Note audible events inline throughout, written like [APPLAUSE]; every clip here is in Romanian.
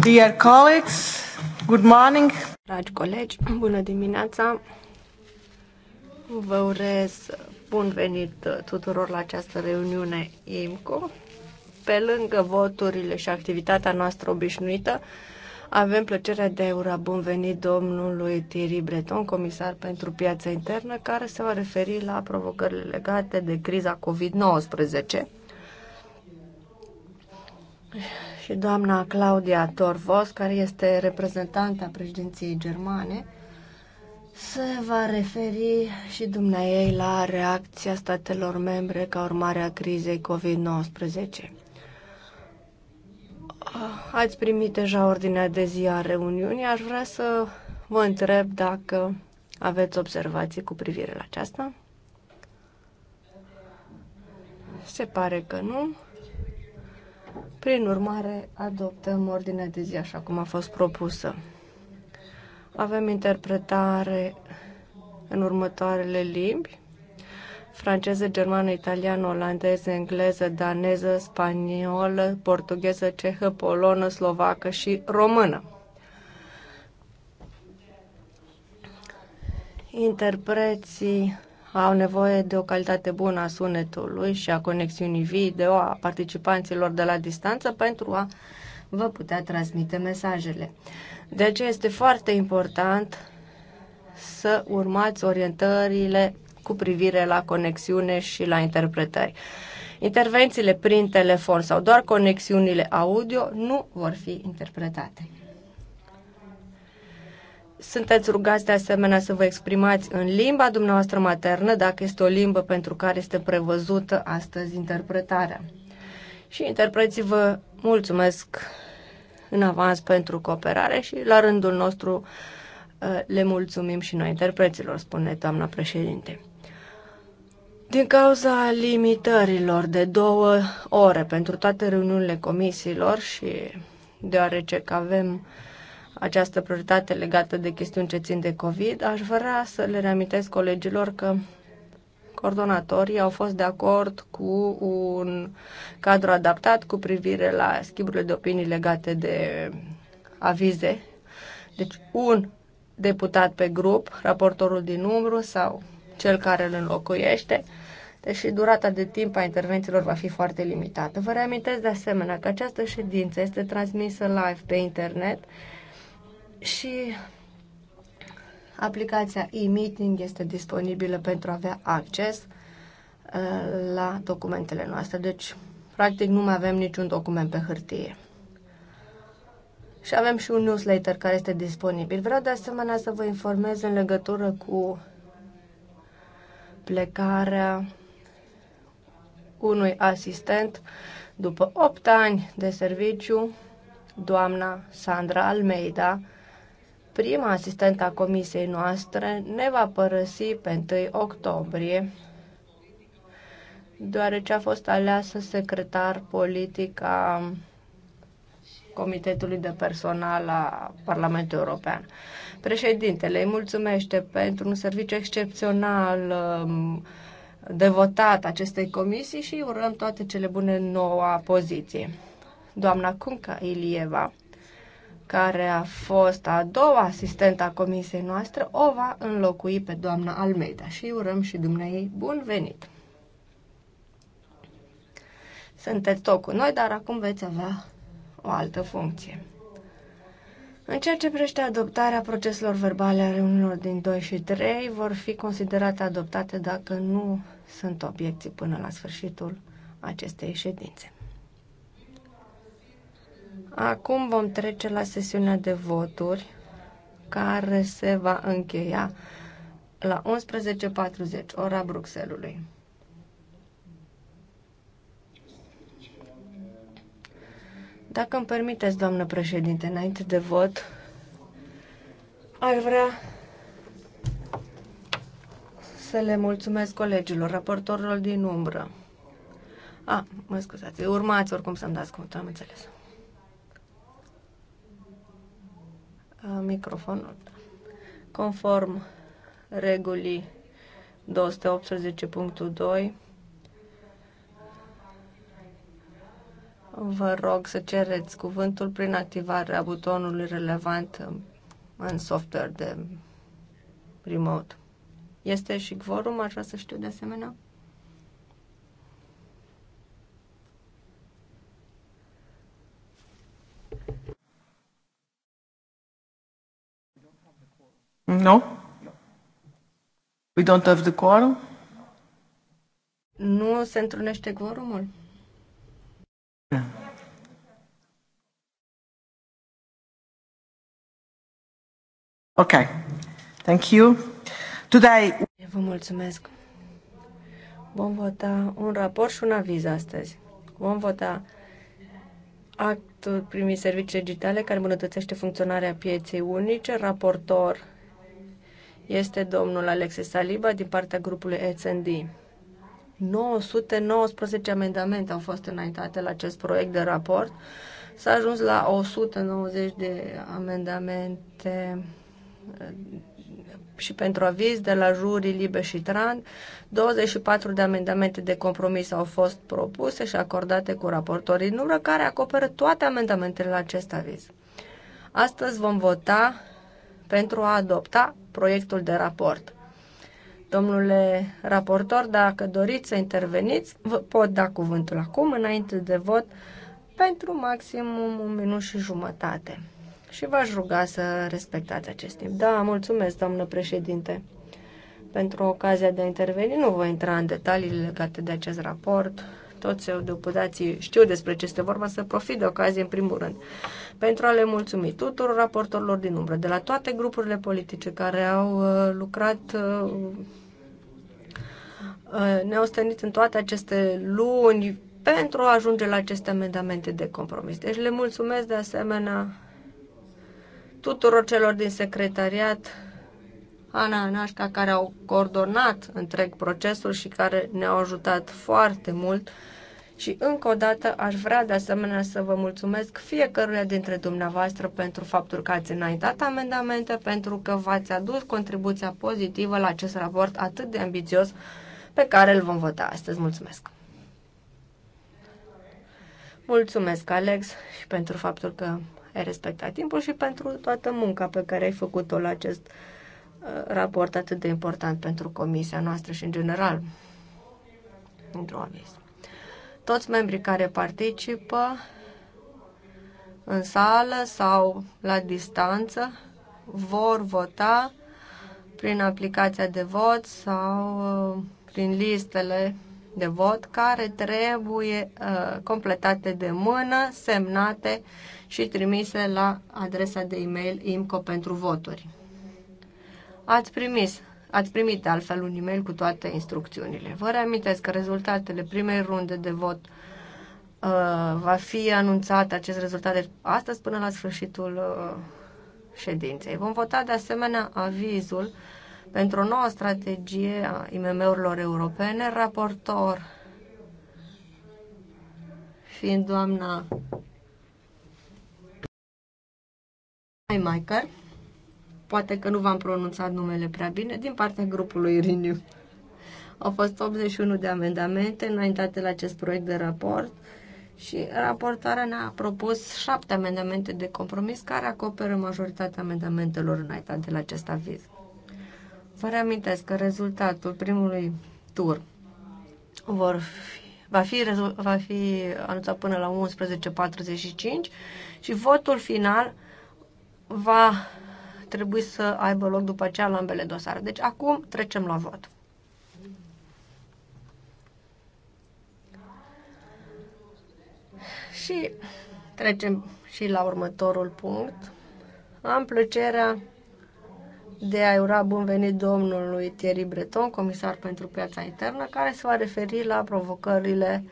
Dear colleagues, good morning. Dragi colegi, bună dimineața. Vă urez bun venit tuturor la această reuniune IMCO. Pe lângă voturile și activitatea noastră obișnuită, avem plăcerea de a ura bun venit domnului Thierry Breton, comisar pentru piața internă, care se va referi la provocările legate de criza COVID-19 și doamna Claudia Torvos, care este reprezentanta președinției germane, se va referi și dumneai la reacția statelor membre ca urmare a crizei COVID-19. Ați primit deja ordinea de zi a reuniunii. Aș vrea să vă întreb dacă aveți observații cu privire la aceasta. Se pare că nu. Prin urmare, adoptăm ordinea de zi așa cum a fost propusă. Avem interpretare în următoarele limbi. Franceză, germană, italiană, olandeză, engleză, daneză, spaniolă, portugheză, cehă, polonă, slovacă și română. Interpreții au nevoie de o calitate bună a sunetului și a conexiunii video a participanților de la distanță pentru a vă putea transmite mesajele. De aceea este foarte important să urmați orientările cu privire la conexiune și la interpretări. Intervențiile prin telefon sau doar conexiunile audio nu vor fi interpretate sunteți rugați de asemenea să vă exprimați în limba dumneavoastră maternă, dacă este o limbă pentru care este prevăzută astăzi interpretarea. Și interpreții vă mulțumesc în avans pentru cooperare și la rândul nostru uh, le mulțumim și noi interpreților, spune doamna președinte. Din cauza limitărilor de două ore pentru toate reuniunile comisiilor și deoarece că avem uh, această prioritate legată de chestiuni ce țin de COVID, aș vrea să le reamintesc colegilor că coordonatorii au fost de acord cu un cadru adaptat cu privire la schimburile de opinii legate de avize. Deci un deputat pe grup, raportorul din umbru sau cel care îl înlocuiește, deși durata de timp a intervențiilor va fi foarte limitată. Vă reamintesc de asemenea că această ședință este transmisă live pe internet și aplicația e-meeting este disponibilă pentru a avea acces uh, la documentele noastre. Deci, practic, nu mai avem niciun document pe hârtie. Și avem și un newsletter care este disponibil. Vreau de asemenea să vă informez în legătură cu plecarea unui asistent după 8 ani de serviciu, doamna Sandra Almeida, prima asistentă a comisiei noastre ne va părăsi pe 1 octombrie, deoarece a fost aleasă secretar politic a Comitetului de Personal a Parlamentului European. Președintele îi mulțumește pentru un serviciu excepțional um, devotat acestei comisii și urăm toate cele bune noua poziție. Doamna Cunca Ilieva care a fost a doua asistentă a comisiei noastre, o va înlocui pe doamna Almeida și urăm și dumneai bun venit. Sunteți tot cu noi, dar acum veți avea o altă funcție. În ceea ce prește adoptarea proceselor verbale ale unor din 2 și 3, vor fi considerate adoptate dacă nu sunt obiecții până la sfârșitul acestei ședințe. Acum vom trece la sesiunea de voturi care se va încheia la 11.40, ora Bruxelului. Dacă îmi permiteți, doamnă președinte, înainte de vot, aș vrea să le mulțumesc colegilor, raportorilor din umbră. A, mă scuzați, urmați oricum să-mi dați cuvântul, am înțeles. Uh, microfonul. Conform regulii 218.2, vă rog să cereți cuvântul prin activarea butonului relevant în software de remote. Este și quorum, aș vrea să știu de asemenea. No? We don't have the quorum? Nu se întrunește quorumul? Yeah. Ok. Thank you. Today... Vă mulțumesc. Vom vota un raport și un aviz astăzi. Vom vota actul primii servicii digitale care îmbunătățește funcționarea pieței unice, raportor este domnul Alexe Saliba din partea grupului SND. 919 amendamente au fost înaintate la acest proiect de raport. S-a ajuns la 190 de amendamente eh, și pentru aviz de la juri Libe și Tran. 24 de amendamente de compromis au fost propuse și acordate cu raportorii în urmă, care acoperă toate amendamentele la acest aviz. Astăzi vom vota pentru a adopta proiectul de raport. Domnule raportor, dacă doriți să interveniți, vă pot da cuvântul acum, înainte de vot, pentru maximum un minut și jumătate. Și v-aș ruga să respectați acest timp. Da, mulțumesc, doamnă președinte, pentru ocazia de a interveni. Nu voi intra în detalii legate de acest raport. Toți eu, deputații știu despre ce este vorba, să profit de ocazie în primul rând pentru a le mulțumi tuturor raportorilor din umbră, de la toate grupurile politice care au uh, lucrat uh, uh, ne-au stănit în toate aceste luni pentru a ajunge la aceste amendamente de compromis. Deci le mulțumesc de asemenea tuturor celor din secretariat, Ana Anașca, care au coordonat întreg procesul și care ne-au ajutat foarte mult și încă o dată aș vrea de asemenea să vă mulțumesc fiecăruia dintre dumneavoastră pentru faptul că ați înaintat amendamente, pentru că v-ați adus contribuția pozitivă la acest raport atât de ambițios pe care îl vom vota astăzi. Mulțumesc! Mulțumesc, Alex, și pentru faptul că ai respectat timpul și pentru toată munca pe care ai făcut-o la acest uh, raport atât de important pentru comisia noastră și în general pentru aviz. Toți membrii care participă în sală sau la distanță vor vota prin aplicația de vot sau uh, prin listele de vot care trebuie uh, completate de mână, semnate și trimise la adresa de e-mail IMCO pentru voturi. Ați primis Ați primit altfel un e-mail cu toate instrucțiunile. Vă reamintesc că rezultatele primei runde de vot uh, va fi anunțat acest rezultat de astăzi până la sfârșitul uh, ședinței. Vom vota de asemenea avizul pentru o nouă strategie a IMM-urilor europene, raportor fiind doamna Maimaker. Poate că nu v-am pronunțat numele prea bine din partea grupului Riniu. Au fost 81 de amendamente înaintate la acest proiect de raport și raportarea ne-a propus șapte amendamente de compromis care acoperă majoritatea amendamentelor înaintate la acest aviz. Vă reamintesc că rezultatul primului tur vor fi, va, fi, va fi anunțat până la 11.45 și votul final va trebui să aibă loc după aceea la ambele dosare. Deci acum trecem la vot. Și trecem și la următorul punct. Am plăcerea de a ura bun venit domnului Thierry Breton, comisar pentru piața internă, care se va referi la provocările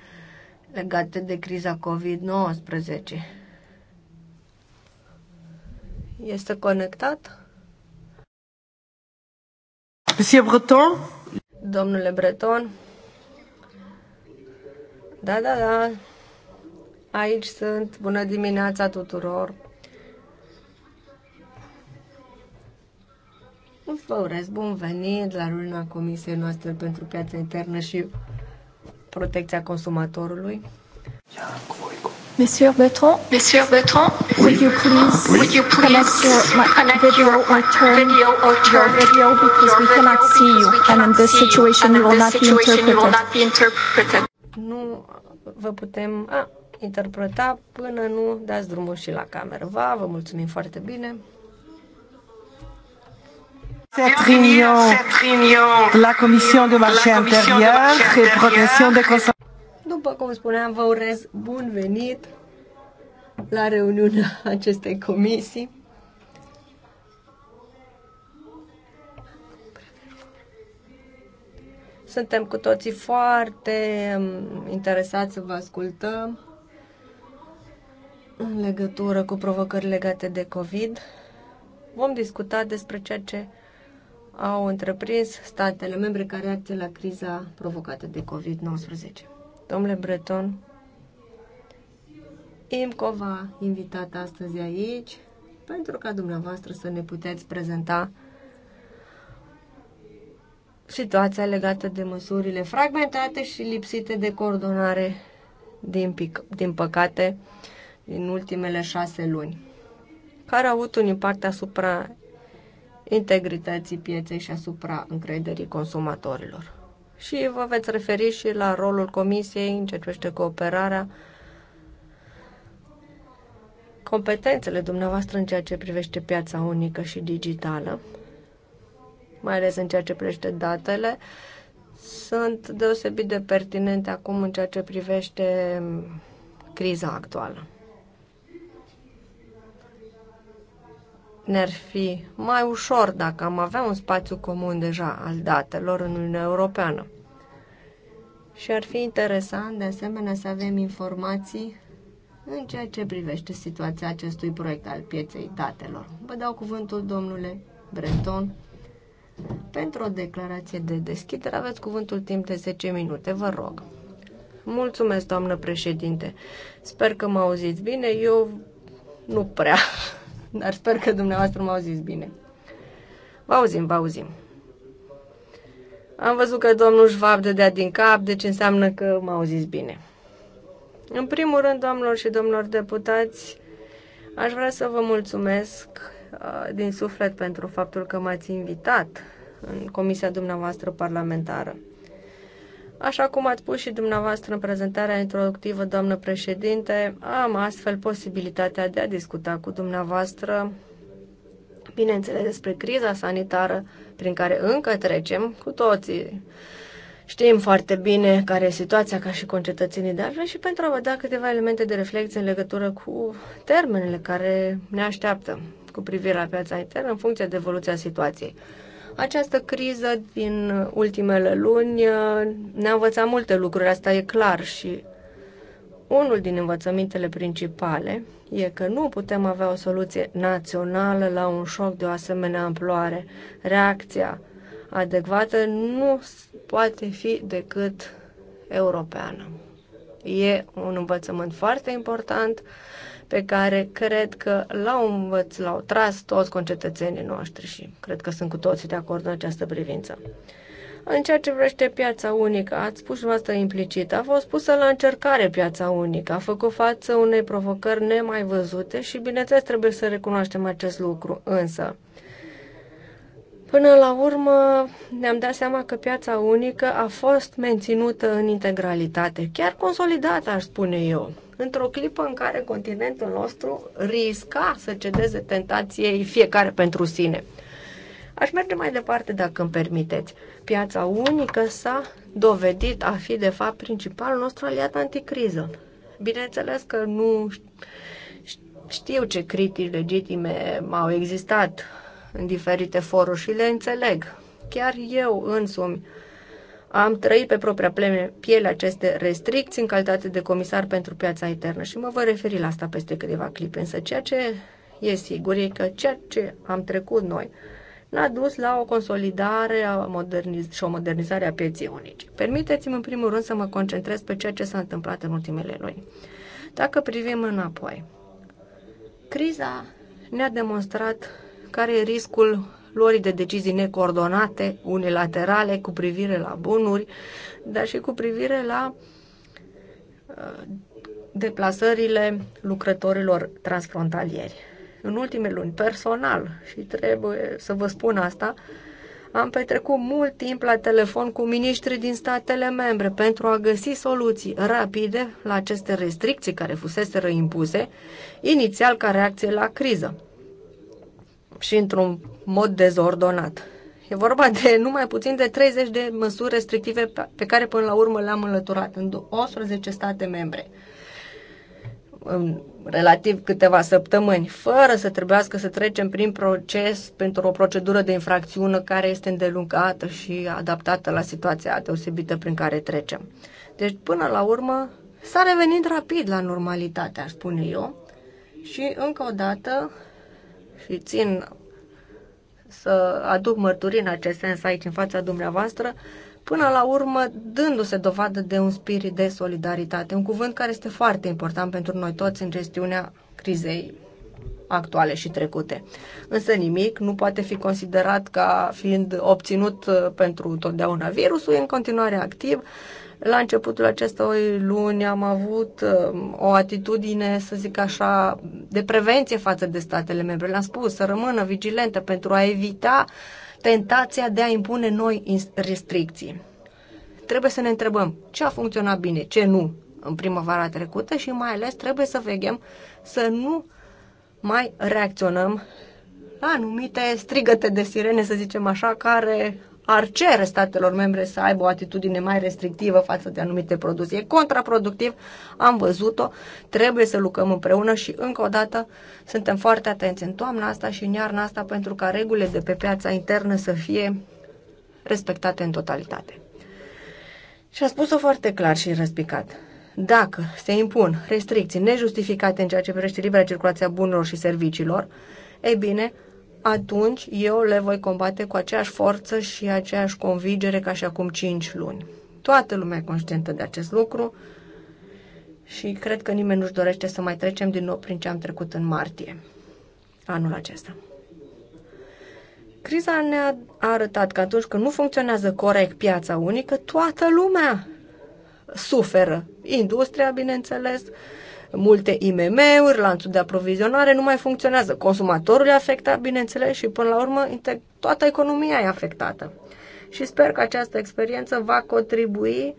legate de criza COVID-19. Este conectat? Monsieur Breton? Domnule Breton? Da, da, da. Aici sunt. Bună dimineața tuturor. Vă urez bun venit la luna Comisiei noastre pentru piața internă și protecția consumatorului. Ia, cu voi, cu Monsieur Bertrand, Monsieur Bertrand, oui. would you please, oui. would you please connect your, connect video, your or turn video or turn your video because your we cannot see you, and in this situation you will not be interpreted. Nu vă putem a, interpreta până nu dați drumul și la cameră. Va, vă mulțumim foarte bine. Cette réunion de la Commission de marché intérieur et protection des consommateurs. După cum spuneam, vă urez bun venit la reuniunea [LAUGHS] acestei comisii. Suntem cu toții foarte um, interesați să vă ascultăm în legătură cu provocări legate de COVID. Vom discuta despre ceea ce au întreprins statele membre care reacție la criza provocată de COVID-19. Domnule Breton, IMCO v-a invitat astăzi aici pentru ca dumneavoastră să ne puteți prezenta situația legată de măsurile fragmentate și lipsite de coordonare, din, pic, din păcate, din ultimele șase luni, care au avut un impact asupra integrității pieței și asupra încrederii consumatorilor și vă veți referi și la rolul Comisiei în ceea ce privește cooperarea, competențele dumneavoastră în ceea ce privește piața unică și digitală, mai ales în ceea ce privește datele, sunt deosebit de pertinente acum în ceea ce privește criza actuală. ne-ar fi mai ușor dacă am avea un spațiu comun deja al datelor în Uniunea Europeană. Și ar fi interesant, de asemenea, să avem informații în ceea ce privește situația acestui proiect al pieței datelor. Vă dau cuvântul, domnule Breton, pentru o declarație de deschidere. Aveți cuvântul timp de 10 minute, vă rog. Mulțumesc, doamnă președinte. Sper că mă auziți bine. Eu nu prea. [LAUGHS] dar sper că dumneavoastră m-au zis bine. Vă auzim, vă auzim. Am văzut că domnul Schwab dădea din cap, deci înseamnă că m-au zis bine. În primul rând, domnilor și domnilor deputați, aș vrea să vă mulțumesc uh, din suflet pentru faptul că m-ați invitat în comisia dumneavoastră parlamentară. Așa cum ați spus și dumneavoastră în prezentarea introductivă, doamnă președinte, am astfel posibilitatea de a discuta cu dumneavoastră, bineînțeles, despre criza sanitară prin care încă trecem cu toții. Știm foarte bine care e situația ca și concetățenii de altfel și pentru a vă da câteva elemente de reflexie în legătură cu termenele care ne așteaptă cu privire la piața internă în funcție de evoluția situației. Această criză din ultimele luni uh, ne-a învățat multe lucruri, asta e clar și unul din învățămintele principale e că nu putem avea o soluție națională la un șoc de o asemenea amploare. Reacția adecvată nu poate fi decât europeană. E un învățământ foarte important pe care cred că l-au învăț, l-au tras toți concetățenii noștri și cred că sunt cu toții de acord în această privință. În ceea ce vrește piața unică, ați spus asta implicit, a fost pusă la încercare piața unică, a făcut față unei provocări nemai văzute și, bineînțeles, trebuie să recunoaștem acest lucru. Însă, Până la urmă ne-am dat seama că piața unică a fost menținută în integralitate, chiar consolidată, aș spune eu, într-o clipă în care continentul nostru risca să cedeze tentației fiecare pentru sine. Aș merge mai departe, dacă îmi permiteți. Piața unică s-a dovedit a fi, de fapt, principalul nostru aliat anticriză. Bineînțeles că nu știu ce critici legitime au existat în diferite foruri și le înțeleg. Chiar eu însumi am trăit pe propria piele aceste restricții în calitate de comisar pentru piața internă și mă voi referi la asta peste câteva clipe. Însă ceea ce e sigur e că ceea ce am trecut noi n-a dus la o consolidare a moderniz- și o modernizare a pieței unice. Permiteți-mi în primul rând să mă concentrez pe ceea ce s-a întâmplat în ultimele luni. Dacă privim înapoi, criza ne-a demonstrat care e riscul luării de decizii necoordonate, unilaterale, cu privire la bunuri, dar și cu privire la uh, deplasările lucrătorilor transfrontalieri. În ultimele luni, personal, și trebuie să vă spun asta, am petrecut mult timp la telefon cu miniștri din statele membre pentru a găsi soluții rapide la aceste restricții care fusese impuse, inițial ca reacție la criză și într-un mod dezordonat. E vorba de numai puțin de 30 de măsuri restrictive pe care până la urmă le-am înlăturat în 18 state membre în relativ câteva săptămâni, fără să trebuiască să trecem prin proces pentru o procedură de infracțiune care este îndelungată și adaptată la situația deosebită prin care trecem. Deci, până la urmă, s-a revenit rapid la normalitate, aș spune eu, și, încă o dată, și țin să aduc mărturii în acest sens aici, în fața dumneavoastră, până la urmă dându-se dovadă de un spirit de solidaritate, un cuvânt care este foarte important pentru noi toți în gestiunea crizei actuale și trecute. Însă nimic nu poate fi considerat ca fiind obținut uh, pentru totdeauna. Virusul e în continuare activ. La începutul acestei luni am avut uh, o atitudine, să zic așa, de prevenție față de statele membre. Le-am spus să rămână vigilente pentru a evita tentația de a impune noi restricții. Trebuie să ne întrebăm ce a funcționat bine, ce nu în primăvara trecută și mai ales trebuie să vegem să nu uh, mai reacționăm la anumite strigăte de sirene, să zicem așa, care ar cere statelor membre să aibă o atitudine mai restrictivă față de anumite produse. E contraproductiv, am văzut-o, trebuie să lucrăm împreună și încă o dată suntem foarte atenți în toamna asta și în iarna asta pentru ca regulile de pe piața internă să fie respectate în totalitate. Și a spus-o foarte clar și răspicat. Dacă se impun restricții nejustificate în ceea ce privește libera circulație a bunurilor și serviciilor, e bine, atunci eu le voi combate cu aceeași forță și aceeași convingere ca și acum 5 luni. Toată lumea e conștientă de acest lucru și cred că nimeni nu-și dorește să mai trecem din nou prin ce am trecut în martie anul acesta. Criza ne-a arătat că atunci când nu funcționează corect piața unică, toată lumea suferă. Industria, bineînțeles, multe IMM-uri, lanțul de aprovizionare nu mai funcționează. Consumatorul e afectat, bineînțeles, și până la urmă toată economia e afectată. Și sper că această experiență va contribui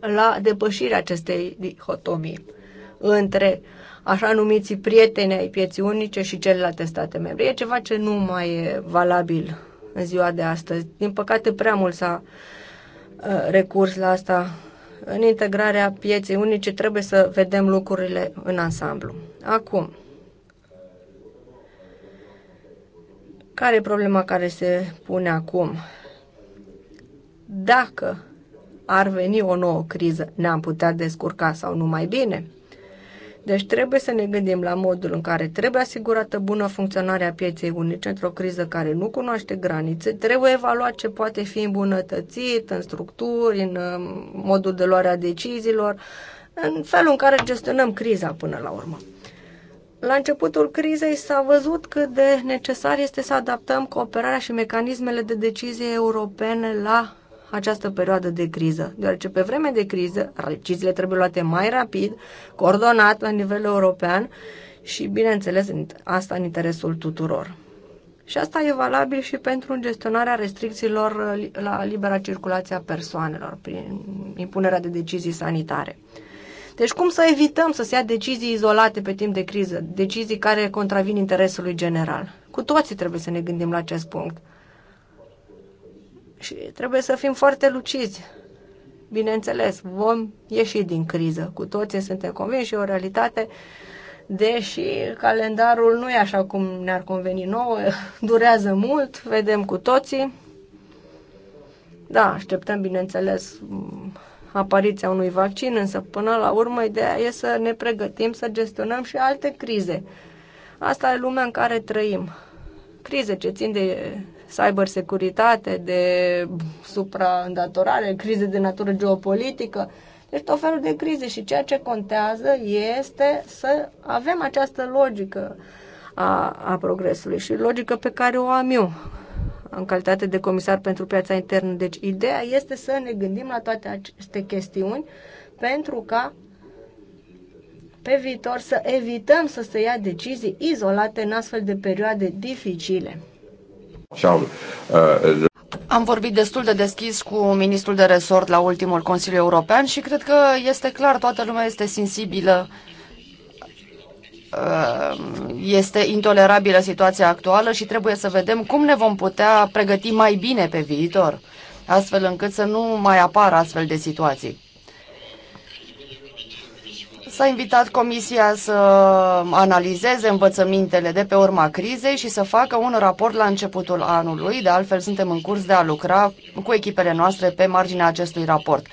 la depășirea acestei dihotomii între așa numiții prieteni ai pieții unice și celelalte state membre. E ceva ce nu mai e valabil în ziua de astăzi. Din păcate, prea mult s-a uh, recurs la asta. În integrarea pieței unice trebuie să vedem lucrurile în ansamblu. Acum, care e problema care se pune acum? Dacă ar veni o nouă criză, ne-am putea descurca sau nu mai bine? Deci trebuie să ne gândim la modul în care trebuie asigurată bună funcționarea pieței unice într-o criză care nu cunoaște granițe, trebuie evaluat ce poate fi îmbunătățit în structuri, în uh, modul de luare a deciziilor, în felul în care gestionăm criza până la urmă. La începutul crizei s-a văzut cât de necesar este să adaptăm cooperarea și mecanismele de decizie europene la această perioadă de criză, deoarece pe vreme de criză deciziile trebuie luate mai rapid, coordonat la nivel european și, bineînțeles, asta în interesul tuturor. Și asta e valabil și pentru gestionarea restricțiilor uh, la libera circulație a persoanelor prin impunerea de decizii sanitare. Deci cum să evităm să se ia decizii izolate pe timp de criză, decizii care contravin interesului general? Cu toții trebuie să ne gândim la acest punct. Și trebuie să fim foarte lucizi. Bineînțeles, vom ieși din criză. Cu toții suntem convinși, și o realitate, deși calendarul nu e așa cum ne-ar conveni nouă, [LAUGHS] durează mult, vedem cu toții. Da, așteptăm, bineînțeles, apariția unui vaccin, însă până la urmă ideea e să ne pregătim să gestionăm și alte crize. Asta e lumea în care trăim. Crize ce țin de cybersecuritate, de supraîndatorare, crize de natură geopolitică. Deci tot felul de crize și ceea ce contează este să avem această logică a, a progresului și logică pe care o am eu în calitate de comisar pentru piața internă. Deci ideea este să ne gândim la toate aceste chestiuni pentru ca pe viitor să evităm să se ia decizii izolate în astfel de perioade dificile. Uh, am vorbit destul de deschis cu ministrul de resort la ultimul Consiliu European și cred că este clar, toată lumea este sensibilă. Uh, este intolerabilă situația actuală și trebuie să vedem cum ne vom putea pregăti mai bine pe viitor, astfel încât să nu mai apară astfel de situații. S-a invitat Comisia să analizeze învățămintele de pe urma crizei și să facă un raport la începutul anului. De altfel, suntem în curs de a lucra cu echipele noastre pe marginea acestui raport.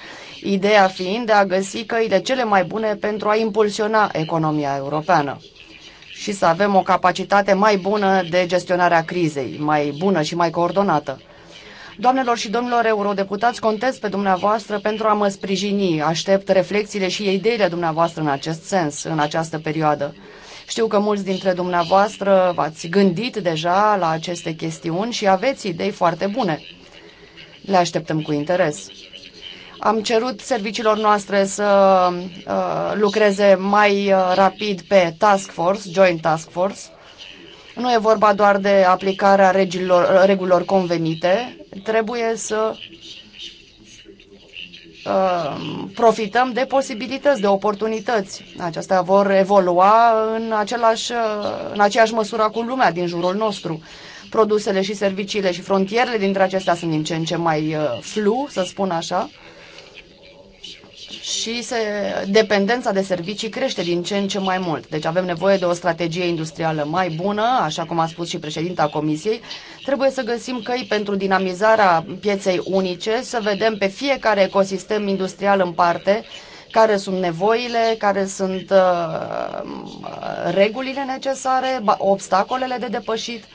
Ideea fiind de a găsi căile cele mai bune pentru a impulsiona economia europeană și să avem o capacitate mai bună de gestionare a crizei, mai bună și mai coordonată. Doamnelor și domnilor eurodeputați, contez pe dumneavoastră pentru a mă sprijini. Aștept reflexiile și ideile dumneavoastră în acest sens, în această perioadă. Știu că mulți dintre dumneavoastră v-ați gândit deja la aceste chestiuni și aveți idei foarte bune. Le așteptăm cu interes. Am cerut serviciilor noastre să uh, lucreze mai uh, rapid pe Task Force, Joint Task Force. Nu e vorba doar de aplicarea regilor, regulilor convenite, trebuie să uh, profităm de posibilități, de oportunități. Acestea vor evolua în, același, uh, în aceeași măsură cu lumea din jurul nostru. Produsele și serviciile și frontierele dintre acestea sunt din ce în ce mai uh, flu, să spun așa și se, dependența de servicii crește din ce în ce mai mult. Deci avem nevoie de o strategie industrială mai bună, așa cum a spus și președinta Comisiei. Trebuie să găsim căi pentru dinamizarea pieței unice, să vedem pe fiecare ecosistem industrial în parte care sunt nevoile, care sunt uh, regulile necesare, obstacolele de depășit. Uh,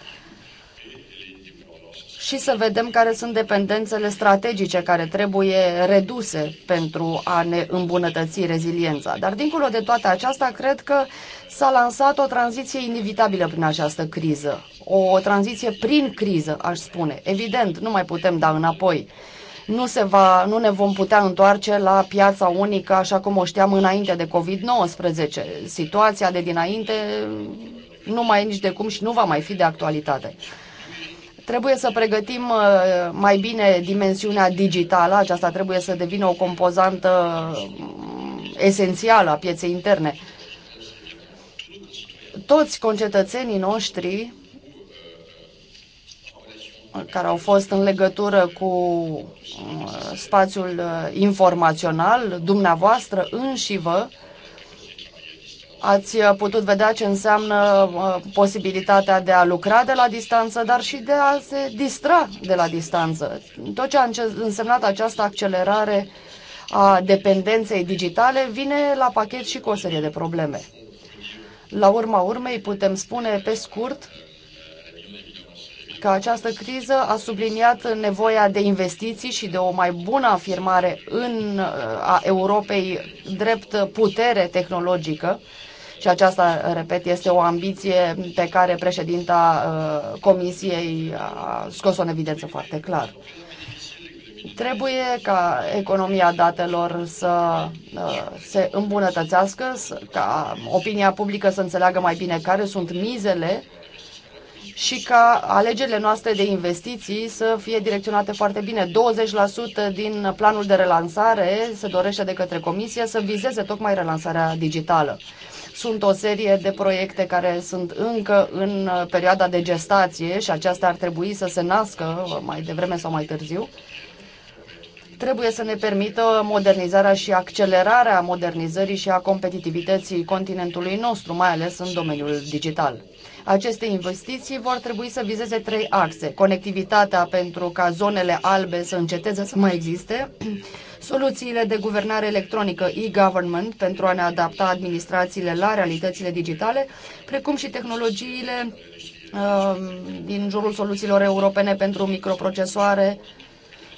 și să vedem care sunt dependențele strategice care trebuie reduse pentru a ne îmbunătăți reziliența. Dar dincolo de toate aceasta, cred că s-a lansat o tranziție inevitabilă prin această criză. O tranziție prin criză, aș spune. Evident, nu mai putem da înapoi. Nu, se va, nu ne vom putea întoarce la piața unică așa cum o știam înainte de COVID-19. Situația de dinainte nu mai e nici de cum și nu va mai fi de actualitate. Trebuie să pregătim uh, mai bine dimensiunea digitală, aceasta trebuie să devină o compozantă mm, esențială a pieței interne. Toți concetățenii noștri care au fost în legătură cu mm, spațiul uh, informațional, dumneavoastră înși vă, Ați uh, putut vedea ce înseamnă uh, posibilitatea de a lucra de la distanță, dar și de a se distra de la distanță. Tot ce a însemnat această accelerare a dependenței digitale vine la pachet și cu o serie de probleme. La urma urmei, putem spune pe scurt că această criză a subliniat nevoia de investiții și de o mai bună afirmare în uh, a Europei drept putere tehnologică, și aceasta, repet, este o ambiție pe care președinta uh, Comisiei a scos-o în evidență foarte clar. Trebuie ca economia datelor să uh, se îmbunătățească, ca opinia publică să înțeleagă mai bine care sunt mizele și ca alegerile noastre de investiții să fie direcționate foarte bine. 20% din planul de relansare se dorește de către Comisie să vizeze tocmai relansarea digitală. Sunt o serie de proiecte care sunt încă în uh, perioada de gestație și acestea ar trebui să se nască uh, mai devreme sau mai târziu. Trebuie să ne permită modernizarea și accelerarea modernizării și a competitivității continentului nostru, mai ales în domeniul digital. Aceste investiții vor trebui să vizeze trei axe. Conectivitatea pentru ca zonele albe să înceteze să mai existe, soluțiile de guvernare electronică e-government pentru a ne adapta administrațiile la realitățile digitale, precum și tehnologiile uh, din jurul soluțiilor europene pentru microprocesoare,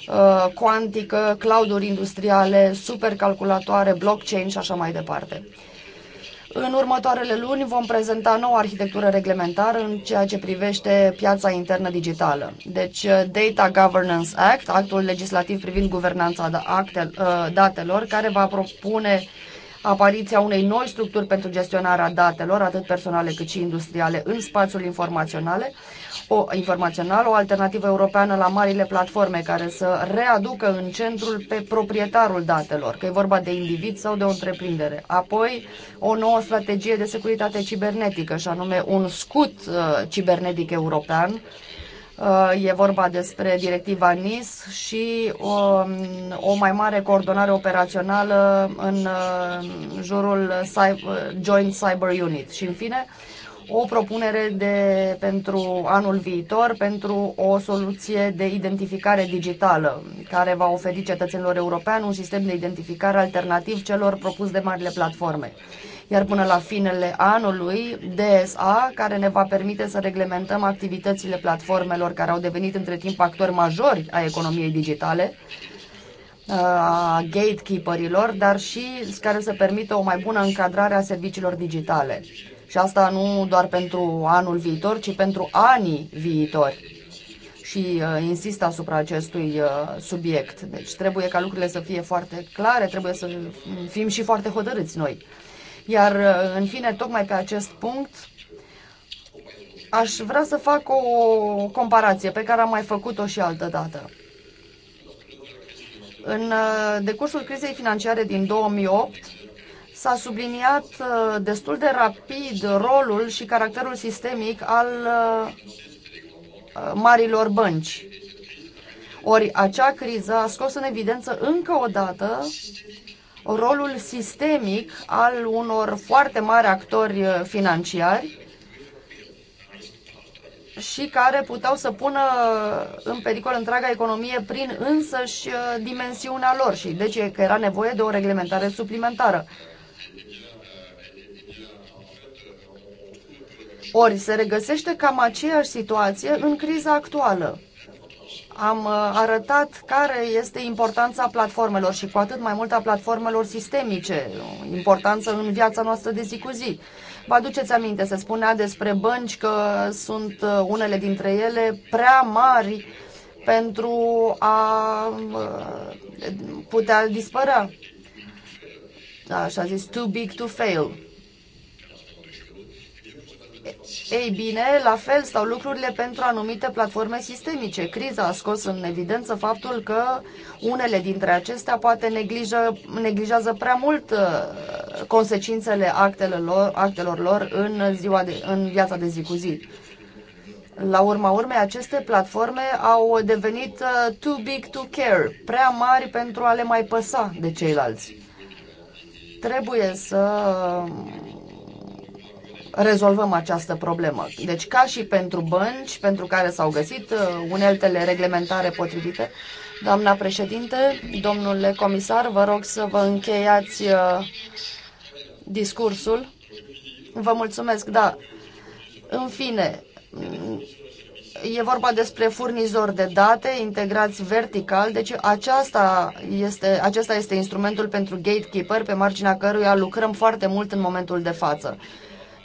uh, cuantică, clouduri industriale, supercalculatoare, blockchain și așa mai departe. În următoarele luni vom prezenta noua arhitectură reglementară în ceea ce privește piața internă digitală. Deci uh, Data Governance Act, actul legislativ privind guvernanța uh, datelor, care va propune apariția unei noi structuri pentru gestionarea datelor, atât personale cât și industriale, în spațiul informaționale, o, informațional, o alternativă europeană la marile platforme care să readucă în centrul pe proprietarul datelor, că e vorba de individ sau de o întreprindere. Apoi, o nouă strategie de securitate cibernetică, și anume un scut uh, cibernetic european, Uh, e vorba despre directiva NIS și o, um, o mai mare coordonare operațională în uh, jurul cyber, uh, Joint Cyber Unit. Și, în fine, o propunere de, pentru anul viitor pentru o soluție de identificare digitală care va oferi cetățenilor europeni un sistem de identificare alternativ celor propus de marile platforme iar până la finele anului DSA, care ne va permite să reglementăm activitățile platformelor care au devenit între timp actori majori a economiei digitale, a gatekeeperilor, dar și care să permită o mai bună încadrare a serviciilor digitale. Și asta nu doar pentru anul viitor, ci pentru anii viitori și uh, insist asupra acestui uh, subiect. Deci trebuie ca lucrurile să fie foarte clare, trebuie să fim și foarte hotărâți noi. Iar, uh, în fine, tocmai pe acest punct, aș vrea să fac o comparație pe care am mai făcut-o și altă dată. În uh, decursul crizei financiare din 2008, s-a subliniat uh, destul de rapid rolul și caracterul sistemic al marilor bănci. Ori acea criză a scos în evidență încă o dată rolul sistemic al unor foarte mari actori eh, financiari și care puteau să pună eh, în pericol întreaga economie prin însăși eh, dimensiunea lor și deci că era nevoie de o reglementare suplimentară. Ori se regăsește cam aceeași situație în criza actuală am uh, arătat care este importanța platformelor și cu atât mai mult a platformelor sistemice, importanță în viața noastră de zi cu zi. Vă aduceți aminte, se spunea despre bănci că sunt uh, unele dintre ele prea mari pentru a uh, putea dispărea. Așa zis, too big to fail. Ei bine, la fel stau lucrurile pentru anumite platforme sistemice. Criza a scos în evidență faptul că unele dintre acestea poate neglijă, neglijează prea mult uh, consecințele actelor, actelor lor în, ziua de, în viața de zi cu zi. La urma urmei, aceste platforme au devenit uh, too big to care, prea mari pentru a le mai păsa de ceilalți. Trebuie să rezolvăm această problemă. Deci, ca și pentru bănci, pentru care s-au găsit uh, uneltele reglementare potrivite, doamna președinte, domnule comisar, vă rog să vă încheiați uh, discursul. Vă mulțumesc, da. În fine, e vorba despre furnizori de date integrați vertical, deci aceasta este, acesta este instrumentul pentru gatekeeper, pe marginea căruia lucrăm foarte mult în momentul de față.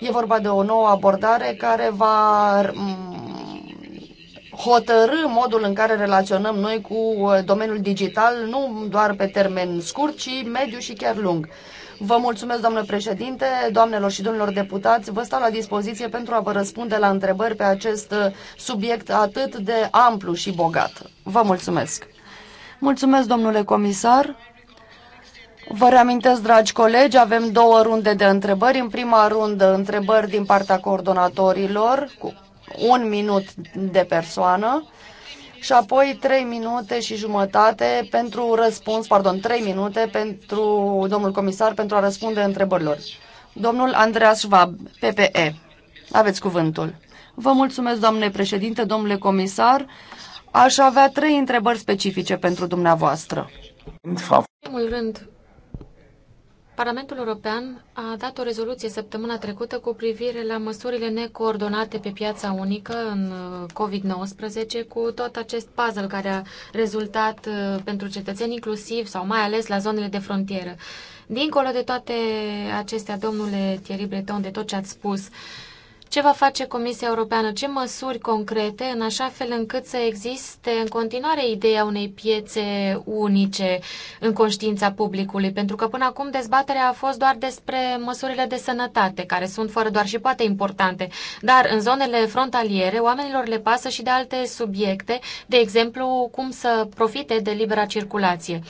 E vorba de o nouă abordare care va mm, hotărâ modul în care relaționăm noi cu uh, domeniul digital, nu doar pe termen scurt, ci mediu și chiar lung. Vă mulțumesc, domnule președinte, doamnelor și domnilor deputați. Vă stau la dispoziție pentru a vă răspunde la întrebări pe acest uh, subiect atât de amplu și bogat. Vă mulțumesc. Mulțumesc, domnule comisar. Vă reamintesc, dragi colegi, avem două runde de întrebări. În prima rundă, întrebări din partea coordonatorilor, cu un minut de persoană, și apoi trei minute și jumătate pentru răspuns, pardon, trei minute pentru domnul comisar pentru a răspunde întrebărilor. Domnul Andreas Schwab, PPE, aveți cuvântul. Vă mulțumesc, doamne președinte, domnule comisar. Aș avea trei întrebări specifice pentru dumneavoastră. În primul rând, Parlamentul European a dat o rezoluție săptămâna trecută cu privire la măsurile necoordonate pe piața unică în uh, COVID-19 cu tot acest puzzle care a rezultat uh, pentru cetățeni inclusiv sau mai ales la zonele de frontieră. Dincolo de toate acestea, domnule Thierry Breton, de tot ce ați spus, uh, ce va face Comisia Europeană? Ce măsuri concrete în așa fel încât să existe în continuare ideea unei piețe unice în conștiința publicului? Pentru că până acum dezbaterea a fost doar despre măsurile de sănătate, care sunt fără doar și poate importante. Dar în zonele frontaliere, oamenilor le pasă și de alte subiecte, de exemplu, cum să profite de libera circulație.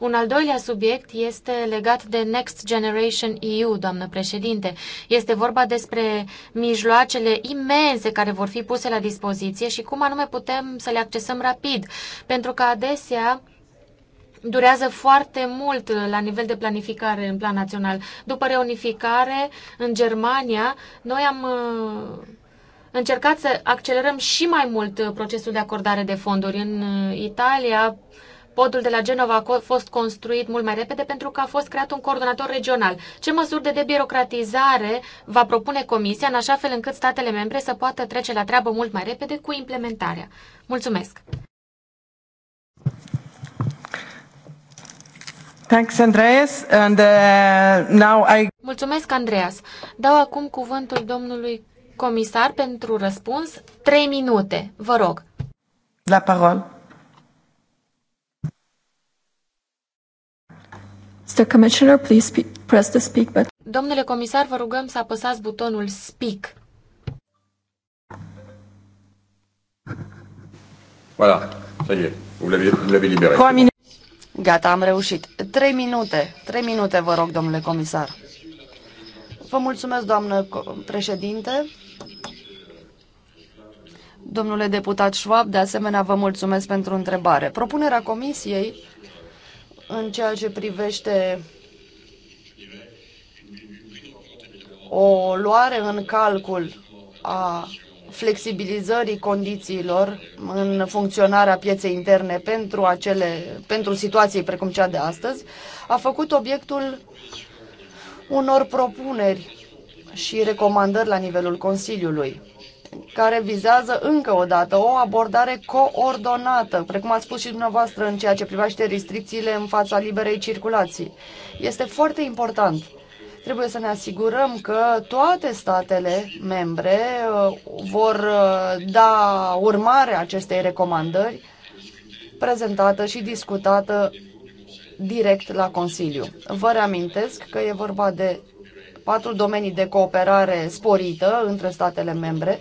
Un al doilea subiect este legat de Next Generation EU, doamnă președinte. Este vorba despre mijloacele imense care vor fi puse la dispoziție și cum anume putem să le accesăm rapid, pentru că adesea durează foarte mult la nivel de planificare în plan național. După reunificare în Germania, noi am uh, încercat să accelerăm și mai mult procesul de acordare de fonduri. În uh, Italia, Podul de la Genova a fost construit mult mai repede pentru că a fost creat un coordonator regional. Ce măsuri de debirocratizare va propune Comisia în așa fel încât statele membre să poată trece la treabă mult mai repede cu implementarea? Mulțumesc! Thanks, Andreas. And, uh, now I... Mulțumesc, Andreas. Dau acum cuvântul domnului comisar pentru răspuns. Trei minute, vă rog. La parol. Mr. Commissioner, please speak, press the speak button. Domnule comisar, vă rugăm să apăsați butonul Speak. Voilà, ça y est, vous l'avez libéré. Gata, am reușit. Trei minute, trei minute vă rog, domnule comisar. Vă mulțumesc, doamnă președinte. Domnule deputat Schwab, de asemenea vă mulțumesc pentru întrebare. Propunerea comisiei în ceea ce privește o luare în calcul a flexibilizării condițiilor în funcționarea pieței interne pentru, acele, pentru situații precum cea de astăzi, a făcut obiectul unor propuneri și recomandări la nivelul Consiliului care vizează încă o dată o abordare coordonată, precum ați spus și dumneavoastră în ceea ce privește restricțiile în fața liberei circulații. Este foarte important. Trebuie să ne asigurăm că toate statele membre uh, vor uh, da urmare acestei recomandări prezentată și discutată direct la Consiliu. Vă reamintesc că e vorba de patru domenii de cooperare sporită între statele membre,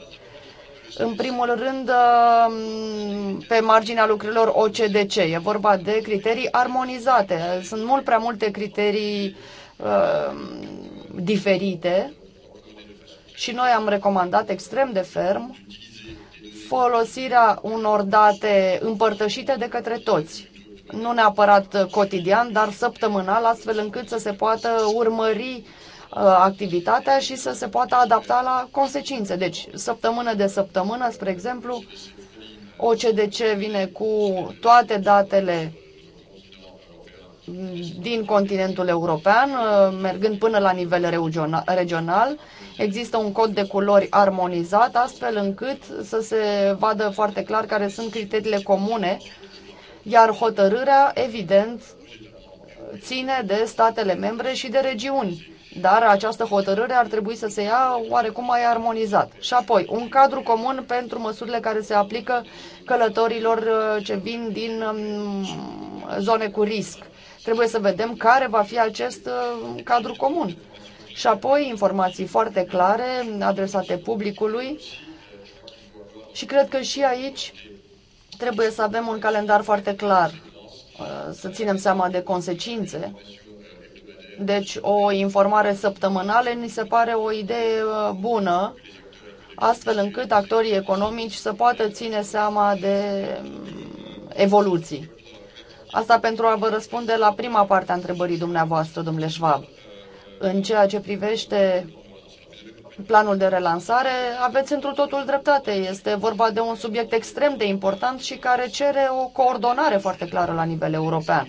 în primul rând, um, pe marginea lucrurilor OCDC. E vorba de criterii armonizate. Sunt mult prea multe criterii uh, diferite și noi am recomandat extrem de ferm folosirea unor date împărtășite de către toți. Nu neapărat cotidian, dar săptămânal, astfel încât să se poată urmări uh, Uh, activitatea și să se poată adapta la consecințe. Deci, săptămână de săptămână, spre exemplu, OCDC vine cu toate datele din continentul european, uh, mergând până la nivel regional. Există un cod de culori armonizat, astfel încât să se vadă foarte clar care sunt criteriile comune, iar hotărârea, evident, ține de statele membre și de regiuni dar această hotărâre ar trebui să se ia oarecum mai armonizat. Și apoi, un cadru comun pentru măsurile care se aplică călătorilor uh, ce vin din um, zone cu risc. Trebuie să vedem care va fi acest uh, cadru comun. Și apoi, informații foarte clare, adresate publicului. Și cred că și aici trebuie să avem un calendar foarte clar, uh, să ținem seama de consecințe deci o informare săptămânală ni se pare o idee uh, bună, astfel încât actorii economici să poată ține seama de mm, evoluții. Asta pentru a vă răspunde la prima parte a întrebării dumneavoastră, domnule Schwab. În ceea ce privește planul de relansare, aveți într totul dreptate. Este vorba de un subiect extrem de important și care cere o coordonare foarte clară la nivel european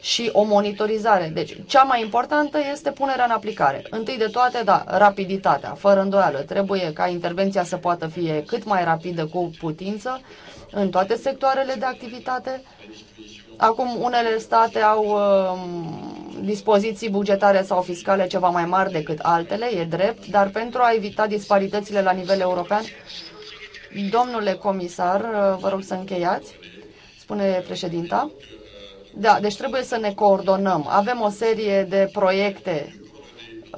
și o monitorizare. Deci, cea mai importantă este punerea în aplicare. Întâi de toate, da, rapiditatea, fără îndoială. Trebuie ca intervenția să poată fi cât mai rapidă cu putință în toate sectoarele de activitate. Acum, unele state au uh, dispoziții bugetare sau fiscale ceva mai mari decât altele, e drept, dar pentru a evita disparitățile la nivel european, domnule comisar, vă rog să încheiați, spune președinta. Da, deci trebuie să ne coordonăm. Avem o serie de proiecte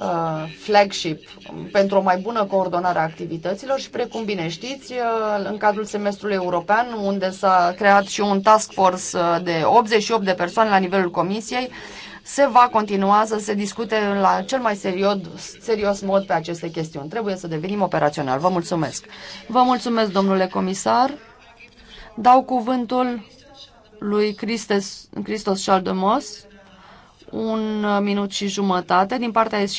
uh, flagship pentru o mai bună coordonare a activităților și, precum bine știți, uh, în cadrul semestrului european, unde s-a creat și un task force uh, de 88 de persoane la nivelul comisiei, se va continua să se discute la cel mai serios, serios mod pe aceste chestiuni. Trebuie să devenim operațional. Vă mulțumesc. Vă mulțumesc, domnule comisar. Dau cuvântul lui Christes, Christos Chaldemos, un minut și jumătate din partea S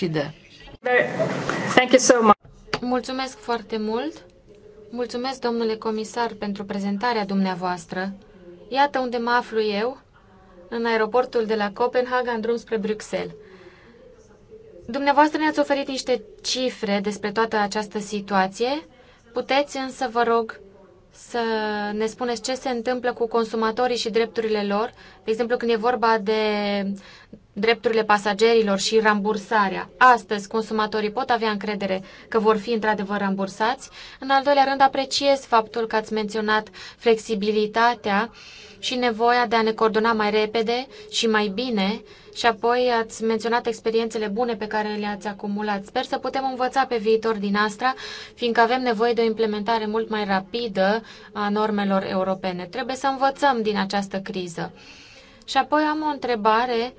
Thank you so much. Mulțumesc foarte mult. Mulțumesc, domnule comisar, pentru prezentarea dumneavoastră. Iată unde mă aflu eu, în aeroportul de la Copenhaga, în drum spre Bruxelles. Dumneavoastră ne-ați oferit niște cifre despre toată această situație. Puteți însă, vă rog, să ne spuneți ce se întâmplă cu consumatorii și drepturile lor, de exemplu când e vorba de drepturile pasagerilor și rambursarea. Astăzi, consumatorii pot avea încredere că vor fi într-adevăr rambursați. În al doilea rând, apreciez faptul că ați menționat flexibilitatea și nevoia de a ne coordona mai repede și mai bine și apoi ați menționat experiențele bune pe care le-ați acumulat. Sper să putem învăța pe viitor din asta, fiindcă avem nevoie de o implementare mult mai rapidă a normelor europene. Trebuie să învățăm din această criză. Și apoi am o întrebare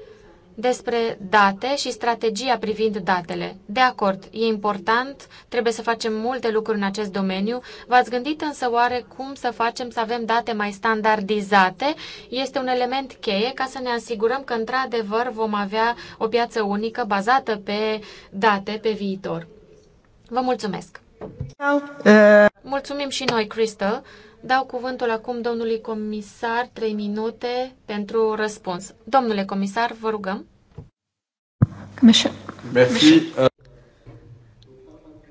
despre date și strategia privind datele. De acord, e important, trebuie să facem multe lucruri în acest domeniu. V-ați gândit însă oare cum să facem să avem date mai standardizate? Este un element cheie ca să ne asigurăm că într-adevăr vom avea o piață unică bazată pe date pe viitor. Vă mulțumesc! Uh, Mulțumim și noi, Crystal. Dau cuvântul acum domnului comisar, trei minute pentru răspuns. Domnule comisar, vă rugăm. Merci.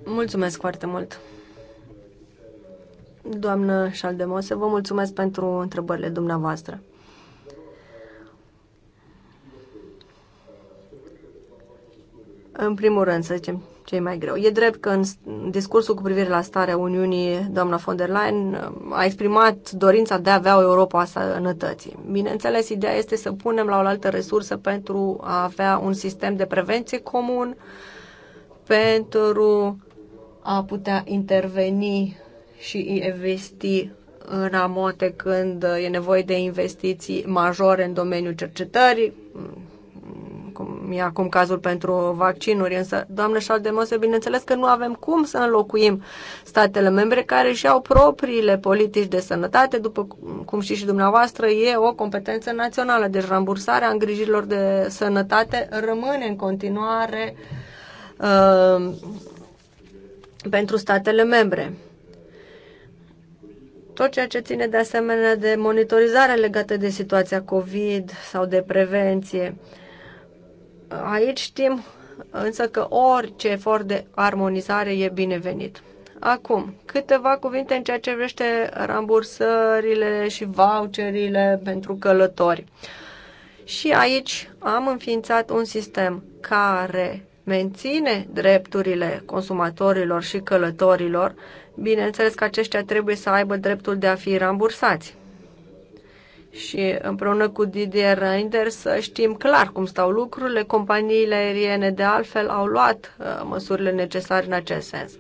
Mulțumesc foarte mult. Doamnă Șaldemose, vă mulțumesc pentru întrebările dumneavoastră. În primul rând, să zicem, cei mai greu. E drept că în discursul cu privire la starea Uniunii, doamna von der Leyen a exprimat dorința de a avea o Europa a sănătății. Bineînțeles, ideea este să punem la oaltă resursă pentru a avea un sistem de prevenție comun, pentru a putea interveni și investi în amote când e nevoie de investiții majore în domeniul cercetării, cum e acum cazul pentru vaccinuri, însă, de Șaldemose, bineînțeles că nu avem cum să înlocuim statele membre care și au propriile politici de sănătate, după cum știți și dumneavoastră, e o competență națională, deci rambursarea îngrijirilor de sănătate rămâne în continuare uh, pentru statele membre tot ceea ce ține de asemenea de monitorizare legată de situația COVID sau de prevenție. Aici știm însă că orice efort de armonizare e binevenit. Acum, câteva cuvinte în ceea ce vrește rambursările și voucherile pentru călători. Și aici am înființat un sistem care menține drepturile consumatorilor și călătorilor. Bineînțeles că aceștia trebuie să aibă dreptul de a fi rambursați și împreună cu Didier Reinders să știm clar cum stau lucrurile. Companiile aeriene de altfel au luat uh, măsurile necesare în acest sens.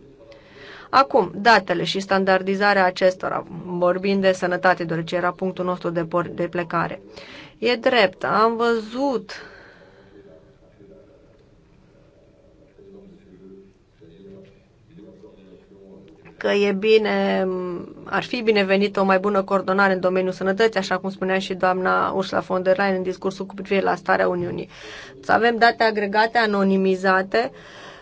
Acum, datele și standardizarea acestora, vorbind de sănătate, deoarece era punctul nostru de, por- de plecare. E drept, am văzut că e bine, ar fi binevenită o mai bună coordonare în domeniul sănătății, așa cum spunea și doamna Ursula von der Leyen în discursul cu privire la starea Uniunii. Să avem date agregate, anonimizate.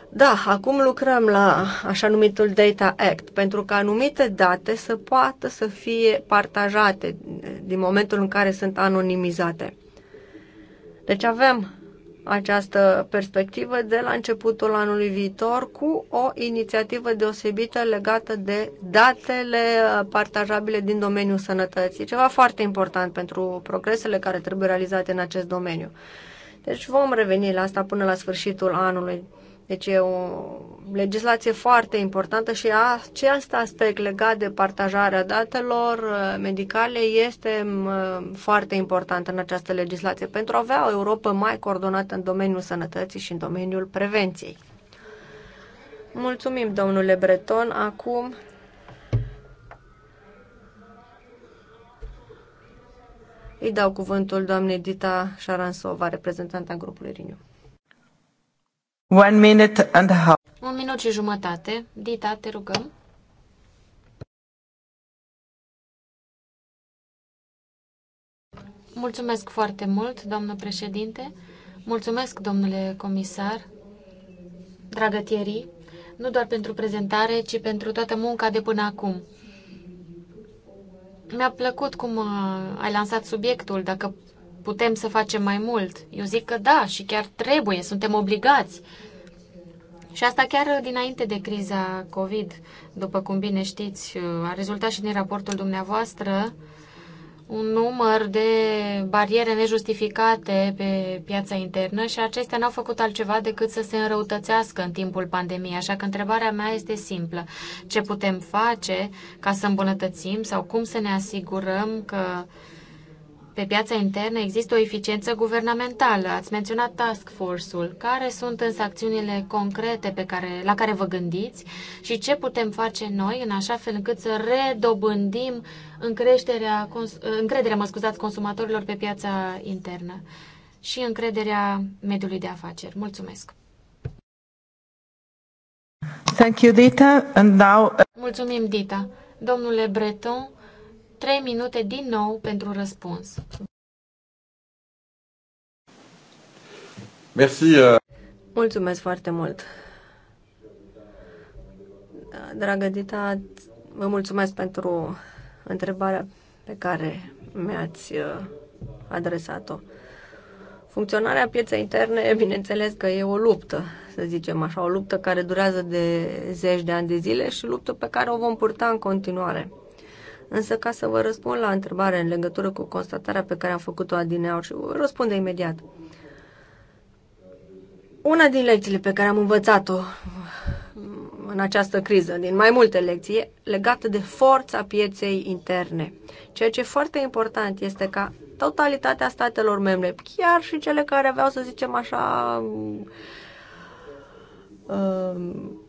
Da, acum lucrăm la așa numitul Data Act, pentru că anumite date să poată să fie partajate din momentul în care sunt anonimizate. Deci avem această perspectivă de la începutul anului viitor cu o inițiativă deosebită legată de datele partajabile din domeniul sănătății, ceva foarte important pentru progresele care trebuie realizate în acest domeniu. Deci vom reveni la asta până la sfârșitul anului deci e o legislație foarte importantă și acest aspect legat de partajarea datelor uh, medicale este uh, foarte important în această legislație pentru a avea o Europa mai coordonată în domeniul sănătății și în domeniul prevenției. Mulțumim, domnule Breton. Acum îi dau cuvântul doamnei Dita Șaransova, reprezentanta grupului Riniu. One minute and a half. Un minut și jumătate. Dita, te rugăm. Mulțumesc foarte mult, domnul președinte. Mulțumesc, domnule comisar, dragă Thierry, nu doar pentru prezentare, ci pentru toată munca de până acum. Mi-a plăcut cum ai lansat subiectul. Dacă putem să facem mai mult? Eu zic că da și chiar trebuie, suntem obligați. Și asta chiar dinainte de criza COVID, după cum bine știți, a rezultat și din raportul dumneavoastră un număr de bariere nejustificate pe piața internă și acestea n-au făcut altceva decât să se înrăutățească în timpul pandemiei. Așa că întrebarea mea este simplă. Ce putem face ca să îmbunătățim sau cum să ne asigurăm că uh, pe piața internă există o eficiență guvernamentală. Ați menționat task force-ul. Care sunt însă acțiunile concrete pe care, la care vă gândiți și ce putem face noi în așa fel încât să redobândim încrederea, încrederea mă scuzați, consumatorilor pe piața internă și încrederea mediului de afaceri? Mulțumesc! Thank you, Dita. And now... Uh, Mulțumim, Dita. Domnule Breton, 3 minute din nou pentru răspuns. Merci. Uh. Mulțumesc foarte mult. Dragă Dita, vă mulțumesc pentru întrebarea pe care mi-ați uh, adresat-o. Funcționarea pieței interne, bineînțeles că e o luptă, să zicem așa, o luptă care durează de zeci de ani de zile și luptă pe care o vom purta în continuare. Însă, ca să vă răspund la întrebare în legătură cu constatarea pe care am făcut-o adineau și răspunde imediat. Una din lecțiile pe care am învățat-o în această criză, din mai multe lecții, legată de forța pieței interne. Ceea ce e foarte important este ca totalitatea statelor membre, chiar și cele care aveau, să zicem așa, um,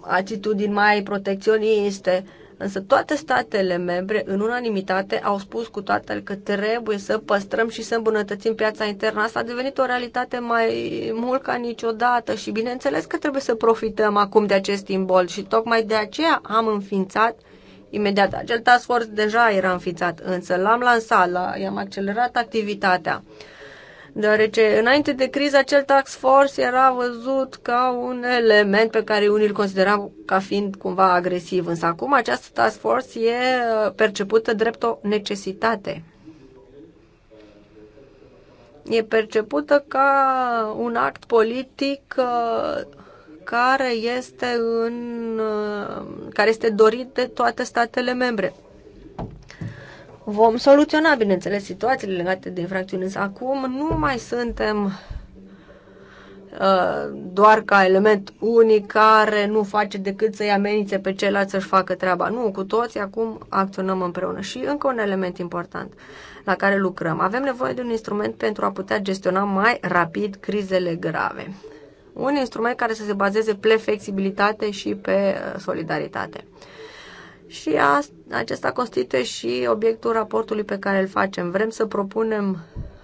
atitudini mai protecționiste, Însă toate statele membre, în unanimitate, au spus cu toate că trebuie să păstrăm și să îmbunătățim piața internă. Asta a devenit o realitate mai mult ca niciodată și bineînțeles că trebuie să profităm acum de acest imbol și tocmai de aceea am înființat imediat. Acel task force deja era înființat, însă l-am lansat, l-am accelerat activitatea deoarece înainte de criză acel tax force era văzut ca un element pe care unii îl considerau ca fiind cumva agresiv, însă acum această task force e uh, percepută drept o necesitate. E percepută ca un act politic uh, care este, în, uh, care este dorit de toate statele membre. Vom soluționa, bineînțeles, situațiile legate de infracțiuni, însă acum nu mai suntem uh, doar ca element unic care nu face decât să-i amenințe pe ceilalți să-și facă treaba. Nu, cu toți acum acționăm împreună. Și încă un element important la care lucrăm. Avem nevoie de un instrument pentru a putea gestiona mai rapid crizele grave. Un instrument care să se bazeze pe flexibilitate și pe uh, solidaritate. Și a, acesta constituie și obiectul raportului pe care îl facem. Vrem să propunem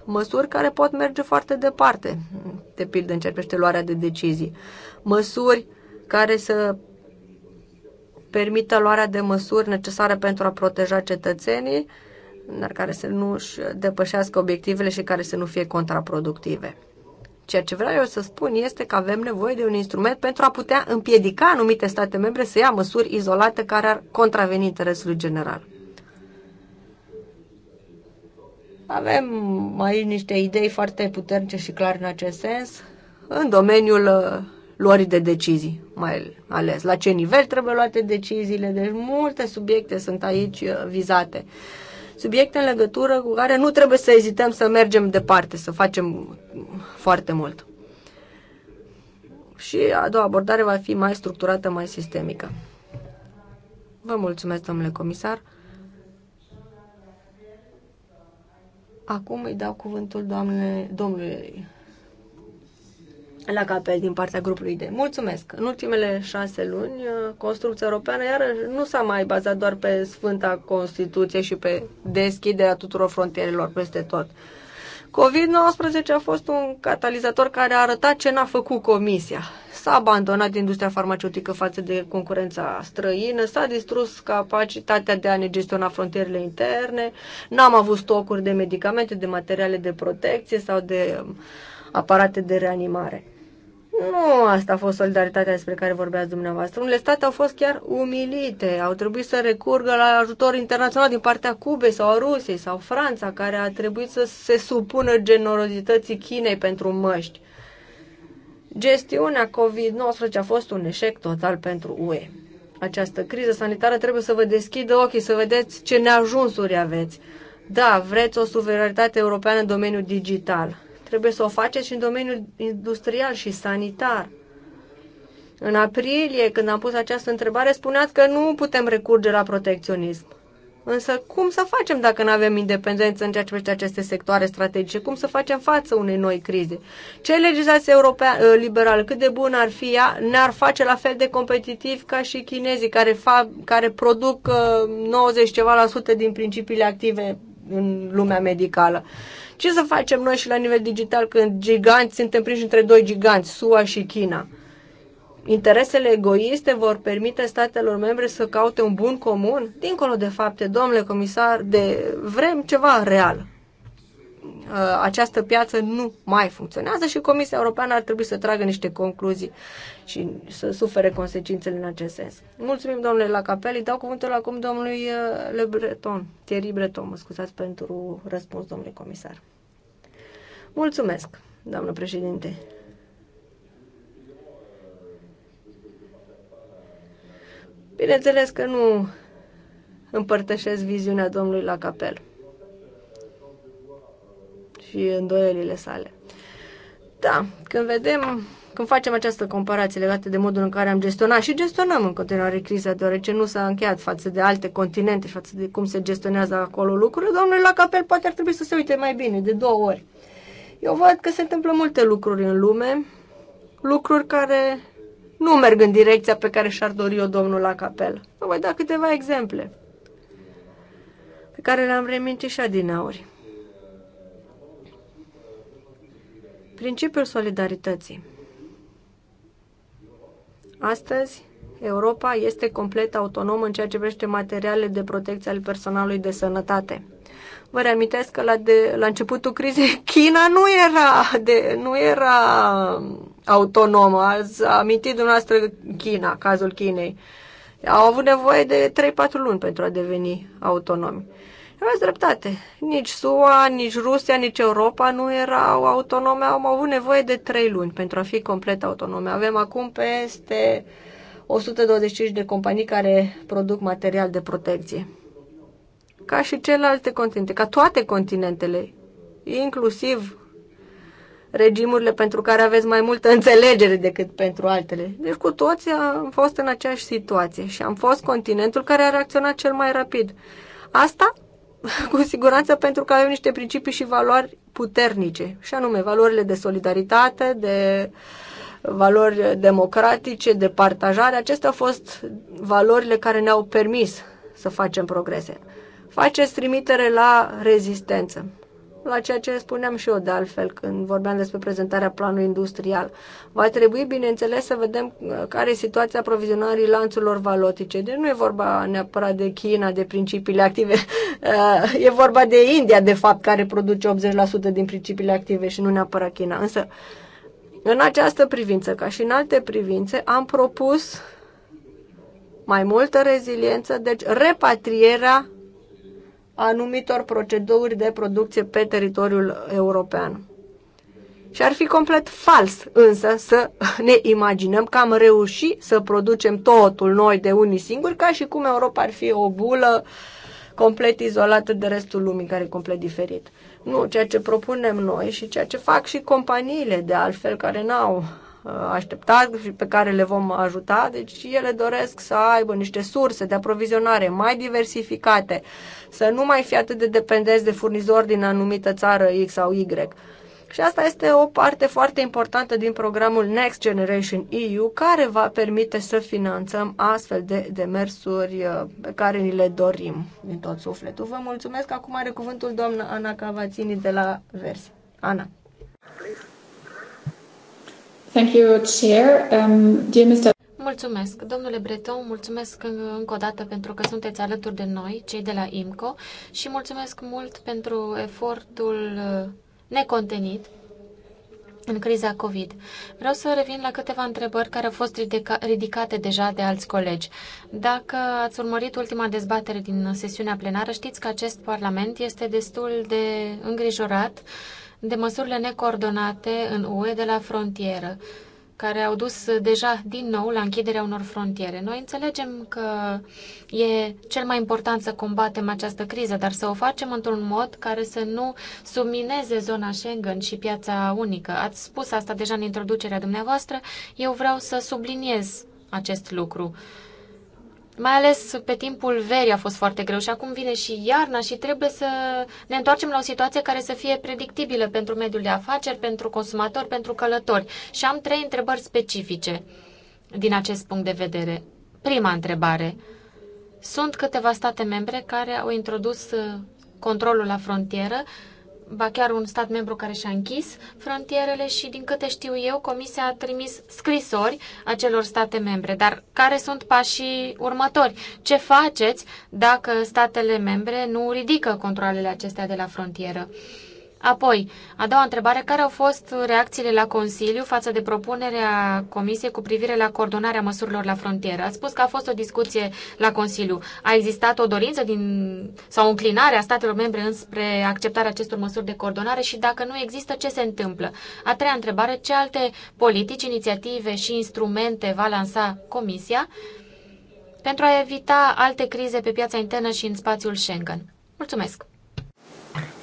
măsuri care pot merge foarte departe, de pildă începește luarea de decizii. Măsuri care să permită luarea de măsuri necesare pentru a proteja cetățenii, dar care să nu își depășească obiectivele și care să nu fie contraproductive. Ceea ce vreau eu să spun este că avem nevoie de un instrument pentru a putea împiedica anumite state membre să ia măsuri izolate care ar contraveni interesului general. Avem aici niște idei foarte puternice și clare în acest sens, în domeniul uh, luării de decizii, mai ales la ce nivel trebuie luate deciziile, deci multe subiecte sunt aici uh, vizate subiecte în legătură cu care nu trebuie să ezităm să mergem departe, să facem foarte mult. Și a doua abordare va fi mai structurată, mai sistemică. Vă mulțumesc, domnule comisar. Acum îi dau cuvântul doamne, domnului la capel din partea grupului de. Mulțumesc! În ultimele șase luni, uh, construcția europeană iarăși nu s-a mai bazat doar pe Sfânta Constituție și pe deschiderea tuturor frontierelor peste tot. COVID-19 a fost un catalizator care a arătat ce n-a făcut Comisia. S-a abandonat industria farmaceutică față de concurența străină, s-a distrus capacitatea de a ne gestiona frontierele interne, n-am avut stocuri de medicamente, de materiale de protecție sau de um, aparate de reanimare. Nu asta a fost solidaritatea despre care vorbeați dumneavoastră. Unele state au fost chiar umilite, au trebuit să recurgă la ajutor internațional din partea Cubei sau a Rusiei sau Franța, care a trebuit să se supună generozității Chinei pentru măști. Gestiunea COVID-19 a fost un eșec total pentru UE. Această criză sanitară trebuie să vă deschidă ochii, să vedeți ce neajunsuri aveți. Da, vreți o suveranitate europeană în domeniul digital. Trebuie să o faceți și în domeniul industrial și sanitar. În aprilie, când am pus această întrebare, spuneați că nu putem recurge la protecționism. Însă cum să facem dacă nu avem independență în ceea ce privește aceste sectoare strategice? Cum să facem față unei noi crize? Ce legislație europeană liberală, cât de bună ar fi ea, ne-ar face la fel de competitiv ca și chinezii care, fa, care produc 90 ă, ceva la din principiile active în lumea medicală? Ce să facem noi și la nivel digital când giganți suntem prinși între doi giganți, SUA și China? Interesele egoiste vor permite statelor membre să caute un bun comun? Dincolo de fapte, domnule comisar, de vrem ceva real, Uh, această piață nu mai funcționează și Comisia Europeană ar trebui să tragă niște concluzii și să sufere consecințele în acest sens. Mulțumim, domnule Lacapeli. Dau cuvântul acum domnului uh, Le Breton, Thierry Breton, mă scuzați pentru răspuns, domnule comisar. Mulțumesc, doamnă președinte. Bineînțeles că nu împărtășesc viziunea domnului Lacapelli și îndoielile sale. Da, când vedem, când facem această comparație legată de modul în care am gestionat și gestionăm în continuare criza, deoarece nu s-a încheiat față de alte continente și față de cum se gestionează acolo lucrurile, domnule la capel poate ar trebui să se uite mai bine, de două ori. Eu văd că se întâmplă multe lucruri în lume, lucruri care nu merg în direcția pe care și-ar dori eu domnul la capel. Vă voi da câteva exemple pe care le-am remintit și adineori. Principiul solidarității. Astăzi, Europa este complet autonomă în ceea ce privește materialele de protecție al personalului de sănătate. Vă reamintesc că la, de, la începutul crizei [LAUGHS] China nu era, de, nu era um, autonomă. Ați amintit dumneavoastră China, cazul Chinei. Au avut nevoie de 3-4 luni pentru a deveni autonomi. Aveți dreptate. Nici SUA, nici Rusia, nici Europa nu erau autonome. Am avut nevoie de trei luni pentru a fi complet autonome. Avem acum peste 125 de companii care produc material de protecție. Ca și celelalte continente, ca toate continentele, inclusiv regimurile pentru care aveți mai multă [LAUGHS] înțelegere decât pentru altele. Deci cu toți am fost în aceeași situație și am fost continentul care a reacționat cel mai rapid. Asta [LAUGHS] cu siguranță pentru că avem niște principii și valori puternice, și anume valorile de solidaritate, de valori democratice, de partajare. Acestea au fost valorile care ne-au permis să facem progrese. Faceți trimitere la rezistență la ceea ce spuneam și eu de altfel când vorbeam despre prezentarea planului industrial. Va trebui, bineînțeles, să vedem uh, care e situația aprovizionării lanțurilor valotice. Deci nu e vorba neapărat de China, de principiile active. [LAUGHS] Uh, e vorba de India, de fapt, care produce 80% din principiile active și nu neapărat China. Însă, în această privință, ca și în alte privințe, am propus mai multă reziliență, deci repatrierea anumitor proceduri de producție pe teritoriul european. Și ar fi complet fals însă să [LAUGHS] ne imaginăm că am reușit să producem totul noi de unii singuri, ca și cum Europa ar fi o bulă complet izolată de restul lumii, care e complet diferit. Nu, ceea ce propunem noi și ceea ce fac și companiile de altfel care n-au Uh, așteptat și pe care le vom ajuta. Deci ele doresc să aibă niște surse de aprovizionare mai diversificate, să nu mai fie atât de dependenți de furnizori din anumită țară X sau Y. Și asta este o parte foarte importantă din programul Next Generation EU, care va permite să finanțăm astfel de demersuri uh, pe care ni le dorim din tot sufletul. Vă mulțumesc. Acum are cuvântul doamna Ana Cavațini de la Versi. Ana. Thank you, Chair. Um, dear Mr. Mulțumesc, domnule Breton, mulțumesc încă o dată pentru că sunteți alături de noi, cei de la IMCO, și mulțumesc mult pentru efortul uh, necontenit în criza COVID. Vreau să revin la câteva întrebări care au fost ridicate deja de alți colegi. Dacă ați urmărit ultima dezbatere din sesiunea plenară, știți că acest Parlament este destul de îngrijorat uh, de măsurile necoordonate în UE de la frontieră, care au dus deja din nou la închiderea unor frontiere. Noi înțelegem că e cel mai important să combatem această criză, dar să o facem într-un mod care să nu submineze zona Schengen și piața unică. Ați spus asta deja în introducerea dumneavoastră, eu vreau să subliniez acest lucru. Uh, mai ales pe timpul verii a fost foarte greu și acum vine și iarna și trebuie să ne întoarcem la o situație care să fie predictibilă pentru mediul de afaceri, pentru consumatori, pentru călători. Și am trei întrebări specifice din acest punct de vedere. Prima întrebare. Sunt câteva state membre care au introdus uh, controlul la frontieră ba chiar un stat membru care și-a închis frontierele și, din câte știu eu, Comisia a trimis scrisori acelor state membre. Dar care sunt pașii următori? Ce faceți dacă statele membre nu ridică controlele acestea de la frontieră? Uh, Apoi, a doua întrebare, care au fost reacțiile la Consiliu față de propunerea Comisiei cu privire la coordonarea măsurilor la frontieră? Ați spus că a fost o discuție la Consiliu. A existat o dorință din, sau o înclinare a statelor membre înspre acceptarea acestor măsuri de coordonare și dacă nu există, ce se întâmplă? A treia întrebare, ce alte politici, inițiative și instrumente va lansa Comisia pentru a evita alte crize pe piața internă și în spațiul Schengen? Mulțumesc!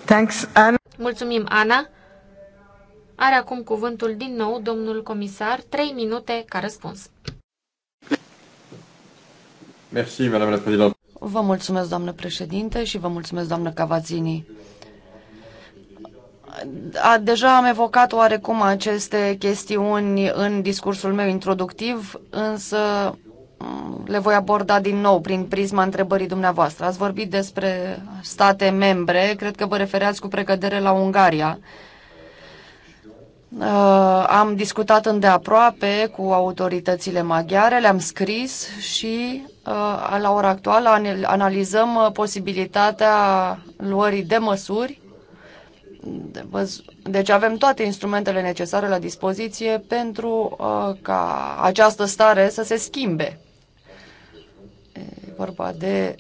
Thanks, Anna. Mulțumim, Ana. Are acum cuvântul din nou domnul comisar, trei minute ca răspuns. Merci, la Vă mulțumesc, doamnă președinte, și vă mulțumesc, doamnă Cavazini. A, deja am evocat oarecum aceste chestiuni în discursul meu introductiv, însă Um, le voi aborda din nou prin prisma întrebării dumneavoastră. Ați vorbit despre state membre, cred că vă refereați cu precădere la Ungaria. Uh, am discutat îndeaproape cu autoritățile maghiare, le-am scris și uh, la ora actuală analizăm uh, posibilitatea luării de măsuri. Deci avem toate instrumentele necesare la dispoziție pentru uh, ca această stare să se schimbe vorba de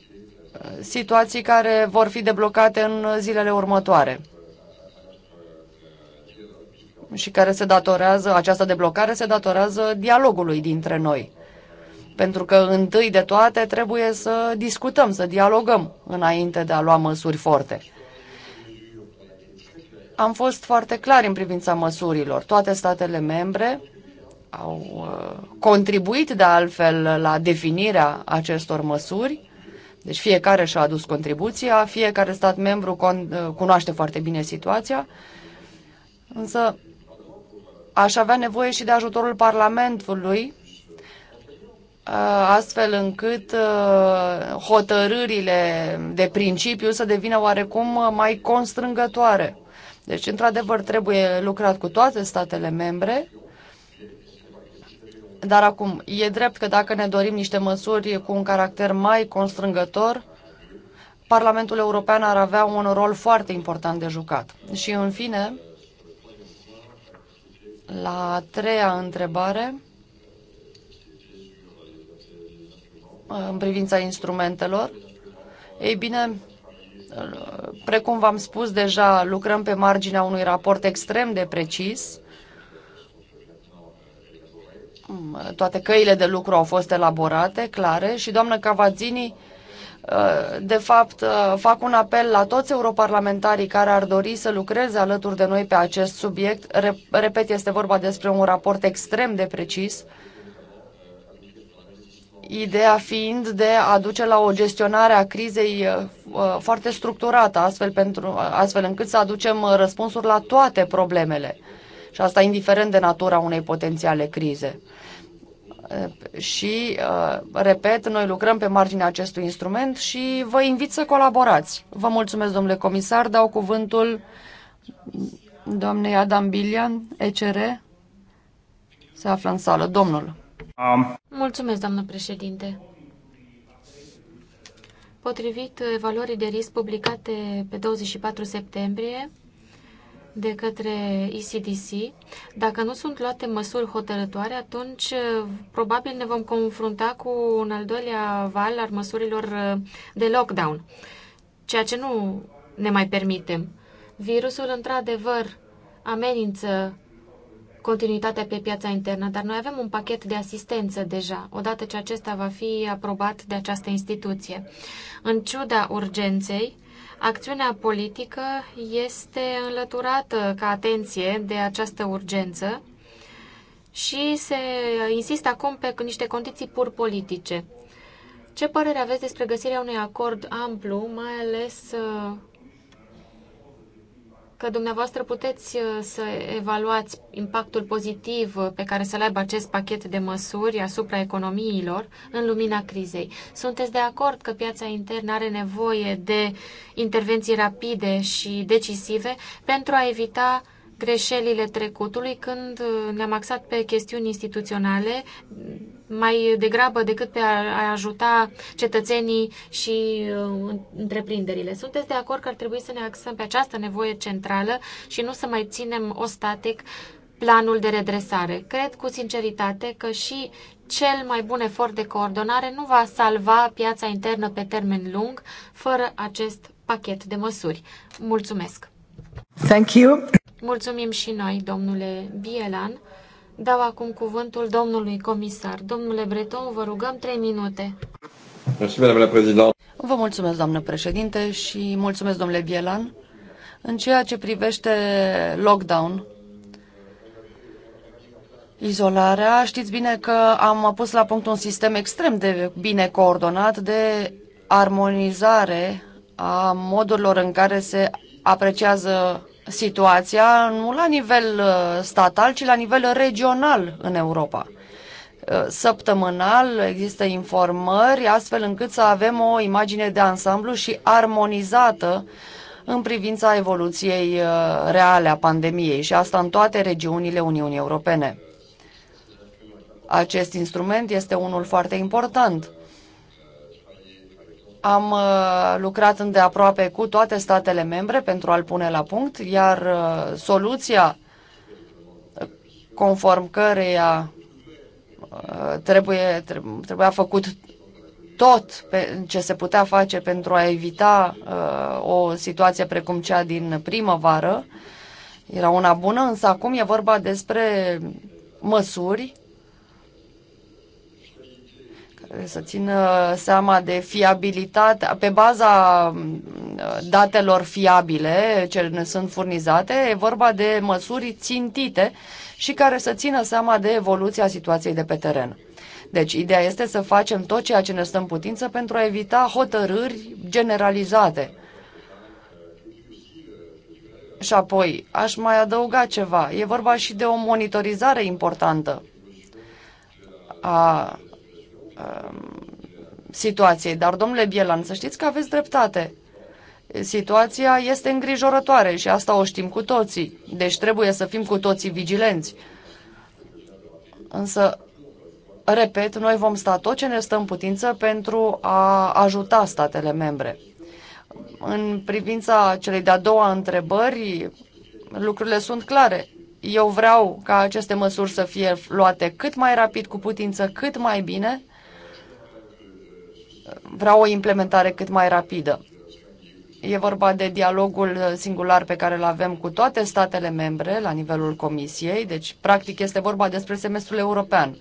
uh, situații care vor fi deblocate în zilele următoare și care se datorează, această deblocare se datorează dialogului dintre noi. Pentru că întâi de toate trebuie să discutăm, să dialogăm înainte de a lua măsuri forte. Am fost foarte clar în privința măsurilor. Toate statele membre au uh, contribuit de altfel la definirea acestor măsuri. Deci fiecare și-a adus contribuția, fiecare stat membru uh, cunoaște foarte bine situația, însă aș avea nevoie și de ajutorul Parlamentului, uh, astfel încât hotărârile de principiu să devină oarecum mai constrângătoare. Deci, într-adevăr, trebuie lucrat cu toate statele membre dar acum, e drept că dacă ne dorim niște măsuri cu un caracter mai constrângător, Parlamentul European ar avea un rol foarte important de jucat. Și în fine, la a treia întrebare, în privința instrumentelor, ei bine, precum v-am spus deja, lucrăm pe marginea unui raport extrem de precis Mm, toate căile de lucru au fost elaborate, clare, și doamnă Cavazzini, uh, de fapt, uh, fac un apel la toți europarlamentarii care ar dori să lucreze alături de noi pe acest subiect. Repet, este vorba despre un raport extrem de precis, ideea fiind de a duce la o gestionare a crizei uh, foarte structurată, astfel, pentru, astfel încât să aducem răspunsuri la toate problemele. Și asta indiferent de natura unei potențiale crize. Eh, și, eh, repet, noi lucrăm pe marginea acestui instrument și vă invit să colaborați. Vă mulțumesc, domnule comisar, dau cuvântul doamnei Adam Bilian, ECR, se află în sală. Domnul. Mulțumesc, doamnă președinte. Potrivit evaluării de risc publicate pe 24 septembrie, de către ECDC, dacă nu sunt luate măsuri hotărătoare, atunci uh, probabil ne vom confrunta cu un al doilea val al măsurilor uh, de lockdown, ceea ce nu ne mai permitem. Virusul, într-adevăr, amenință continuitatea pe piața internă, dar noi avem un pachet de asistență deja, odată ce acesta va fi aprobat de această instituție. În ciuda urgenței, Acțiunea politică este înlăturată ca atenție de această urgență și se insistă acum pe niște condiții pur politice. Ce părere aveți despre găsirea unui acord amplu, mai ales uh, că dumneavoastră puteți uh, să evaluați impactul pozitiv uh, pe care să-l aibă acest pachet de măsuri asupra economiilor în lumina crizei. Sunteți de acord că piața internă are nevoie de intervenții rapide și decisive pentru a evita greșelile trecutului când uh, ne-am axat pe chestiuni instituționale mai degrabă decât pe a ajuta cetățenii și uh, întreprinderile. Sunteți de acord că ar trebui să ne axăm pe această nevoie centrală și nu să mai ținem ostatic planul de redresare. Cred cu sinceritate că și cel mai bun efort de coordonare nu va salva piața internă pe termen lung fără acest pachet de măsuri. Mulțumesc! Thank you. Mulțumim și noi, domnule Bielan. Dau acum cuvântul domnului comisar. Domnule Breton, vă rugăm trei minute. Vă mulțumesc, doamnă președinte, și mulțumesc, domnule Bielan. În ceea ce privește lockdown, izolarea, știți bine că am pus la punct un sistem extrem de bine coordonat de armonizare a modurilor în care se apreciază situația nu la nivel uh, statal, ci la nivel regional în Europa. Uh, săptămânal există informări astfel încât să avem o imagine de ansamblu și armonizată în privința evoluției uh, reale a pandemiei și asta în toate regiunile Uniunii Europene. Acest instrument este unul foarte important am uh, lucrat îndeaproape cu toate statele membre pentru a-l pune la punct, iar uh, soluția conform căreia uh, trebuie, trebuia făcut tot ce se putea face pentru a evita uh, o situație precum cea din primăvară. Era una bună, însă acum e vorba despre măsuri să țină seama de fiabilitate, pe baza mm, datelor fiabile ce ne sunt furnizate, e vorba de măsuri țintite și care să țină seama de evoluția situației de pe teren. Deci, ideea este să facem tot ceea ce ne stă în putință pentru a evita hotărâri generalizate. Și apoi, aș mai adăuga ceva. E vorba și de o monitorizare importantă a Um, situației. Dar, domnule Bielan, să știți că aveți dreptate. Situația este îngrijorătoare și asta o știm cu toții. Deci trebuie să fim cu toții vigilenți. Însă, repet, noi vom sta tot ce ne stă în putință pentru a ajuta statele membre. În privința celei de-a doua întrebări, lucrurile sunt clare. Eu vreau ca aceste măsuri să fie luate cât mai rapid cu putință, cât mai bine, Vreau o implementare cât mai rapidă. E vorba de dialogul singular pe care îl avem cu toate statele membre la nivelul Comisiei, deci practic este vorba despre semestrul european.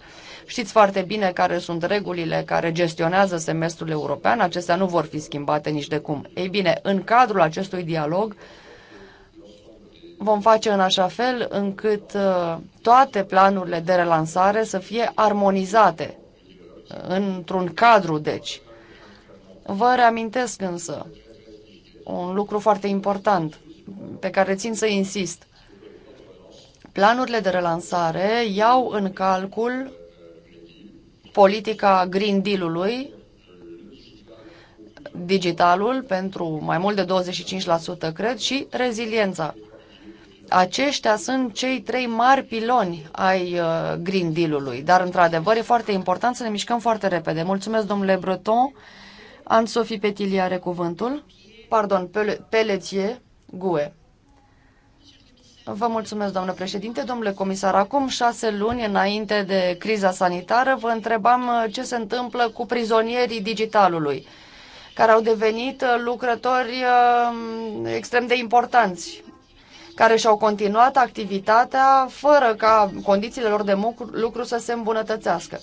Știți foarte bine care sunt regulile care gestionează semestrul european, acestea nu vor fi schimbate nici de cum. Ei bine, în cadrul acestui dialog vom face în așa fel încât uh, toate planurile de relansare să fie armonizate uh, într-un cadru, deci, Vă reamintesc însă un lucru foarte important pe care țin să insist. Planurile de relansare iau în calcul politica Green Deal-ului, digitalul pentru mai mult de 25%, cred, și reziliența. Aceștia sunt cei trei mari piloni ai uh, Green Deal-ului, dar, într-adevăr, e foarte important să ne mișcăm foarte repede. Mulțumesc, domnule Breton. Anne-Sophie Petilia are cuvântul. Pardon, Peleție, GUE. Vă mulțumesc, doamnă președinte. Domnule comisar, acum șase luni înainte de criza sanitară vă întrebam uh, ce se întâmplă cu prizonierii digitalului, care au devenit uh, lucrători uh, extrem de importanți, care și-au continuat activitatea fără ca condițiile lor de lucru să se îmbunătățească.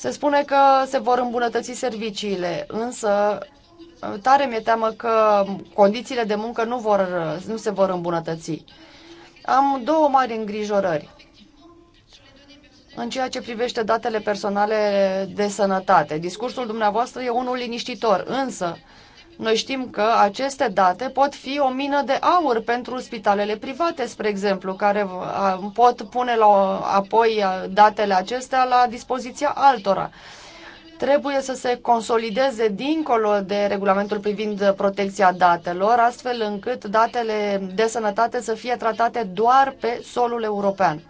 Se spune că se vor îmbunătăți serviciile, însă uh, tare mi-e teamă că condițiile de muncă nu, vor, uh, nu se vor îmbunătăți. Am două mari îngrijorări în ceea ce privește datele personale de sănătate. Discursul dumneavoastră e unul liniștitor, însă noi știm că aceste date pot fi o mină de aur pentru spitalele private, spre exemplu, care pot pune la, apoi datele acestea la dispoziția altora. Trebuie să se consolideze dincolo de regulamentul privind protecția datelor, astfel încât datele de sănătate să fie tratate doar pe solul european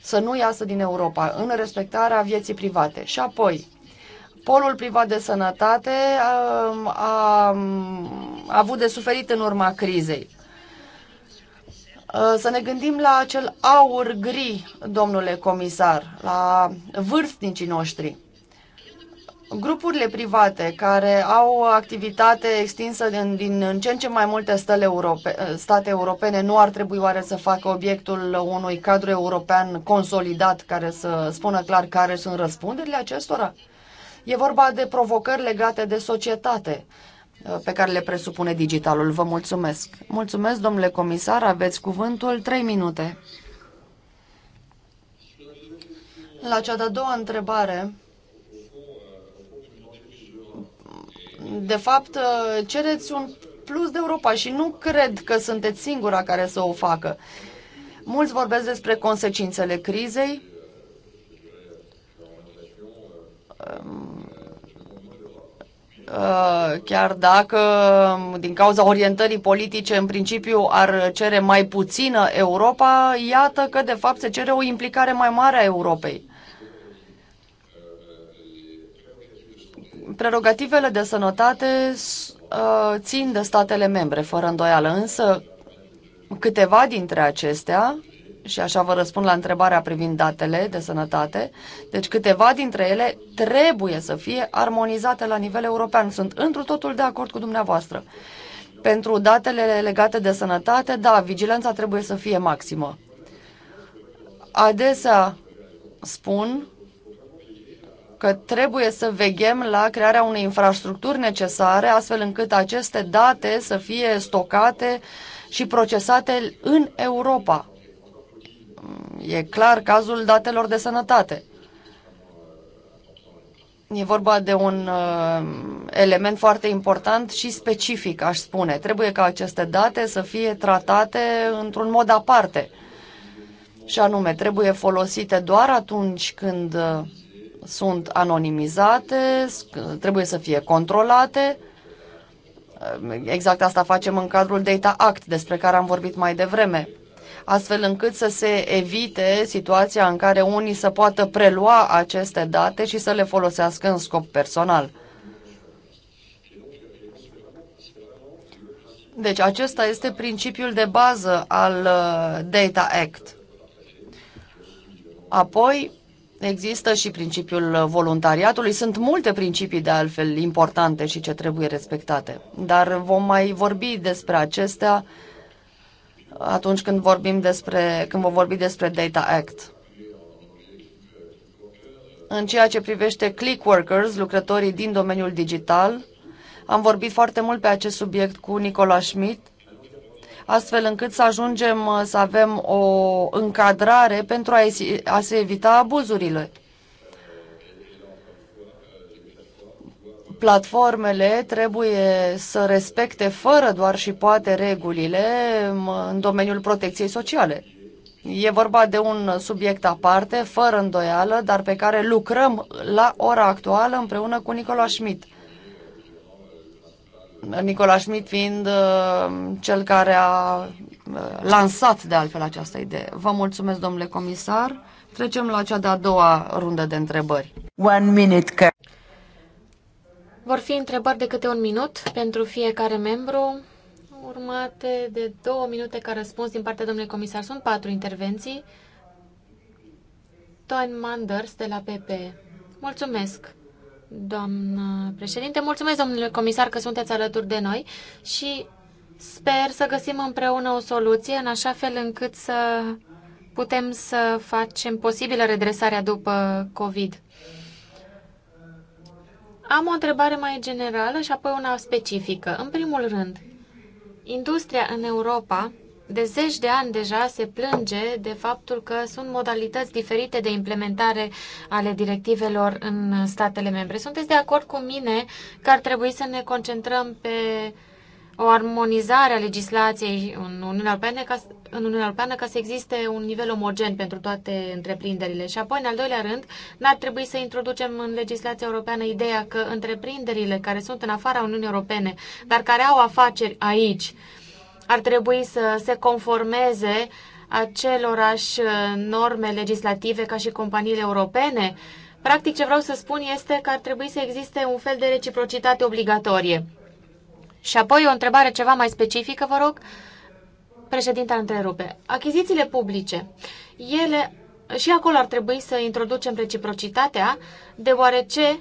să nu iasă din Europa, în respectarea vieții private. Și apoi, Polul privat de sănătate um, a, a, um, a avut de suferit în urma crizei. Uh, să ne gândim la acel aur gri, domnule comisar, la vârstnicii noștri. Grupurile private care au activitate extinsă din, din în ce în ce mai multe stele europe, uh, state europene nu ar trebui oare să facă obiectul unui cadru european consolidat care să spună clar care sunt răspunderile acestora? E vorba de provocări legate de societate uh, pe care le presupune digitalul. Vă mulțumesc. Mulțumesc, domnule comisar, aveți cuvântul trei minute. La cea de-a doua întrebare, de fapt, uh, cereți un plus de Europa și nu cred că sunteți singura care să o facă. Mulți vorbesc despre consecințele crizei. Um, Uh, chiar dacă um, din cauza orientării politice în principiu ar cere mai puțină Europa, iată că de fapt se cere o implicare mai mare a Europei. Prerogativele de sănătate uh, țin de statele membre, fără îndoială, însă câteva dintre acestea și așa vă răspund la întrebarea privind datele de sănătate, deci câteva dintre ele trebuie să fie armonizate la nivel european. Sunt întru totul de acord cu dumneavoastră. Pentru datele legate de sănătate, da, vigilența trebuie să fie maximă. Adesea spun că trebuie să veghem la crearea unei infrastructuri necesare, astfel încât aceste date să fie stocate și procesate în Europa, E clar cazul datelor de sănătate. E vorba de un uh, element foarte important și specific, aș spune. Trebuie ca aceste date să fie tratate într-un mod aparte. Și anume, trebuie folosite doar atunci când uh, sunt anonimizate, trebuie să fie controlate. Uh, exact asta facem în cadrul Data Act, despre care am vorbit mai devreme astfel încât să se evite situația în care unii să poată prelua aceste date și să le folosească în scop personal. Deci acesta este principiul de bază al uh, Data Act. Apoi există și principiul uh, voluntariatului. Sunt multe principii de altfel importante și ce trebuie respectate, dar vom mai vorbi despre acestea atunci când vorbim despre, când vom vorbi despre Data Act. În ceea ce privește click workers, lucrătorii din domeniul digital, am vorbit foarte mult pe acest subiect cu Nicola Schmidt, astfel încât să ajungem să avem o încadrare pentru a se evita abuzurile. platformele trebuie să respecte fără doar și poate regulile în domeniul protecției sociale. E vorba de un subiect aparte, fără îndoială, dar pe care lucrăm la ora actuală împreună cu Nicola Schmidt. Nicola Schmidt fiind uh, cel care a uh, lansat de altfel această idee. Vă mulțumesc, domnule comisar. Trecem la cea de-a doua rundă de întrebări. One minute. Vor fi întrebări de câte un minut pentru fiecare membru, urmate de două minute ca răspuns din partea domnului comisar. Sunt patru intervenții. Toan Manders de la PP. Mulțumesc, doamnă președinte. Mulțumesc, domnule comisar, că sunteți alături de noi și sper să găsim împreună o soluție în așa fel încât să putem să facem posibilă redresarea după COVID. Am o întrebare mai generală și apoi una specifică. În primul rând, industria în Europa de zeci de ani deja se plânge de faptul că sunt modalități diferite de implementare ale directivelor în statele membre. Sunteți de acord cu mine că ar trebui să ne concentrăm pe o armonizare a legislației în Uniunea Europeană ca, în Uniunea Europeană ca să existe un nivel omogen pentru toate întreprinderile. Și apoi, în al doilea rând, n-ar trebui să introducem în legislația europeană ideea că întreprinderile care sunt în afara Uniunii Europene, dar care au afaceri aici, ar trebui să se conformeze acelorași uh, norme legislative ca și companiile europene. Practic, ce vreau să spun este că ar trebui să existe un fel de reciprocitate obligatorie. Și apoi o întrebare ceva mai specifică, vă rog. Președinta întrerupe. Achizițiile publice. Ele, și acolo ar trebui să introducem reciprocitatea, deoarece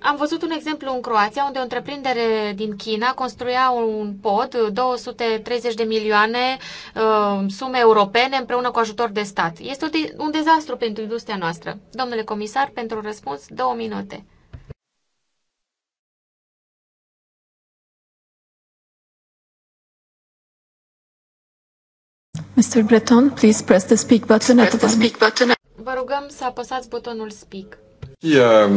am văzut un exemplu în Croația, unde o întreprindere din China construia un pod, 230 de milioane uh, sume europene împreună cu ajutor de stat. Este un dezastru pentru industria noastră. Domnule comisar, pentru răspuns, două minute. Mr. Breton, please press the speak button at the speak button. Vă rugăm să apăsați butonul speak. Yeah.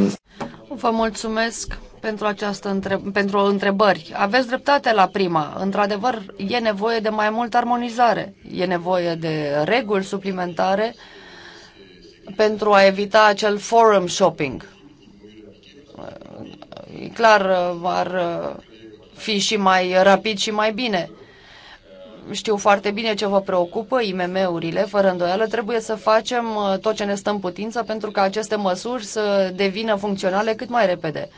Vă mulțumesc pentru, această între... pentru întrebări. Aveți dreptate la prima. Într-adevăr, e nevoie de mai multă armonizare. E nevoie de reguli suplimentare pentru a evita acel forum shopping. E clar, ar fi și mai rapid și mai bine știu foarte bine ce vă preocupă, IMM-urile, fără îndoială, trebuie să facem uh, tot ce ne stă în putință pentru ca aceste măsuri să devină funcționale cât mai repede.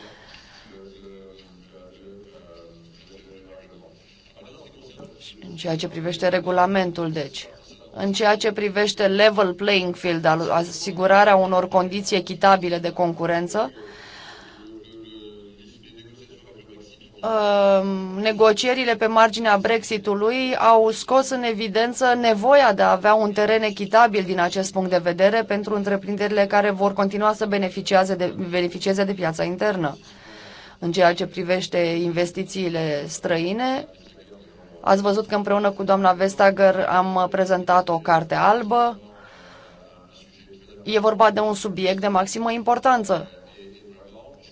În ceea ce privește regulamentul, deci. În ceea ce privește level playing field, asigurarea unor condiții echitabile de concurență, Ehm, negocierile pe marginea Brexitului au scos în evidență nevoia de a avea un teren echitabil din acest punct de vedere pentru întreprinderile care vor continua să beneficieze de, beneficieze de piața internă. În ceea ce privește investițiile străine, ați văzut că împreună cu doamna Vestager am prezentat o carte albă. E vorba de un subiect de maximă importanță,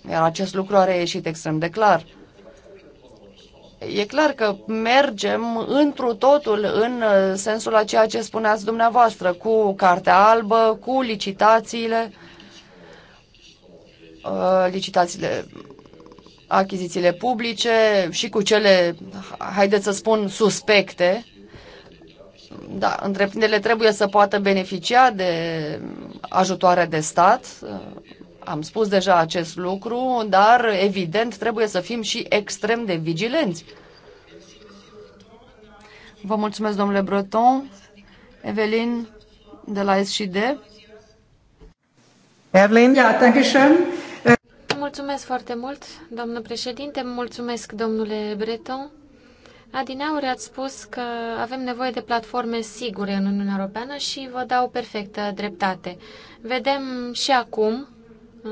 iar acest lucru a ieșit extrem de clar. E clar că mergem întru totul în uh, sensul a ceea ce spuneați dumneavoastră, cu cartea albă, cu licitațiile, uh, licitațiile, achizițiile publice și cu cele, haideți să spun, suspecte. Da, întreprinderile trebuie să poată beneficia de ajutoare de stat uh, am spus deja acest lucru, dar evident trebuie să fim și extrem de vigilenți. Vă mulțumesc, domnule Breton. Evelyn de la SCD. Evelyn? da, danke schön. Mulțumesc foarte mult, doamnă președinte. Mulțumesc, domnule Breton. Adineauri ați spus că avem nevoie de platforme sigure în Uniunea Europeană și vă dau perfectă dreptate. Vedem și acum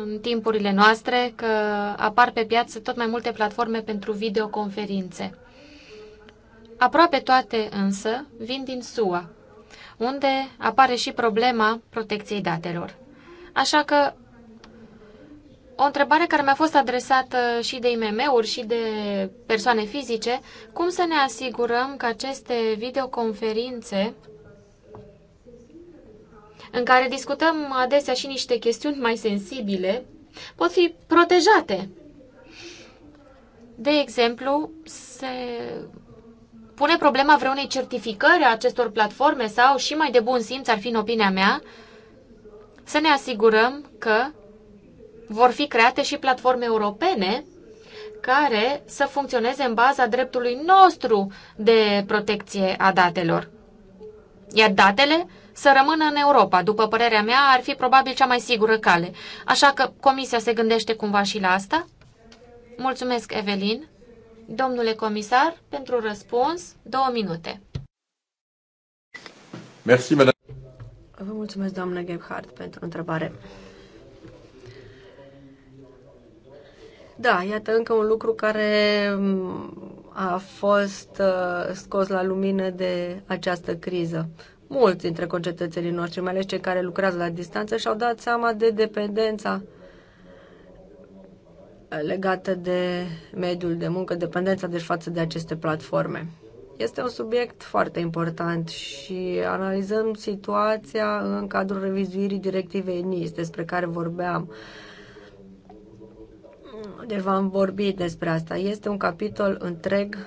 în timpurile noastre că apar pe piață tot mai multe platforme pentru videoconferințe. Aproape toate însă vin din SUA, unde apare și problema protecției datelor. Așa că o întrebare care mi-a fost adresată și de IMM-uri și de persoane fizice, cum să ne asigurăm că aceste videoconferințe în care discutăm adesea și niște chestiuni mai sensibile, pot fi protejate. De exemplu, se pune problema vreunei certificări a acestor platforme sau, și mai de bun simț ar fi în opinia mea, să ne asigurăm că vor fi create și platforme europene care să funcționeze în baza dreptului nostru de protecție a datelor. Iar datele să rămână în Europa. După părerea mea, ar fi probabil cea mai sigură cale. Așa că Comisia se gândește cumva și la asta? Mulțumesc, Evelin. Domnule comisar, pentru răspuns, două minute. Merci, Vă mulțumesc, doamnă Gebhardt, pentru întrebare. Da, iată încă un lucru care a fost uh, scos la lumină de această criză mulți dintre concetățenii noștri, mai ales cei care lucrează la distanță, și-au dat seama de dependența legată de mediul de muncă, dependența deci față de aceste platforme. Este un subiect foarte important și analizăm situația în cadrul revizuirii directivei NIS, despre care vorbeam. Deci v-am vorbit despre asta. Este un capitol întreg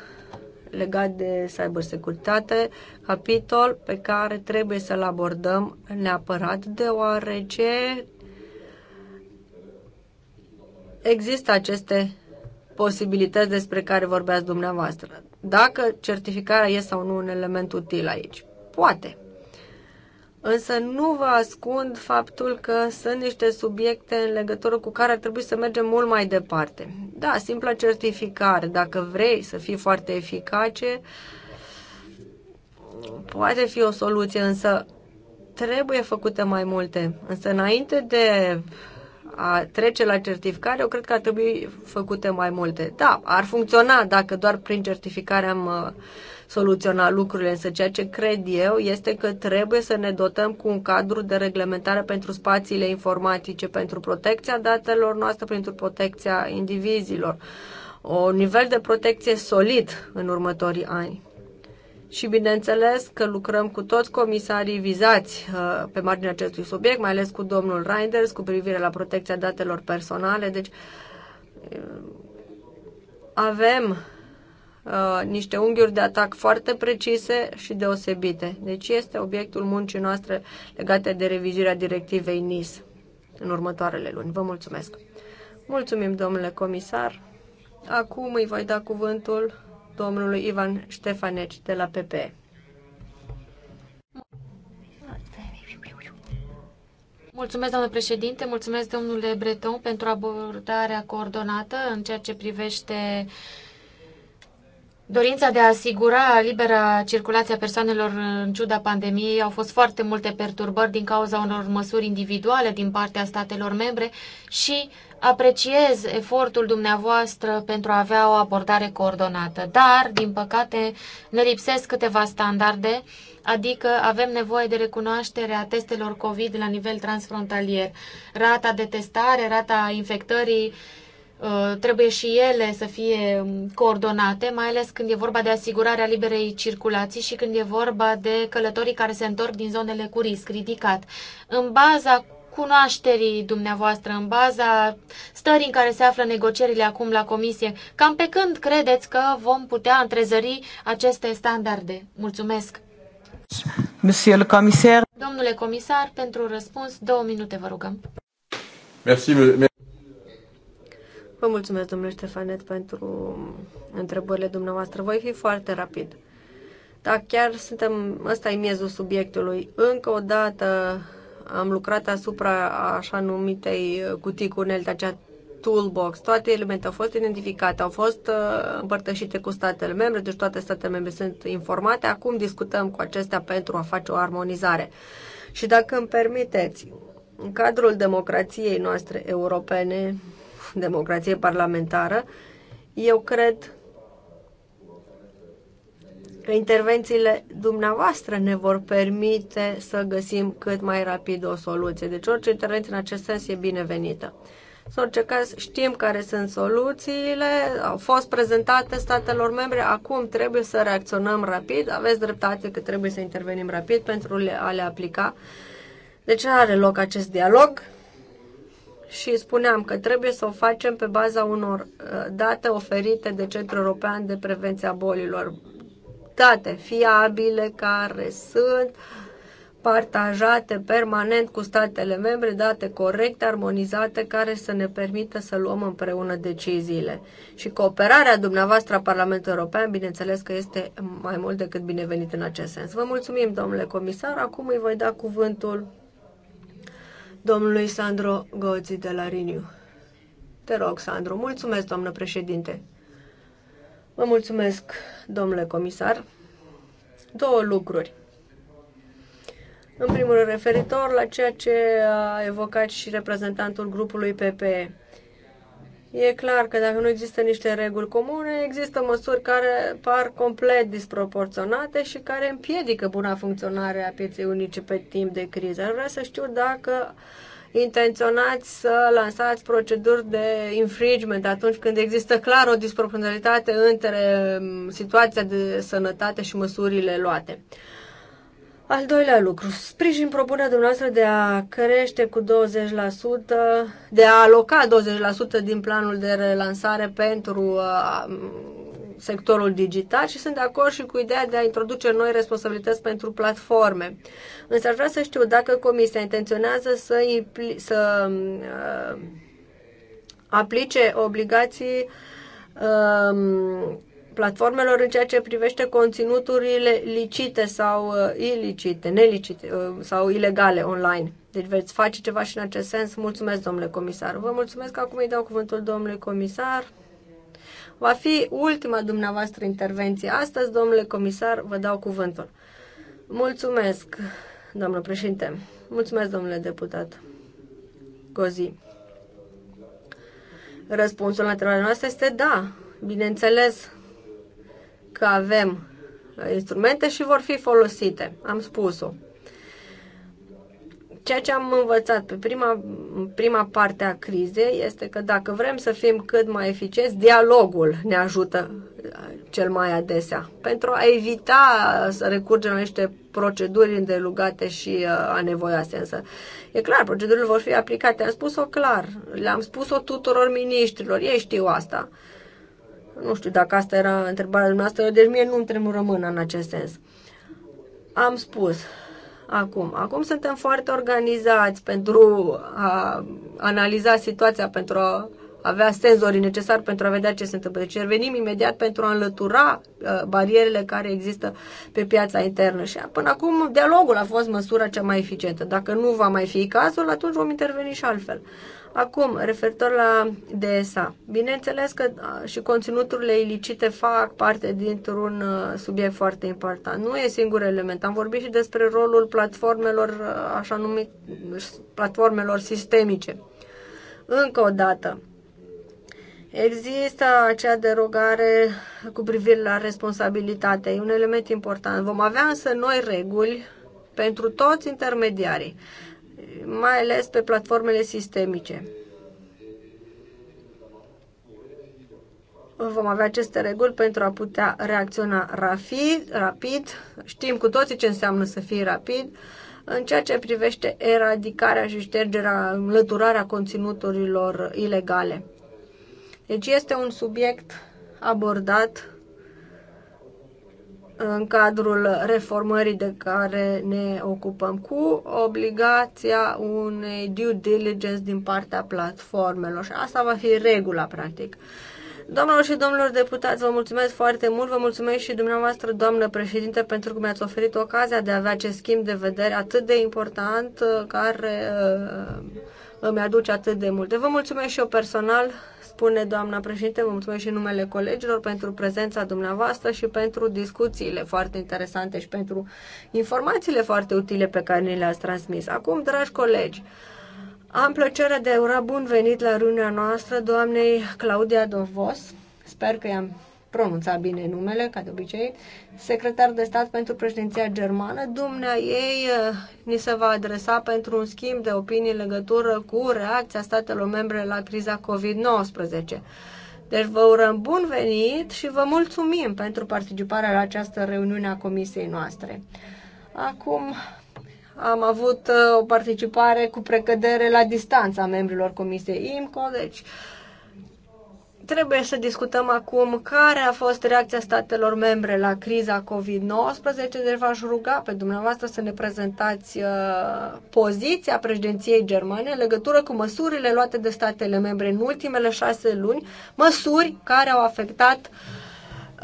legat de cybersecuritate, capitol pe care trebuie să-l abordăm neapărat, deoarece există aceste posibilități despre care vorbeați dumneavoastră. Dacă certificarea e sau nu un element util aici. Poate. Însă nu vă ascund faptul că sunt niște subiecte în legătură cu care ar trebui să mergem mult mai departe. Da, simpla certificare, dacă vrei să fii foarte eficace, poate fi o soluție, însă trebuie făcute mai multe. Însă înainte de a trece la certificare, eu cred că ar trebui făcute mai multe. Da, ar funcționa dacă doar prin certificare am uh, soluționa lucrurile, însă ceea ce cred eu este că trebuie să ne dotăm cu un cadru de reglementare pentru spațiile informatice, pentru protecția datelor noastre, pentru protecția indivizilor. O nivel de protecție solid în următorii ani. Și bineînțeles că lucrăm cu toți comisarii vizați uh, pe marginea acestui subiect, mai ales cu domnul Reinders, cu privire la protecția datelor personale. Deci uh, avem Uh, niște unghiuri de atac foarte precise și deosebite. Deci este obiectul muncii noastre legate de revizirea directivei NIS în următoarele luni. Vă mulțumesc! Mulțumim, domnule comisar! Acum îi voi da cuvântul domnului Ivan Ștefaneci de la PP. Mulțumesc, domnule președinte, mulțumesc, domnule Breton, pentru abordarea coordonată în ceea ce privește uh, dorința de a asigura libera circulație a persoanelor în ciuda pandemiei au fost foarte multe perturbări din cauza unor măsuri individuale din partea statelor membre și apreciez efortul dumneavoastră pentru a avea o abordare coordonată. Dar, din păcate, ne lipsesc câteva standarde, adică avem nevoie de recunoașterea testelor COVID la nivel transfrontalier. Rata de testare, rata infectării Uh, trebuie și ele să fie coordonate, mai ales când e vorba de asigurarea liberei circulații și când e vorba de călătorii care se întorc din zonele cu risc ridicat. În baza cunoașterii dumneavoastră, în baza stării în care se află negocierile acum la comisie, cam pe când credeți că vom putea întrezări aceste standarde? Mulțumesc! Monsieur le comisar. Domnule comisar, pentru răspuns, două minute vă rugăm. Merci, Vă mulțumesc, domnule Ștefanet, pentru întrebările dumneavoastră. Voi fi foarte rapid. Da, chiar suntem, ăsta e miezul subiectului. Încă o dată am lucrat asupra așa numitei cutii cu unelte, acea toolbox. Toate elemente au fost identificate, au fost uh, împărtășite cu statele membre, deci toate statele membre sunt informate. Acum discutăm cu acestea pentru a face o armonizare. Și dacă îmi permiteți, în cadrul democrației noastre europene, democrație parlamentară, eu cred că intervențiile dumneavoastră ne vor permite să găsim cât mai rapid o soluție. Deci orice intervenție în acest sens e binevenită. În orice caz, știm care sunt soluțiile, au fost prezentate statelor membre, acum trebuie să reacționăm rapid, aveți dreptate că trebuie să intervenim rapid pentru a le aplica. De Deci are loc acest dialog și spuneam că trebuie să o facem pe baza unor uh, date oferite de Centrul European de Prevenție a Bolilor. Date fiabile care sunt partajate permanent cu statele membre, date corecte, armonizate, care să ne permită să luăm împreună deciziile. Și cooperarea dumneavoastră a Parlamentului European, bineînțeles că este mai mult decât binevenit în acest sens. Vă mulțumim, domnule comisar. Acum îi voi da cuvântul domnului Sandro Gozi de la Riniu. Te rog, Sandro. Mulțumesc, doamnă președinte. Vă mulțumesc, domnule comisar. Două lucruri. În primul rând, referitor la ceea ce a evocat și reprezentantul grupului PPE. E clar că dacă nu există niște reguli comune, există măsuri care par complet disproporționate și care împiedică buna funcționare a pieței unice pe timp de criză. Ar vrea să știu dacă intenționați să lansați proceduri de infringement atunci când există clar o disproporționalitate între mm, situația de sănătate și măsurile luate. Al doilea lucru, sprijin propunerea dumneavoastră de a crește cu 20%, de a aloca 20% din planul de relansare pentru uh, sectorul digital și sunt de acord și cu ideea de a introduce noi responsabilități pentru platforme. Însă aș vrea să știu dacă Comisia intenționează să, impli- să uh, aplice obligații uh, platformelor în ceea ce privește conținuturile licite sau uh, ilicite, nelicite uh, sau ilegale online. Deci veți face ceva și în acest sens. Mulțumesc, domnule comisar. Vă mulțumesc că acum îi dau cuvântul domnului comisar. Va fi ultima dumneavoastră intervenție astăzi, domnule comisar, vă dau cuvântul. Mulțumesc, domnule președinte. Mulțumesc, domnule deputat. Gozi. Răspunsul la întrebarea noastră este da. Bineînțeles, că avem uh, instrumente și vor fi folosite. Am spus-o. Ceea ce am învățat pe prima, prima parte a crizei este că dacă vrem să fim cât mai eficienți, dialogul ne ajută uh, cel mai adesea pentru a evita uh, să recurgem la niște proceduri îndelugate și uh, anevoioase. Însă, e clar, procedurile vor fi aplicate. Am spus-o clar, le-am spus-o tuturor miniștrilor, ei știu asta. Uh, nu știu dacă asta era întrebarea dumneavoastră deci mie nu îmi tremură mâna în acest sens. Am spus, acum. Acum suntem foarte organizați pentru a analiza situația, pentru a avea senzorii necesari pentru a vedea ce se întâmplă. Deci revenim imediat pentru a înlătura uh, barierele care există pe piața internă. Și până acum dialogul a fost măsura cea mai eficientă. Dacă nu va mai fi cazul, atunci vom interveni și altfel. Uh, Acum, referitor la DSA, bineînțeles că și conținuturile ilicite fac parte dintr-un subiect foarte important. Nu e singur element. Am vorbit și despre rolul platformelor, așa numit, platformelor sistemice. Încă o dată, Există acea derogare cu privire la responsabilitate. E un element important. Vom avea însă noi reguli pentru toți intermediarii mai ales pe platformele sistemice. vom avea aceste reguli pentru a putea reacționa rapid, rapid. Știm cu toții ce înseamnă să fii rapid în ceea ce privește eradicarea și ștergerea, înlăturarea conținuturilor ilegale. Deci este un subiect abordat în cadrul reformării de care ne ocupăm cu obligația unei due diligence din partea platformelor și asta va fi regula practic. Doamnelor și domnilor deputați, vă mulțumesc foarte mult, vă mulțumesc și dumneavoastră, doamnă președinte, pentru că mi-ați oferit ocazia de a avea acest schimb de vedere atât de important uh, care uh, îmi aduce atât de multe. Vă mulțumesc și eu personal spune doamna președinte, vă mulțumesc și numele colegilor pentru prezența dumneavoastră și pentru discuțiile foarte interesante și pentru informațiile foarte utile pe care ni le-ați transmis. Acum, dragi colegi, am plăcerea de ura bun venit la rândul noastră doamnei Claudia Dovos. Sper că i-am pronunța bine numele, ca de obicei, secretar de stat pentru președinția germană. Dumnea ei eh, ni se va adresa pentru un schimb de opinii în legătură cu reacția statelor membre la criza COVID-19. Deci vă urăm bun venit și vă mulțumim pentru participarea la această reuniune a comisiei noastre. Acum am avut eh, o participare cu precădere la distanța membrilor comisiei IMCO, deci uh, Trebuie să discutăm acum care a fost reacția statelor membre la criza COVID-19. Deci v-aș ruga pe dumneavoastră să ne prezentați uh, poziția președinției germane în legătură cu măsurile luate de statele membre în ultimele șase luni, măsuri care au afectat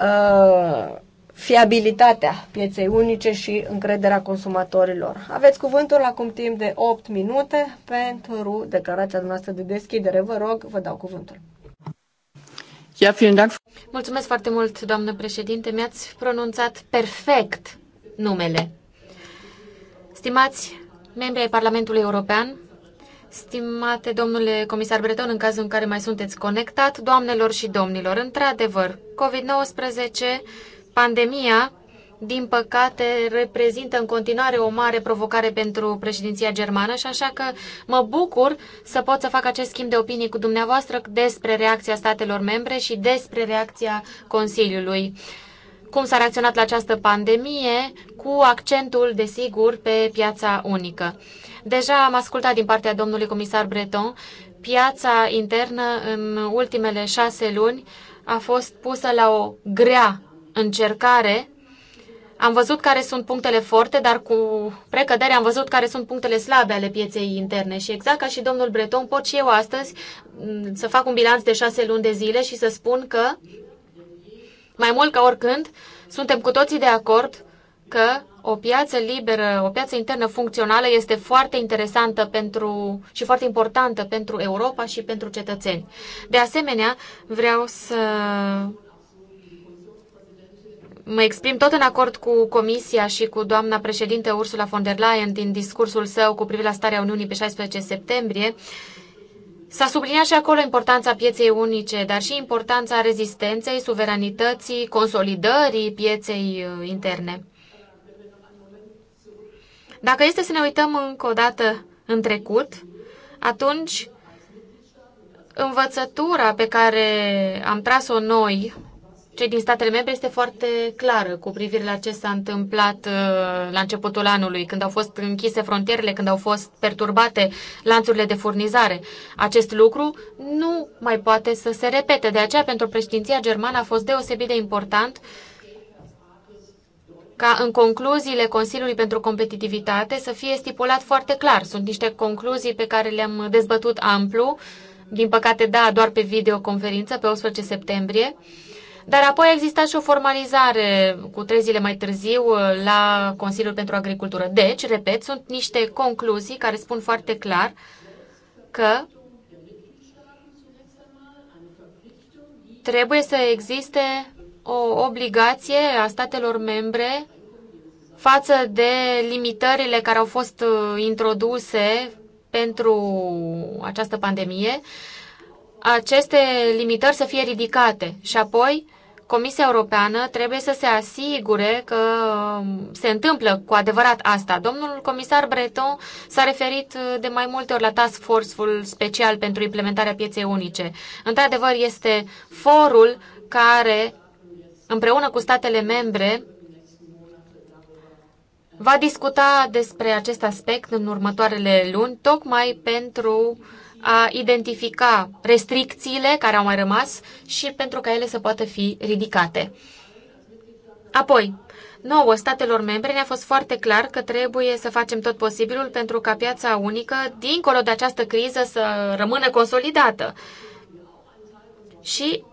uh, fiabilitatea pieței unice și încrederea consumatorilor. Aveți cuvântul acum timp de 8 minute pentru declarația noastră de deschidere. Vă rog, vă dau cuvântul. Ja, vielen Dank. Mulțumesc foarte mult, doamnă președinte. Mi-ați pronunțat perfect numele. Stimați membri ai Parlamentului European, stimate domnule comisar Breton, în cazul în care mai sunteți conectat, doamnelor și domnilor, într-adevăr, COVID-19, pandemia din păcate, reprezintă în continuare o mare provocare pentru președinția germană și așa că mă bucur să pot să fac acest schimb de opinii cu dumneavoastră despre reacția statelor membre și despre reacția Consiliului. Cum s-a reacționat la această pandemie, cu accentul, desigur, pe piața unică. Deja am ascultat din partea domnului comisar Breton, piața internă în ultimele șase luni a fost pusă la o grea încercare am văzut care sunt punctele forte, dar cu precădere am văzut care sunt punctele slabe ale pieței interne. Și exact ca și domnul Breton, pot și eu astăzi mm, să fac un bilanț de șase luni de zile și să spun că, mai mult ca oricând, suntem cu toții de acord că o piață liberă, o piață internă funcțională este foarte interesantă pentru, și foarte importantă pentru Europa și pentru cetățeni. De asemenea, vreau să mă exprim tot în acord cu Comisia și cu doamna președinte Ursula von der Leyen din discursul său cu privire la starea Uniunii pe 16 septembrie. S-a subliniat și acolo importanța pieței unice, dar și importanța rezistenței, suveranității, consolidării pieței uh, interne. Dacă este să ne uităm încă o dată în trecut, atunci învățătura pe care am tras-o noi cei din statele membre este foarte clară cu privire la ce s-a întâmplat uh, la începutul anului, când au fost închise frontierele, când au fost perturbate lanțurile de furnizare. Acest lucru nu mai poate să se repete. De aceea, pentru președinția germană a fost deosebit de important ca în concluziile Consiliului pentru Competitivitate să fie stipulat foarte clar. Sunt niște concluzii pe care le-am dezbătut amplu, din păcate, da, doar pe videoconferință, pe 18 septembrie. Dar apoi a existat și o formalizare cu trei zile mai târziu uh, la Consiliul pentru Agricultură. Deci, repet, sunt niște concluzii care spun foarte clar că trebuie să existe o obligație a statelor membre față de limitările care au fost uh, introduse pentru această pandemie, aceste limitări să fie ridicate și apoi Comisia Europeană trebuie să se asigure că um, se întâmplă cu adevărat asta. Domnul comisar Breton s-a referit uh, de mai multe ori la task force-ul special pentru implementarea pieței unice. Într-adevăr, este forul care, împreună cu statele membre, va discuta despre acest aspect în următoarele luni, tocmai pentru uh, a identifica restricțiile care au mai rămas și pentru ca ele să poată fi ridicate. Apoi, nouă statelor membre ne-a fost foarte clar că trebuie să facem tot posibilul pentru ca piața unică, dincolo de această criză, să rămână consolidată. Și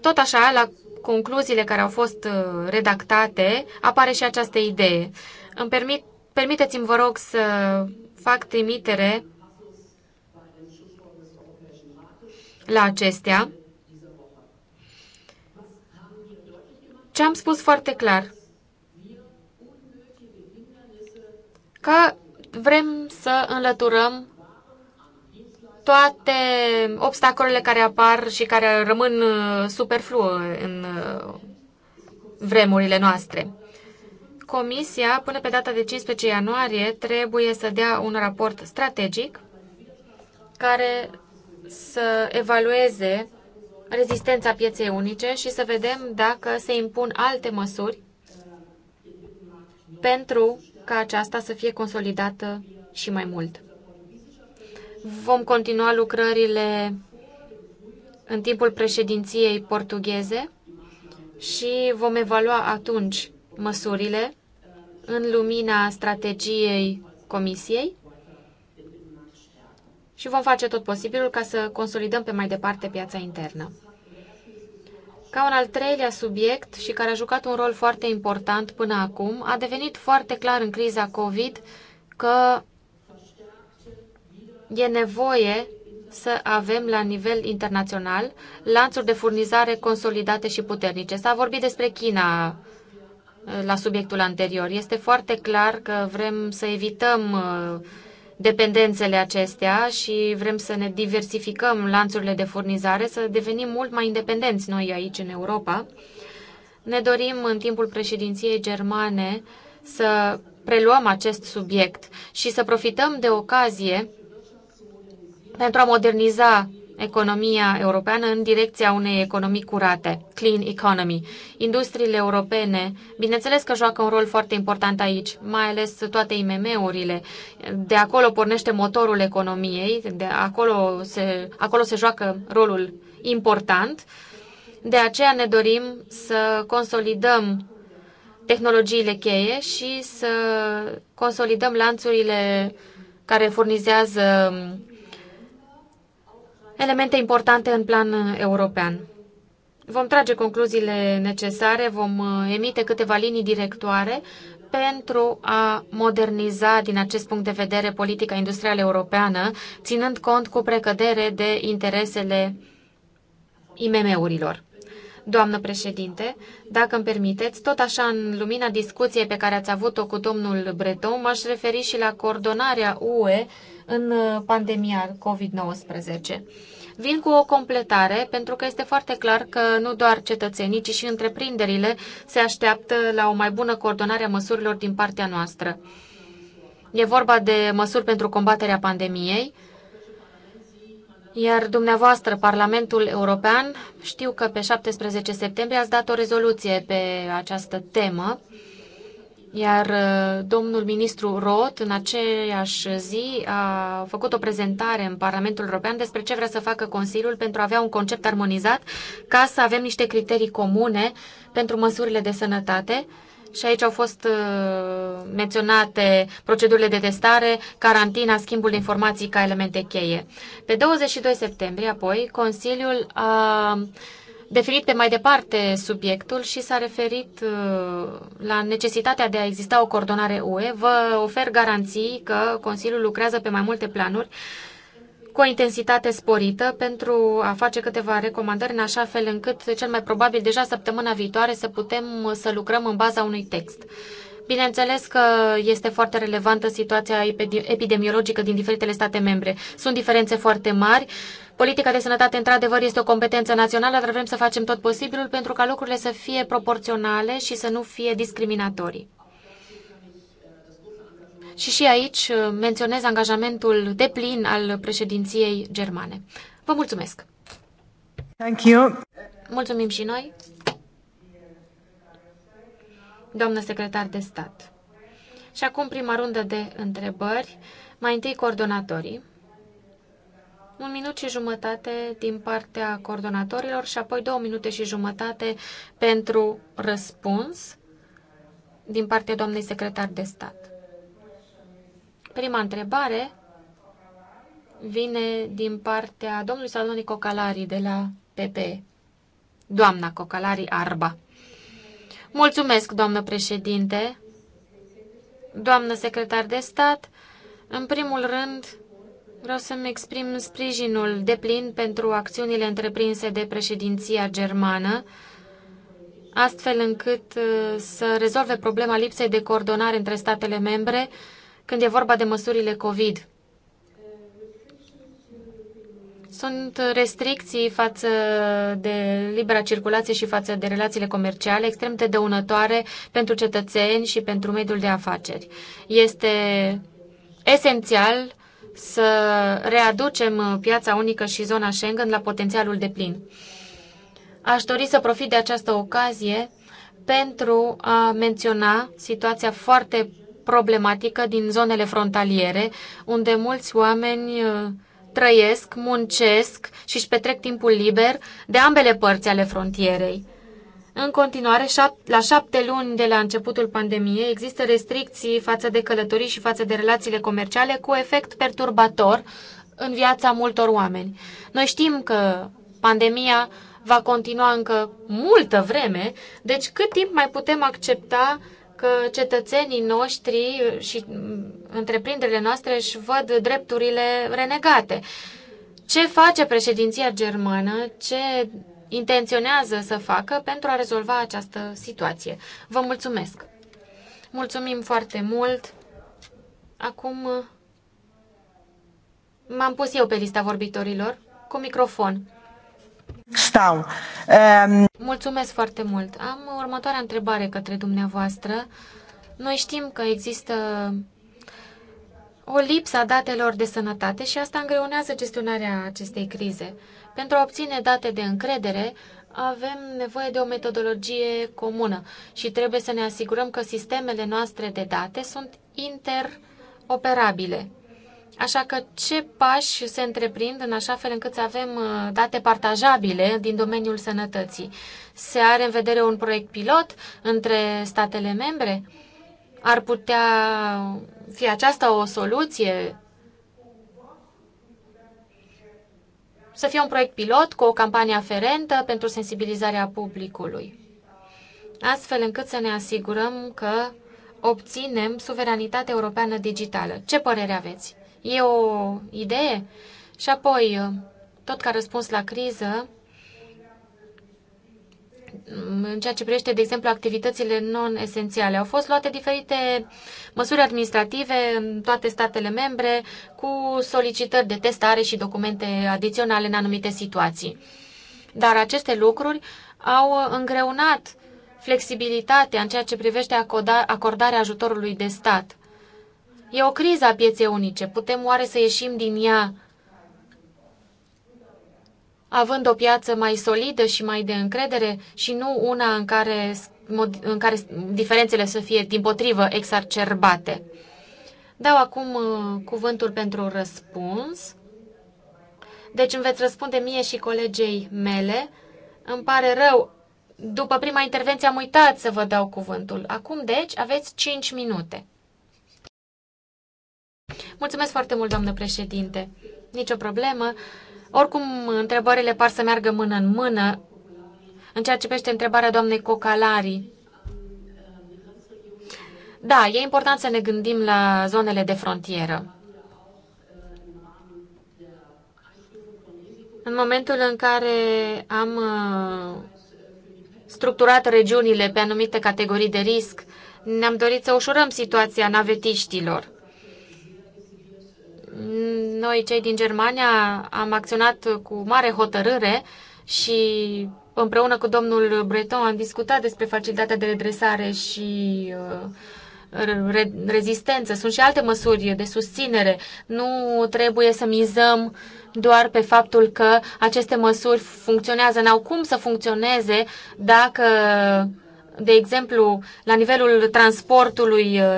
tot așa, la concluziile care au fost uh, redactate, apare și această idee. Îmi permit, permiteți-mi, vă rog, să fac trimitere la acestea, ce am spus foarte clar, că vrem să înlăturăm toate obstacolele care apar și care rămân uh, superflue în uh, vremurile noastre. Comisia, până pe data de 15 ianuarie, trebuie să dea un raport strategic care să evalueze rezistența pieței unice și să vedem dacă se impun alte măsuri pentru ca aceasta să fie consolidată și mai mult. Vom continua lucrările în timpul președinției portugheze și vom evalua atunci măsurile în lumina strategiei Comisiei și vom face tot posibilul ca să consolidăm pe mai departe piața internă. Ca un al treilea subiect și care a jucat un rol foarte important până acum, a devenit foarte clar în criza COVID că e nevoie să avem la nivel internațional lanțuri de furnizare consolidate și puternice. S-a vorbit despre China uh, la subiectul anterior. Este foarte clar că vrem să evităm uh, dependențele acestea și vrem să ne diversificăm lanțurile de furnizare, să devenim mult mai independenți noi aici în Europa. Ne dorim în timpul președinției germane să preluăm acest subiect și să profităm de ocazie pentru a moderniza economia europeană în direcția unei economii curate, clean economy. Industriile europene, bineînțeles că joacă un rol foarte important aici, mai ales toate IMM-urile. De acolo pornește motorul economiei, de acolo se, acolo se joacă rolul important. De aceea ne dorim să consolidăm tehnologiile cheie și să consolidăm lanțurile care furnizează elemente importante în plan uh, european. Vom trage concluziile necesare, vom uh, emite câteva linii directoare pentru a moderniza din acest punct de vedere politica industrială europeană, ținând cont cu precădere de interesele IMM-urilor. Doamnă președinte, dacă îmi permiteți, tot așa în lumina discuției pe care ați avut-o cu domnul Breton, m-aș referi și la coordonarea UE în uh, pandemia COVID-19. Vin cu o completare pentru că este foarte clar că nu doar cetățenii, ci și întreprinderile se așteaptă la o mai bună coordonare a măsurilor din partea noastră. E vorba de măsuri pentru combaterea pandemiei, iar dumneavoastră, Parlamentul European, știu că pe 17 septembrie ați dat o rezoluție pe această temă iar uh, domnul ministru Roth, în aceeași zi, a făcut o prezentare în Parlamentul European despre ce vrea să facă Consiliul pentru a avea un concept armonizat, ca să avem niște criterii comune pentru măsurile de sănătate. Și aici au fost uh, menționate procedurile de testare, carantina, schimbul de informații ca elemente cheie. Pe 22 septembrie, apoi, Consiliul a definit pe mai departe subiectul și s-a referit uh, la necesitatea de a exista o coordonare UE. Vă ofer garanții că Consiliul lucrează pe mai multe planuri cu o intensitate sporită pentru a face câteva recomandări în așa fel încât cel mai probabil deja săptămâna viitoare să putem uh, să lucrăm în baza unui text. Bineînțeles că este foarte relevantă situația epidemiologică din diferitele state membre. Sunt diferențe foarte mari. Politica de sănătate, într-adevăr, este o competență națională, dar vrem să facem tot posibilul pentru ca lucrurile să fie proporționale și să nu fie discriminatorii. Și și aici uh, menționez angajamentul deplin al președinției germane. Vă mulțumesc! Thank you. Mulțumim și noi, doamnă secretar de stat. Și acum prima rundă de întrebări. Mai întâi coordonatorii un minut și jumătate din partea coordonatorilor și apoi două minute și jumătate pentru răspuns din partea doamnei secretar de stat. Prima întrebare vine din partea domnului Saloni Cocalari de la PP. Doamna Cocalari Arba. Mulțumesc, doamnă președinte. Doamnă secretar de stat, în primul rând, Vreau să-mi exprim sprijinul deplin pentru acțiunile întreprinse de președinția germană, astfel încât uh, să rezolve problema lipsei de coordonare între statele membre când e vorba de măsurile COVID. Sunt restricții față de libera circulație și față de relațiile comerciale extrem de dăunătoare pentru cetățeni și pentru mediul de afaceri. Este esențial să readucem uh, piața unică și zona Schengen la potențialul de plin. Aș dori să profit de această ocazie pentru a menționa situația foarte problematică din zonele frontaliere, unde mulți oameni uh, trăiesc, muncesc și își petrec timpul liber de ambele părți ale frontierei. În continuare, la șapte luni de la începutul pandemiei, există restricții față de călătorii și față de relațiile comerciale cu efect perturbator în viața multor oameni. Noi știm că pandemia va continua încă multă vreme, deci cât timp mai putem accepta că cetățenii noștri și mm, întreprinderile noastre își văd drepturile renegate. Ce face președinția germană, ce intenționează să facă pentru a rezolva această situație. Vă mulțumesc! Mulțumim foarte mult! Acum m-am pus eu pe lista vorbitorilor cu microfon. Stau. Um... Mulțumesc foarte mult. Am următoarea întrebare către dumneavoastră. Noi știm că există o lipsă a datelor de sănătate și asta îngreunează gestionarea acestei crize. Pentru a obține date de încredere, avem nevoie de o metodologie comună și trebuie să ne asigurăm că sistemele noastre de date sunt interoperabile. Așa că ce pași se întreprind în așa fel încât să avem uh, date partajabile din domeniul sănătății? Se are în vedere un proiect pilot între statele membre? Ar putea fi aceasta o soluție să fie un proiect pilot cu o campanie aferentă pentru sensibilizarea publicului, astfel încât să ne asigurăm că obținem suveranitatea europeană digitală. Ce părere aveți? E o idee? Și apoi, tot ca răspuns la criză, în ceea ce privește, de exemplu, activitățile non-esențiale. Au fost luate diferite măsuri administrative în toate statele membre cu solicitări de testare și documente adiționale în anumite situații. Dar aceste lucruri au îngreunat flexibilitatea în ceea ce privește acordarea ajutorului de stat. E o criză a pieței unice. Putem oare să ieșim din ea având o piață mai solidă și mai de încredere și nu una în care, în care diferențele să fie din potrivă exacerbate. Dau acum uh, cuvântul pentru răspuns. Deci îmi veți răspunde mie și colegei mele. Îmi pare rău, după prima intervenție am uitat să vă dau cuvântul. Acum, deci, aveți 5 minute. Mulțumesc foarte mult, doamnă președinte. Nicio problemă. Oricum, întrebările par să meargă mână în mână în ceea ce privește întrebarea doamnei Cocalari. Da, e important să ne gândim la zonele de frontieră. În momentul în care am uh, structurat regiunile pe anumite categorii de risc, ne-am dorit să ușurăm situația navetiștilor. Noi, cei din Germania, am acționat cu mare hotărâre și împreună cu domnul Breton am discutat despre facilitatea de redresare și uh, rezistență. Sunt și alte măsuri de susținere. Nu trebuie să mizăm doar pe faptul că aceste măsuri funcționează. N-au cum să funcționeze dacă, de exemplu, la nivelul transportului uh,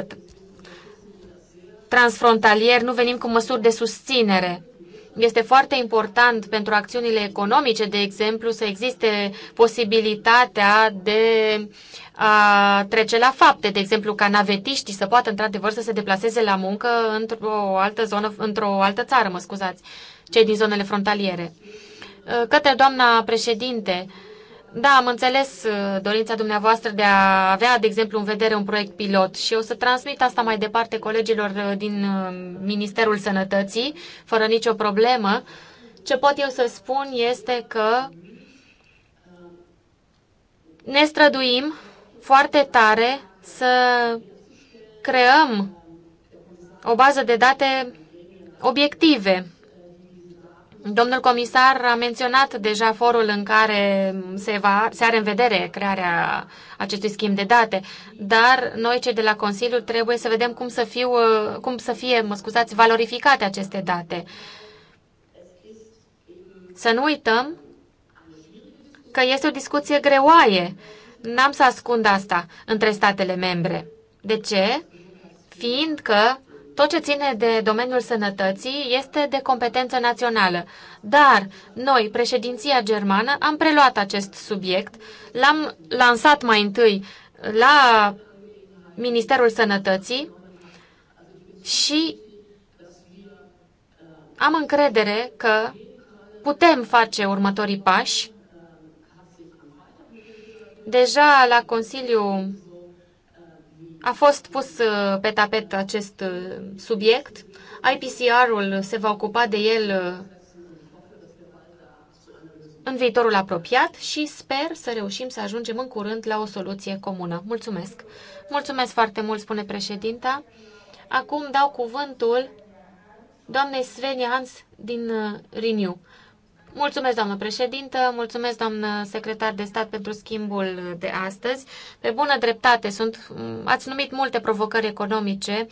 transfrontalier nu venim cu măsuri de susținere. Este foarte important pentru acțiunile economice, de exemplu, să existe posibilitatea de a trece la fapte, de exemplu, ca navetiștii să poată într-adevăr să se deplaseze la muncă într-o altă zonă, într-o altă țară, mă scuzați, cei din zonele frontaliere. Către doamna președinte, uh, da, am înțeles uh, dorința dumneavoastră de a avea, de exemplu, în vedere un proiect pilot și o să transmit asta mai departe colegilor uh, din uh, Ministerul Sănătății, fără nicio problemă. Ce pot eu să spun este că ne străduim foarte tare să creăm o bază de date obiective Domnul comisar a menționat deja forul în care se, va, se are în vedere crearea acestui schimb de date, dar noi cei de la Consiliu trebuie să vedem cum să, fiu, cum să fie, mă scuzați, valorificate aceste date. Să nu uităm că este o discuție greoaie. N-am să ascund asta între statele membre. De ce? Fiindcă tot ce ține de domeniul sănătății este de competență națională. Dar noi, președinția germană, am preluat acest subiect, l-am lansat mai întâi la Ministerul Sănătății și am încredere că putem face următorii pași. Deja la Consiliu a fost pus uh, pe tapet acest uh, subiect. IPCR-ul se va ocupa de el uh, în viitorul apropiat și sper să reușim să ajungem în curând la o soluție comună. Mulțumesc! Mulțumesc foarte mult, spune președinta. Acum dau cuvântul doamnei Svenia Hans din Renew. Mulțumesc, doamnă președintă, mulțumesc, doamnă secretar de stat, pentru schimbul de astăzi. Pe bună dreptate, sunt, ați numit multe provocări economice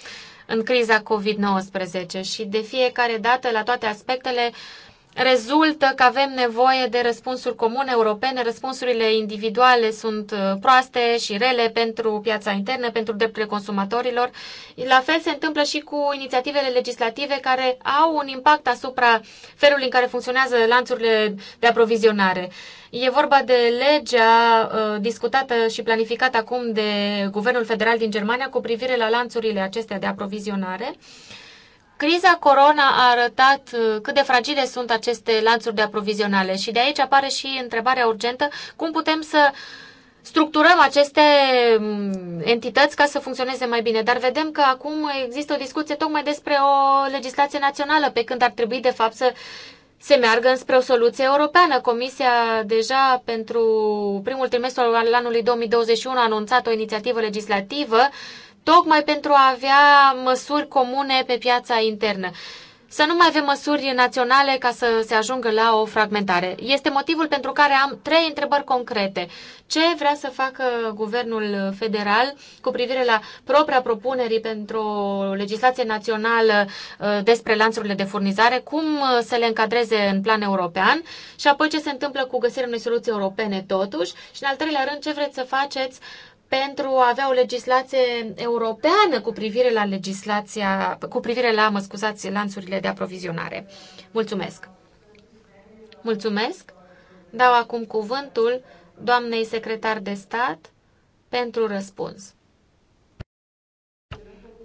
în criza COVID-19 și de fiecare dată, la toate aspectele, uh, rezultă că avem nevoie de răspunsuri comune europene, răspunsurile individuale sunt uh, proaste și rele pentru piața internă, pentru drepturile consumatorilor. La fel se întâmplă și cu inițiativele legislative care au un impact asupra felului în care funcționează lanțurile de aprovizionare. E vorba de legea uh, discutată și planificată acum de Guvernul Federal din Germania cu privire la lanțurile acestea de aprovizionare. Criza corona a arătat uh, cât de fragile sunt aceste lanțuri de aprovizionare și de aici apare și întrebarea urgentă cum putem să structurăm aceste mm, entități ca să funcționeze mai bine. Dar vedem că acum există o discuție tocmai despre o legislație națională, pe când ar trebui de fapt să se meargă înspre o soluție europeană. Comisia deja pentru primul trimestru al anului 2021 a anunțat o inițiativă legislativă uh, tocmai pentru a avea măsuri comune pe piața internă. Să nu mai avem măsuri naționale ca să se ajungă la o fragmentare. Este motivul pentru care am trei întrebări concrete. Ce vrea să facă guvernul federal cu privire la propria propunerii pentru o legislație națională uh, despre lanțurile de furnizare, cum uh, să le încadreze în plan european și apoi ce se întâmplă cu găsirea unei soluții europene totuși și în al treilea rând ce vreți să faceți pentru a avea o legislație europeană cu privire la legislația, cu privire la, mă scuzați, lanțurile de aprovizionare. Mulțumesc! Mulțumesc! Dau acum cuvântul doamnei secretar de stat pentru răspuns.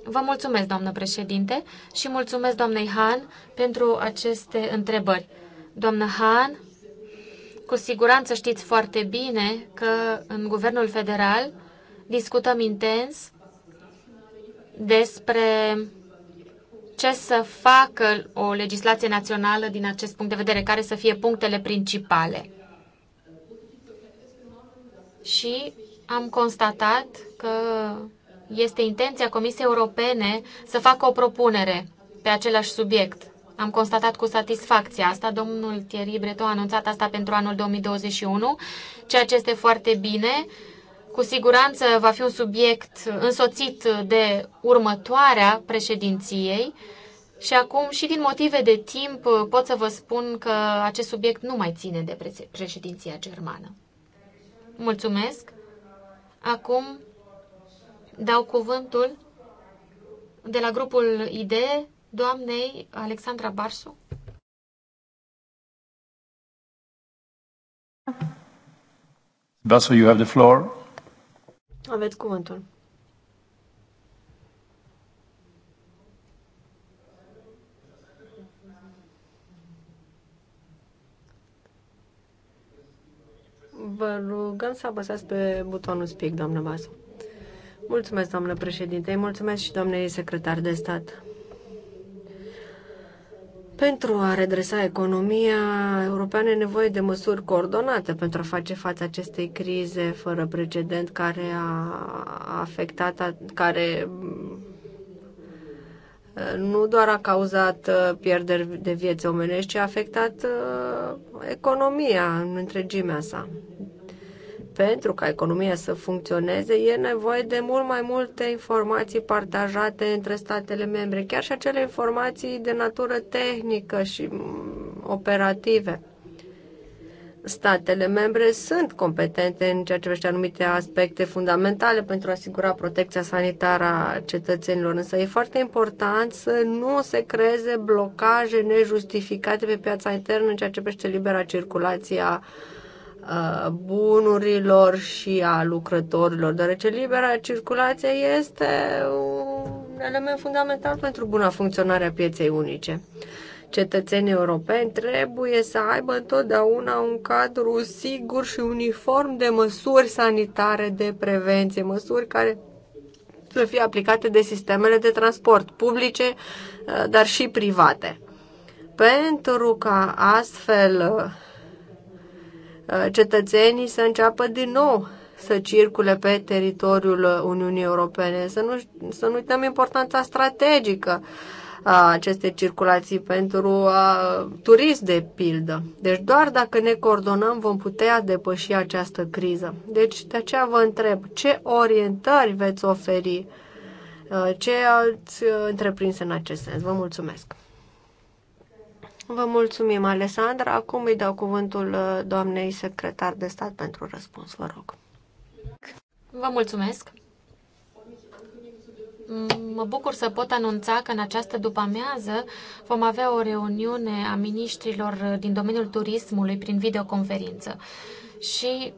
Vă mulțumesc, doamnă președinte, și mulțumesc doamnei Han pentru aceste întrebări. Doamnă Han, cu siguranță știți foarte bine că în Guvernul Federal discutăm intens despre ce să facă o legislație națională din acest punct de vedere, care să fie punctele principale. Și am constatat că este intenția Comisiei Europene să facă o propunere pe același subiect. Am constatat cu satisfacție asta. Domnul Thierry Breton a anunțat asta pentru anul 2021, ceea ce este foarte bine. Cu siguranță va fi un subiect însoțit de următoarea președinției și acum și din motive de timp pot să vă spun că acest subiect nu mai ține de președinția germană. Mulțumesc. Acum dau cuvântul de la grupul IDE doamnei Alexandra Barsu. Barsu, you have the floor. Aveți cuvântul. Vă rugăm să apăsați pe butonul speak, doamnă Vasu. Mulțumesc, doamnă președinte, mulțumesc și doamnei secretar de stat. Pentru a redresa economia europeană e nevoie de măsuri coordonate pentru a face față acestei crize fără precedent care a afectat, care mm, nu doar a cauzat uh, pierderi de vieți omenești, ci a afectat uh, economia în întregimea sa pentru ca economia să funcționeze, e nevoie de mult mai multe informații partajate între statele membre, chiar și acele informații de natură tehnică și mm, operative. Statele membre sunt competente în ceea ce privește anumite aspecte fundamentale pentru a asigura protecția sanitară a cetățenilor, însă e foarte important să nu se creeze blocaje nejustificate pe piața internă în ceea ce privește libera circulație a Uh, bunurilor și a lucrătorilor, deoarece libera circulație este un element fundamental pentru buna funcționare a pieței unice. Cetățenii europeni trebuie să aibă întotdeauna un cadru sigur și uniform de măsuri sanitare de prevenție, măsuri care să fie aplicate de sistemele de transport publice, uh, dar și private. Pentru ca astfel uh, Uh, cetățenii să înceapă din nou să circule pe teritoriul uh, Uniunii Europene. Să nu, să nu uităm importanța strategică a acestei circulații pentru a, uh, turist, de pildă. Deci doar dacă ne coordonăm vom putea depăși această criză. Deci de aceea vă întreb, ce orientări veți oferi? Ce ați întreprins în acest sens? Vă mulțumesc! Vă mulțumim, Alessandra. Acum îi dau cuvântul uh, doamnei secretar de stat pentru răspuns. Vă rog. Vă mulțumesc. Mă bucur să pot anunța că în această după-amiază vom avea o reuniune a miniștrilor uh, din domeniul turismului prin videoconferință. Și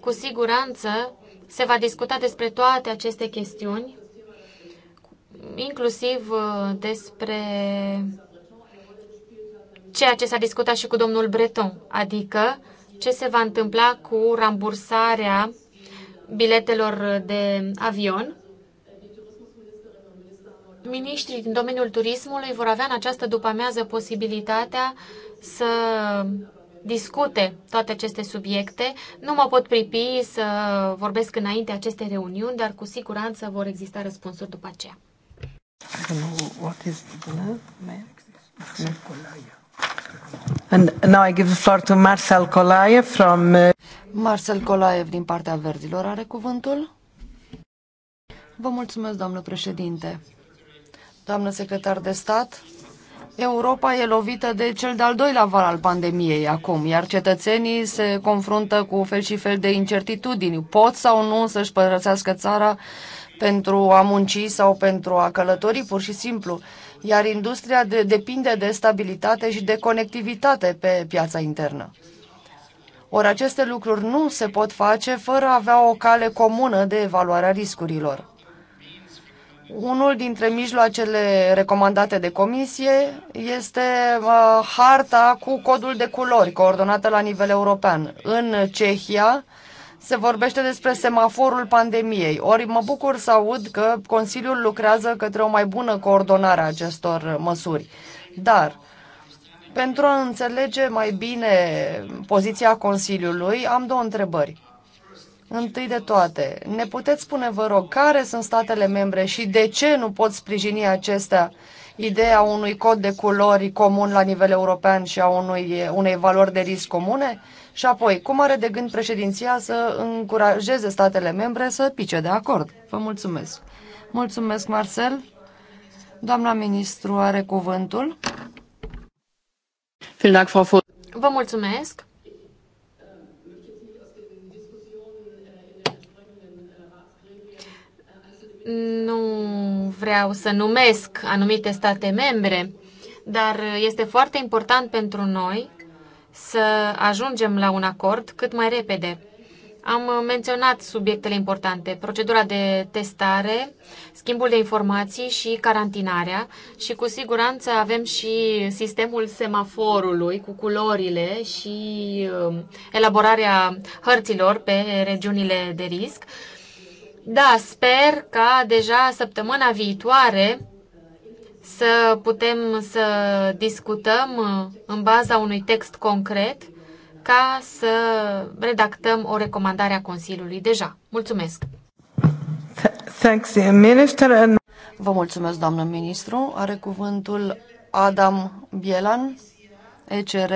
cu siguranță se va discuta despre toate aceste chestiuni, inclusiv uh, despre ceea ce s-a discutat și cu domnul Breton, adică ce se va întâmpla cu rambursarea biletelor de avion. Ministrii din domeniul turismului vor avea în această după-amiază posibilitatea să discute toate aceste subiecte. Nu mă pot pripi să vorbesc înainte aceste reuniuni, dar cu siguranță vor exista răspunsuri după aceea. I don't know what is the name. And now I give the floor to Marcel Colaie from... Uh, Marcel Colaie din partea verzilor are cuvântul. Vă mulțumesc, doamnă președinte. Doamnă secretar de stat, Europa e lovită de cel de-al doilea val al pandemiei acum, iar cetățenii se confruntă cu fel și fel de incertitudini. Pot sau nu să-și părăsească țara pentru a munci sau pentru a călători, pur și simplu iar industria de, depinde de stabilitate și de conectivitate pe piața internă. Ori aceste lucruri nu se pot face fără a avea o cale comună de evaluare a riscurilor. Unul dintre mijloacele recomandate de comisie este uh, harta cu codul de culori, coordonată la nivel european. În Cehia, se vorbește despre semaforul pandemiei. Ori mă bucur să aud că Consiliul lucrează către o mai bună coordonare a acestor măsuri. Dar, pentru a înțelege mai bine poziția Consiliului, am două întrebări. Întâi de toate, ne puteți spune, vă rog, care sunt statele membre și de ce nu pot sprijini acestea ideea unui cod de culori comun la nivel european și a unui, unei valori de risc comune? Și apoi, cum are de gând președinția să încurajeze statele membre să pice de acord? Vă mulțumesc. Mulțumesc, Marcel. Doamna ministru are cuvântul. Vă mulțumesc. Nu vreau să numesc anumite state membre, dar este foarte important pentru noi să ajungem la un acord cât mai repede. Am menționat subiectele importante, procedura de testare, schimbul de informații și carantinarea și cu siguranță avem și sistemul semaforului cu culorile și um, elaborarea hărților pe regiunile de risc. Da, sper ca deja săptămâna viitoare să putem să discutăm uh, în baza unui text concret ca să redactăm o recomandare a Consiliului deja. Mulțumesc! Thanks, Vă mulțumesc, doamnă ministru. Are cuvântul Adam Bielan, ECR.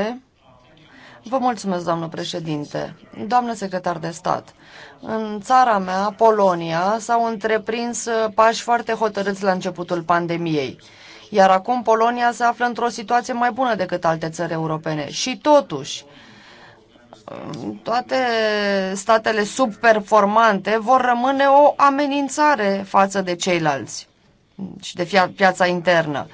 Vă mulțumesc, doamnă președinte. Doamnă secretar de stat, în țara mea, Polonia, s-au întreprins pași foarte hotărâți la începutul pandemiei. Iar acum Polonia se află într-o situație mai bună decât alte țări europene. Și totuși, toate statele subperformante vor rămâne o amenințare față de ceilalți și de piața internă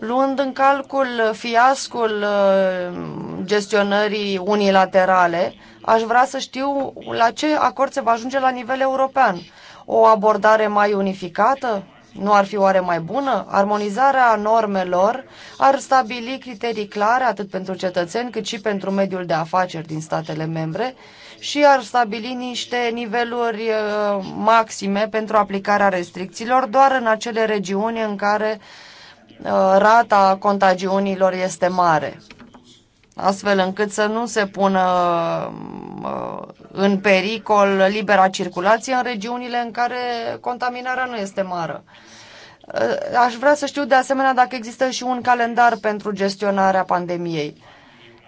luând în calcul fiascul uh, gestionării unilaterale, aș vrea să știu la ce acord se va ajunge la nivel european. O abordare mai unificată? Nu ar fi oare mai bună? Armonizarea normelor ar stabili criterii clare atât pentru cetățeni cât și pentru mediul de afaceri din statele membre și ar stabili niște niveluri uh, maxime pentru aplicarea restricțiilor doar în acele regiuni în care uh, Uh, rata contagiunilor este mare, astfel încât să nu se pună uh, în pericol libera circulație în regiunile în care contaminarea nu este mare. Uh, aș vrea să știu de asemenea dacă există și un calendar pentru gestionarea pandemiei.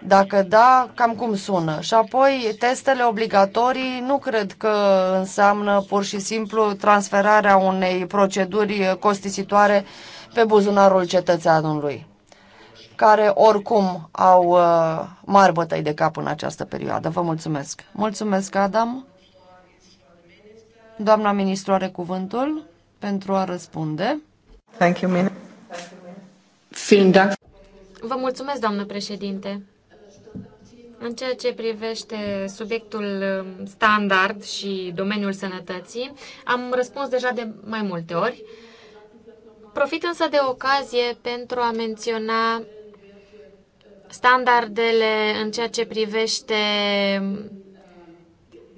Dacă da, cam cum sună. Și apoi, testele obligatorii nu cred că înseamnă pur și simplu transferarea unei proceduri costisitoare uh, pe buzunarul cetățeanului, care oricum au uh, mari bătăi de cap în această perioadă. Vă mulțumesc. Mulțumesc, Adam. Doamna ministru are cuvântul pentru a răspunde. Thank you, Mina. Vă mulțumesc, doamnă președinte. În ceea ce privește subiectul um, standard și domeniul sănătății, am răspuns deja de mai multe ori. Profit însă de ocazie pentru a menționa standardele în ceea ce privește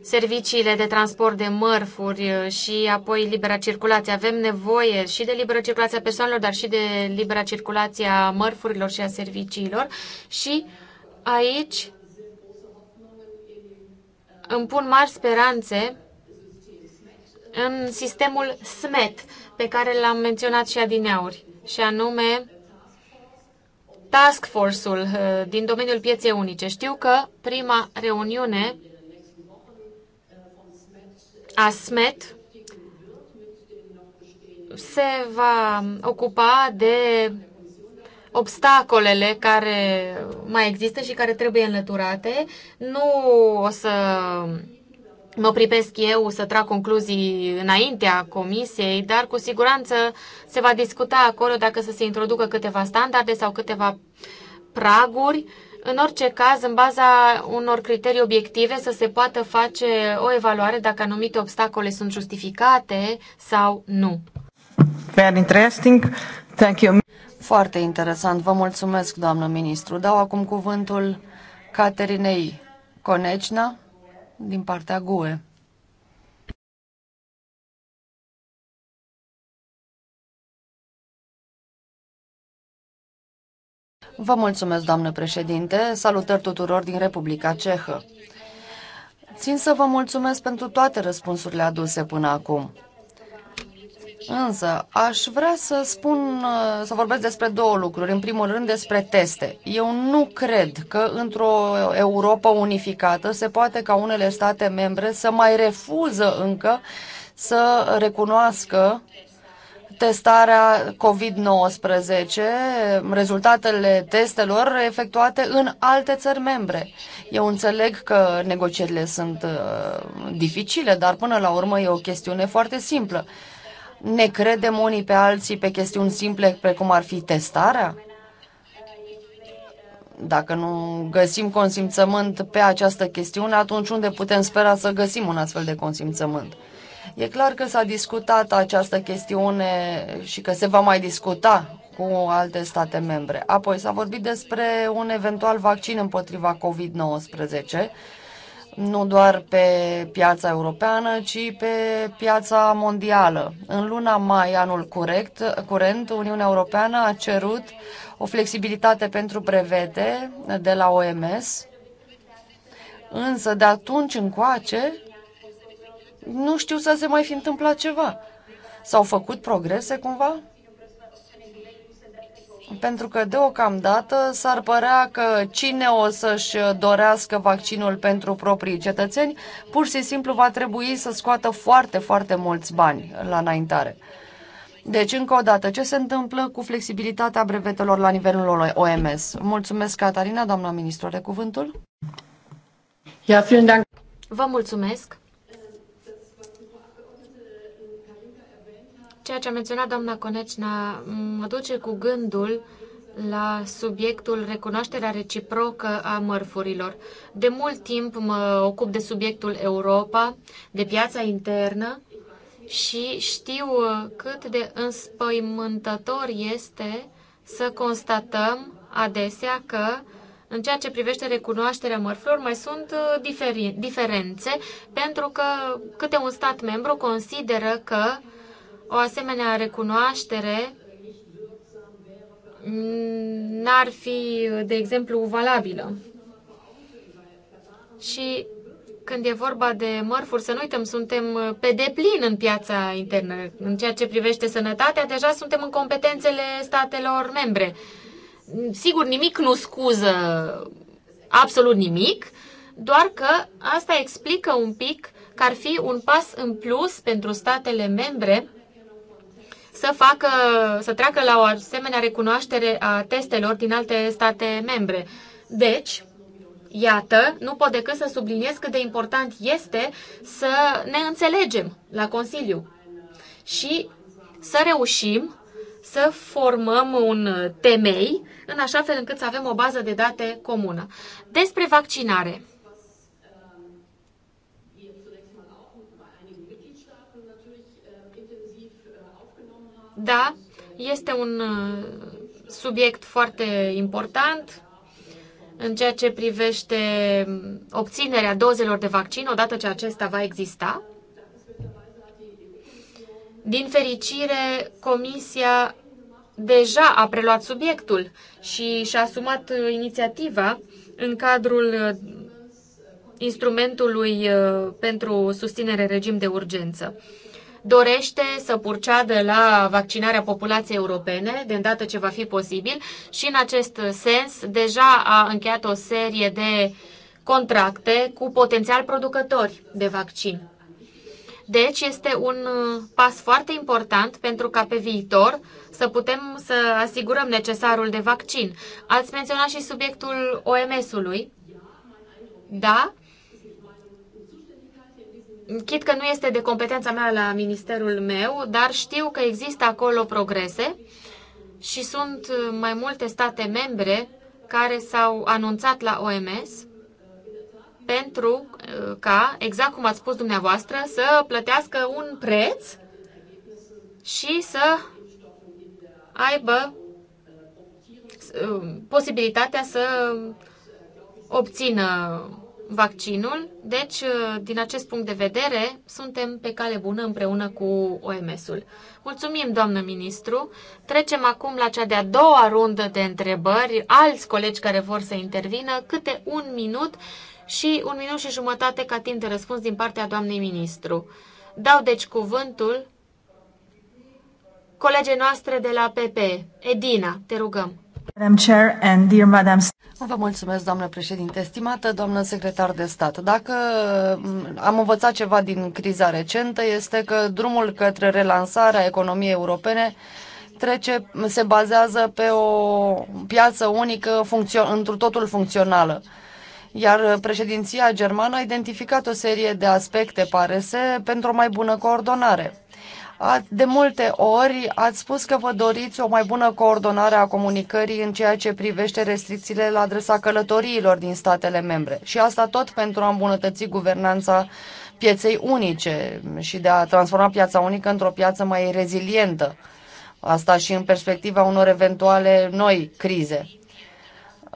serviciile de transport de mărfuri și apoi libera circulație. Avem nevoie și de liberă circulație a persoanelor, dar și de libera circulație a mărfurilor și a serviciilor. Și aici îmi pun mari speranțe în sistemul SMET, pe care l-am menționat și adineauri, și anume Task Force-ul uh, din domeniul pieței unice. Știu că prima reuniune a SMET se va ocupa de obstacolele care mai există și care trebuie înlăturate. Nu o să mă pripesc eu să trag concluzii înaintea comisiei, dar cu siguranță se va discuta acolo dacă să se introducă câteva standarde sau câteva praguri. În orice caz, în baza unor criterii obiective, să se poată face o evaluare dacă anumite obstacole sunt justificate sau nu. Very interesting. Thank you. Foarte interesant. Vă mulțumesc, doamnă ministru. Dau acum cuvântul Caterinei Conecna din partea GUE. Vă mulțumesc, doamnă președinte. Salutări tuturor din Republica Cehă. Țin să vă mulțumesc pentru toate răspunsurile aduse până acum. Însă, aș vrea să spun, uh, să vorbesc despre două lucruri. În primul rând, despre teste. Eu nu cred că într-o Europa unificată se poate ca unele state membre să mai refuză încă să recunoască testarea COVID-19, rezultatele testelor efectuate în alte țări membre. Eu înțeleg că negocierile sunt uh, dificile, dar până la urmă e o chestiune foarte simplă ne credem unii pe alții pe chestiuni simple precum ar fi testarea? Dacă nu găsim consimțământ pe această chestiune, atunci unde putem spera să găsim un astfel de consimțământ? E clar că s-a discutat această chestiune și că se va mai discuta cu alte state membre. Apoi s-a vorbit despre un eventual vaccin împotriva COVID-19 nu doar pe piața europeană, ci pe piața mondială. În luna mai anul curent, curent Uniunea Europeană a cerut o flexibilitate pentru brevete de la OMS, însă de atunci încoace nu știu să se mai fi întâmplat ceva. S-au făcut progrese cumva? pentru că deocamdată s-ar părea că cine o să-și dorească vaccinul pentru proprii cetățeni, pur și simplu va trebui să scoată foarte, foarte mulți bani la înaintare. Deci, încă o dată, ce se întâmplă cu flexibilitatea brevetelor la nivelul OMS? Mulțumesc, Catarina, doamna ministru, de cuvântul. Vă mulțumesc. Ceea ce a menționat doamna Conecina mă duce cu gândul la subiectul recunoașterea reciprocă a mărfurilor. De mult timp mă ocup de subiectul Europa, de piața internă și știu cât de înspăimântător este să constatăm adesea că în ceea ce privește recunoașterea mărfurilor, mai sunt uh, diferi, diferențe, pentru că câte un stat membru consideră că uh, o asemenea recunoaștere n-ar fi, de exemplu, valabilă. Și când e vorba de mărfuri, să nu uităm, suntem pe deplin în piața internă. În ceea ce privește sănătatea, deja suntem în competențele statelor membre. Sigur, nimic nu scuză absolut nimic, doar că asta explică un pic că ar fi un pas în plus pentru statele membre să, facă, să treacă la o asemenea recunoaștere a testelor din alte state membre. Deci, Iată, nu pot decât să subliniez cât de important este să ne înțelegem la Consiliu și să reușim să formăm un temei în așa fel încât să avem o bază de date comună. Despre vaccinare. Da, este un uh, subiect foarte important în ceea ce privește um, obținerea dozelor de vaccin odată ce acesta va exista. Din fericire, Comisia deja a preluat subiectul și și-a asumat uh, inițiativa în cadrul uh, instrumentului pentru susținere regim de urgență dorește să purceadă la vaccinarea populației europene, de îndată ce va fi posibil, și în acest sens deja a încheiat o serie de contracte cu potențial producători de vaccin. Deci este un pas foarte important pentru ca pe viitor să putem să asigurăm necesarul de vaccin. Ați menționat și subiectul OMS-ului. Da, Chit că nu este de competența mea la ministerul meu, dar știu că există acolo progrese și sunt uh, mai multe state membre care s-au anunțat la OMS pentru uh, ca, exact cum ați spus dumneavoastră, să plătească un preț și să aibă uh, posibilitatea să obțină vaccinul. Deci, uh, din acest punct de vedere, suntem pe cale bună împreună cu OMS-ul. Mulțumim, doamnă ministru. Trecem acum la cea de-a doua rundă de întrebări. Alți colegi care vor să intervină, câte un minut și un minut și jumătate ca timp de răspuns din partea doamnei ministru. Dau deci cuvântul colegei noastre de la PP. Edina, te rugăm. Vă mulțumesc, doamnă președinte. Stimată doamnă secretar de stat, dacă am învățat ceva din criza recentă, este că drumul către relansarea economiei europene trece, se bazează pe o piață unică într-un totul funcțională. Iar președinția germană a identificat o serie de aspecte, pare se, pentru o mai bună coordonare. De multe ori ați spus că vă doriți o mai bună coordonare a comunicării în ceea ce privește restricțiile la adresa călătoriilor din statele membre. Și asta tot pentru a îmbunătăți guvernanța pieței unice și de a transforma piața unică într-o piață mai rezilientă. Asta și în perspectiva unor eventuale noi crize.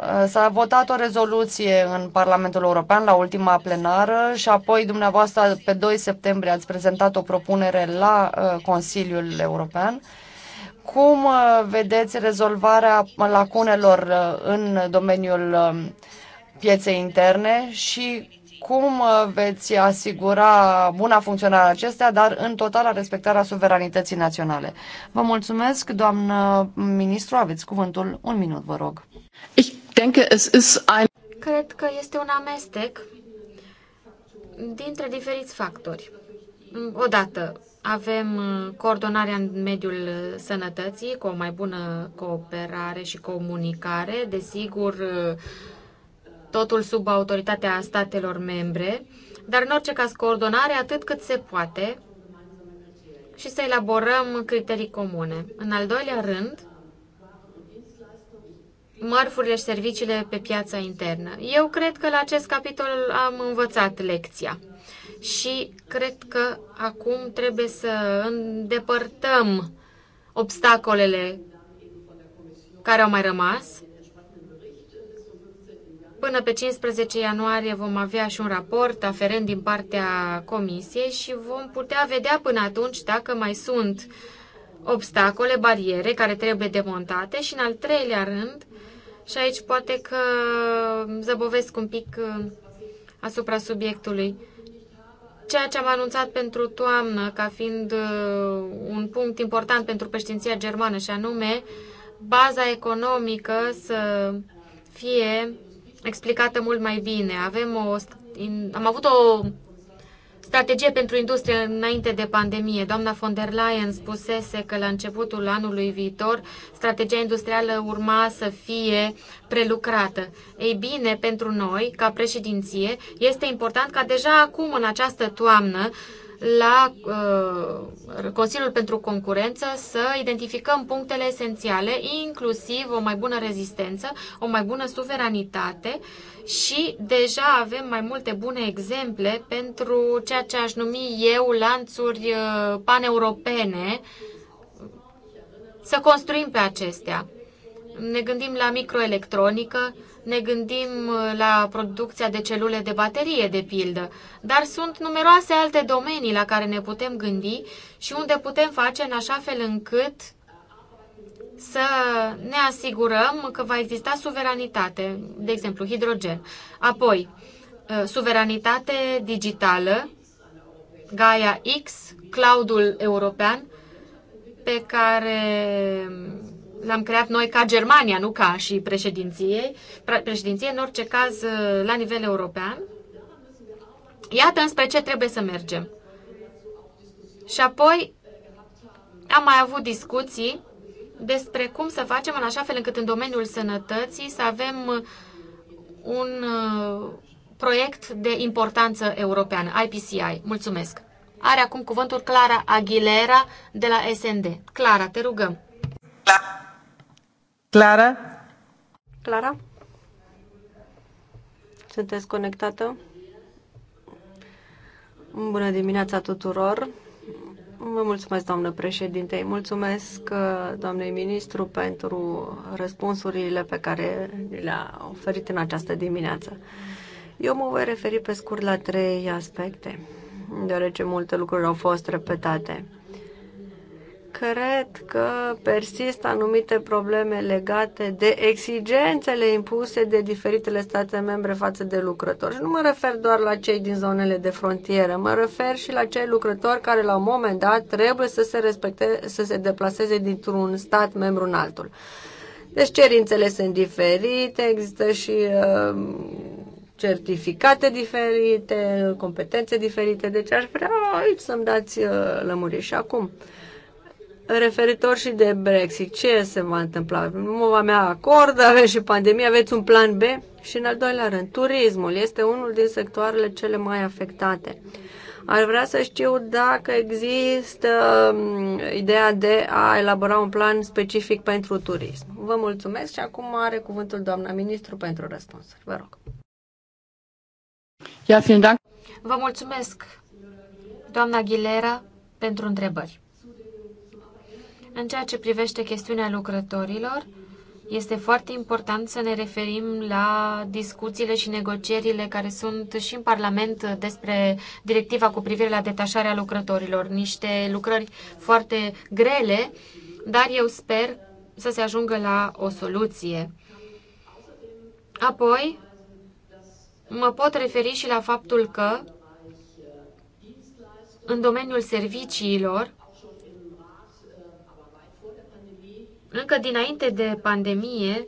Uh, s-a votat o rezoluție în Parlamentul European la ultima plenară și apoi dumneavoastră pe 2 septembrie ați prezentat o propunere la uh, Consiliul European. Cum uh, vedeți rezolvarea lacunelor în domeniul um, pieței interne și cum veți asigura buna funcționare acestea, dar în totala respectarea suveranității naționale. Vă mulțumesc, doamnă ministru, aveți cuvântul. Un minut, vă rog. Ich denke, es ist ein... Cred că este un amestec dintre diferiți factori. Odată, avem uh, coordonarea în mediul uh, sănătății cu o mai bună cooperare și comunicare, desigur, uh, totul sub autoritatea statelor membre, dar în orice caz coordonare atât cât se poate și să elaborăm criterii comune. În al doilea rând, mărfurile și serviciile pe piața internă. Eu cred că la acest capitol am învățat lecția și cred că acum trebuie să îndepărtăm obstacolele care au mai rămas. Până pe 15 ianuarie vom avea și un raport aferent din partea Comisiei și vom putea vedea până atunci dacă mai sunt obstacole, bariere care trebuie demontate și, în al treilea rând, și aici poate că zăbovesc un pic uh, asupra subiectului. Ceea ce am anunțat pentru toamnă ca fiind uh, un punct important pentru peștinția germană și anume baza economică să fie explicată mult mai bine. Avem o, am avut o Strategie pentru industrie înainte de pandemie. Doamna von der Leyen spusese că la începutul anului viitor strategia industrială urma să fie prelucrată. Ei bine, pentru noi, ca președinție, este important ca deja acum, în această toamnă, la uh, Consiliul pentru Concurență să identificăm punctele esențiale, inclusiv o mai bună rezistență, o mai bună suveranitate și deja avem mai multe bune exemple pentru ceea ce aș numi eu lanțuri uh, paneuropene, să construim pe acestea. Ne gândim la microelectronică, ne gândim uh, la producția de celule de baterie, de pildă, dar sunt numeroase alte domenii la care ne putem gândi și unde putem face în așa fel încât să ne asigurăm că va exista suveranitate, de exemplu, hidrogen. Apoi, uh, suveranitate digitală, Gaia X, cloudul european, pe care um, l-am creat noi ca Germania, nu ca și președinție, președinție în orice caz uh, la nivel european. Iată înspre ce trebuie să mergem. Și apoi am mai avut discuții despre cum să facem în așa fel încât în domeniul sănătății să avem uh, un uh, proiect de importanță europeană, IPCI. Mulțumesc! Are acum cuvântul Clara Aguilera de la SND. Clara, te rugăm. Clara? Clara? Sunteți conectată? Bună dimineața tuturor! Vă mulțumesc, doamnă președinte. Mulțumesc, uh, doamnei ministru, pentru răspunsurile pe care le-a oferit în această dimineață. Eu mă voi referi pe scurt la trei aspecte, deoarece multe lucruri au fost repetate cred că persistă anumite probleme legate de exigențele impuse de diferitele state membre față de lucrători. Și nu mă refer doar la cei din zonele de frontieră, mă refer și la cei lucrători care la un moment dat trebuie să se, respecte, să se deplaseze dintr-un stat membru în altul. Deci cerințele sunt diferite, există și uh, certificate diferite, competențe diferite, deci aș vrea aici să-mi dați uh, lămuriri. Și acum, uh, referitor și de Brexit, ce se va întâmpla? Nu va mea acord, aveți și pandemie, aveți un plan B? Și în al doilea rând, turismul este unul din sectoarele cele mai afectate. Ar vrea să știu dacă există mm, ideea de a elabora un plan specific pentru turism. Vă mulțumesc și acum are cuvântul doamna ministru pentru răspunsuri. Vă rog. Ia, Vă mulțumesc, doamna Ghilera, pentru întrebări. În ceea ce privește chestiunea lucrătorilor, este foarte important să ne referim la discuțiile și negocierile care sunt și în Parlament despre directiva cu privire la detașarea lucrătorilor. Niște lucrări foarte grele, dar eu sper să se ajungă la o soluție. Apoi, mă pot referi și la faptul că în domeniul serviciilor Încă dinainte de pandemie,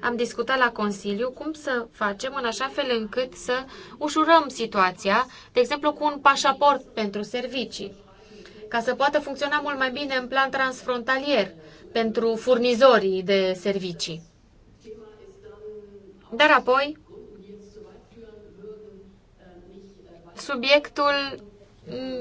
am discutat la Consiliu cum să facem în așa fel încât să ușurăm situația, de exemplu cu un pașaport pentru servicii, ca să poată funcționa mult mai bine în plan transfrontalier pentru furnizorii de servicii. Dar apoi, subiectul,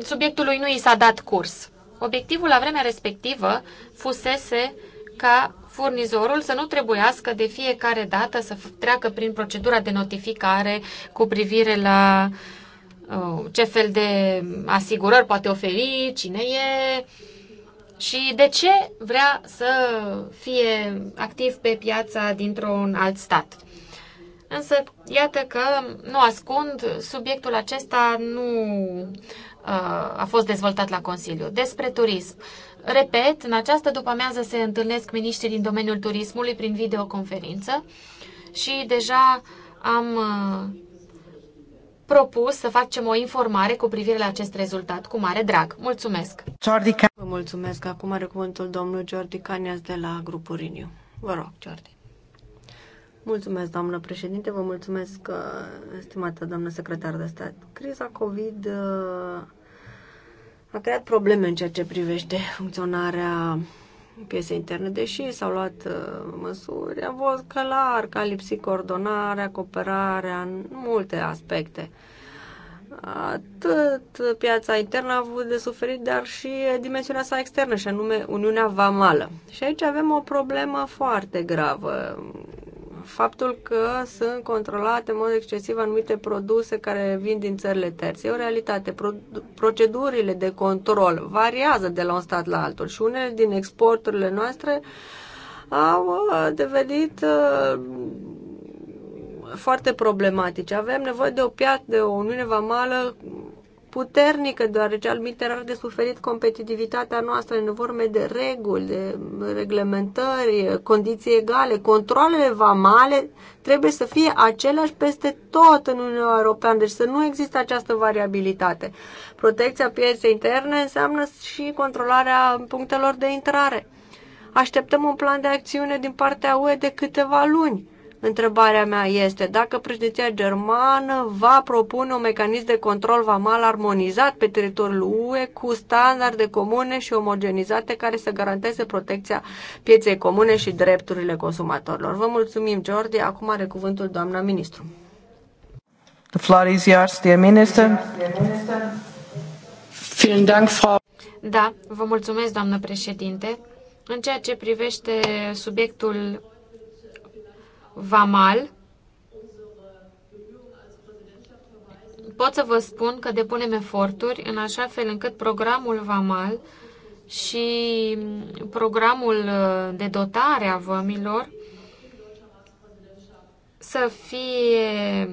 subiectului nu i s-a dat curs. Obiectivul la vremea respectivă fusese ca furnizorul să nu trebuiască de fiecare dată să treacă prin procedura de notificare cu privire la uh, ce fel de asigurări poate oferi, cine e și de ce vrea să fie activ pe piața dintr-un alt stat. Însă, iată că, nu ascund, subiectul acesta nu uh, a fost dezvoltat la Consiliu. Despre turism. Uh, Repet, în această după-amiază se întâlnesc miniștrii din domeniul turismului prin videoconferință și deja am uh, propus să facem o informare cu privire la acest rezultat cu mare drag. Mulțumesc! Jordi Vă mulțumesc! Acum are cuvântul domnul Jordi Canias de la grupul Riniu. Vă rog, Jordi. Mulțumesc, doamnă președinte, vă mulțumesc, uh, stimată doamnă secretar de stat. Criza COVID uh, a creat probleme în ceea ce privește funcționarea piese interne, deși s-au luat uh, măsuri, a fost clar că a lipsit coordonarea, cooperarea în multe aspecte. Atât piața internă a avut de suferit, dar și dimensiunea sa externă, și anume Uniunea Vamală. Și aici avem o problemă foarte gravă faptul că sunt controlate în mod excesiv anumite produse care vin din țările terțe. E o realitate. Pro- procedurile de control variază de la un stat la altul și unele din exporturile noastre au uh, devenit uh, foarte problematice. Avem nevoie de o piață, de o uniune vamală puternică, deoarece al ar de suferit competitivitatea noastră în forme de reguli, de reglementări, condiții egale, controlele vamale trebuie să fie aceleași peste tot în Uniunea Europeană, deci să nu există această variabilitate. Protecția pieței interne înseamnă și controlarea punctelor de intrare. Așteptăm un plan de acțiune din partea UE de câteva luni Întrebarea mea este dacă președinția germană va propune un mecanism de control vamal armonizat pe teritoriul UE cu standarde comune și omogenizate care să garanteze protecția pieței comune și drepturile consumatorilor. Vă mulțumim, Jordi. Acum are cuvântul doamna ministru. The floor is yours, dear minister. Vielen Dank, Frau. Da, vă mulțumesc, doamnă președinte. În ceea ce privește subiectul vamal, pot să vă spun că depunem eforturi în așa fel încât programul vamal și programul uh, de dotare a vămilor să fie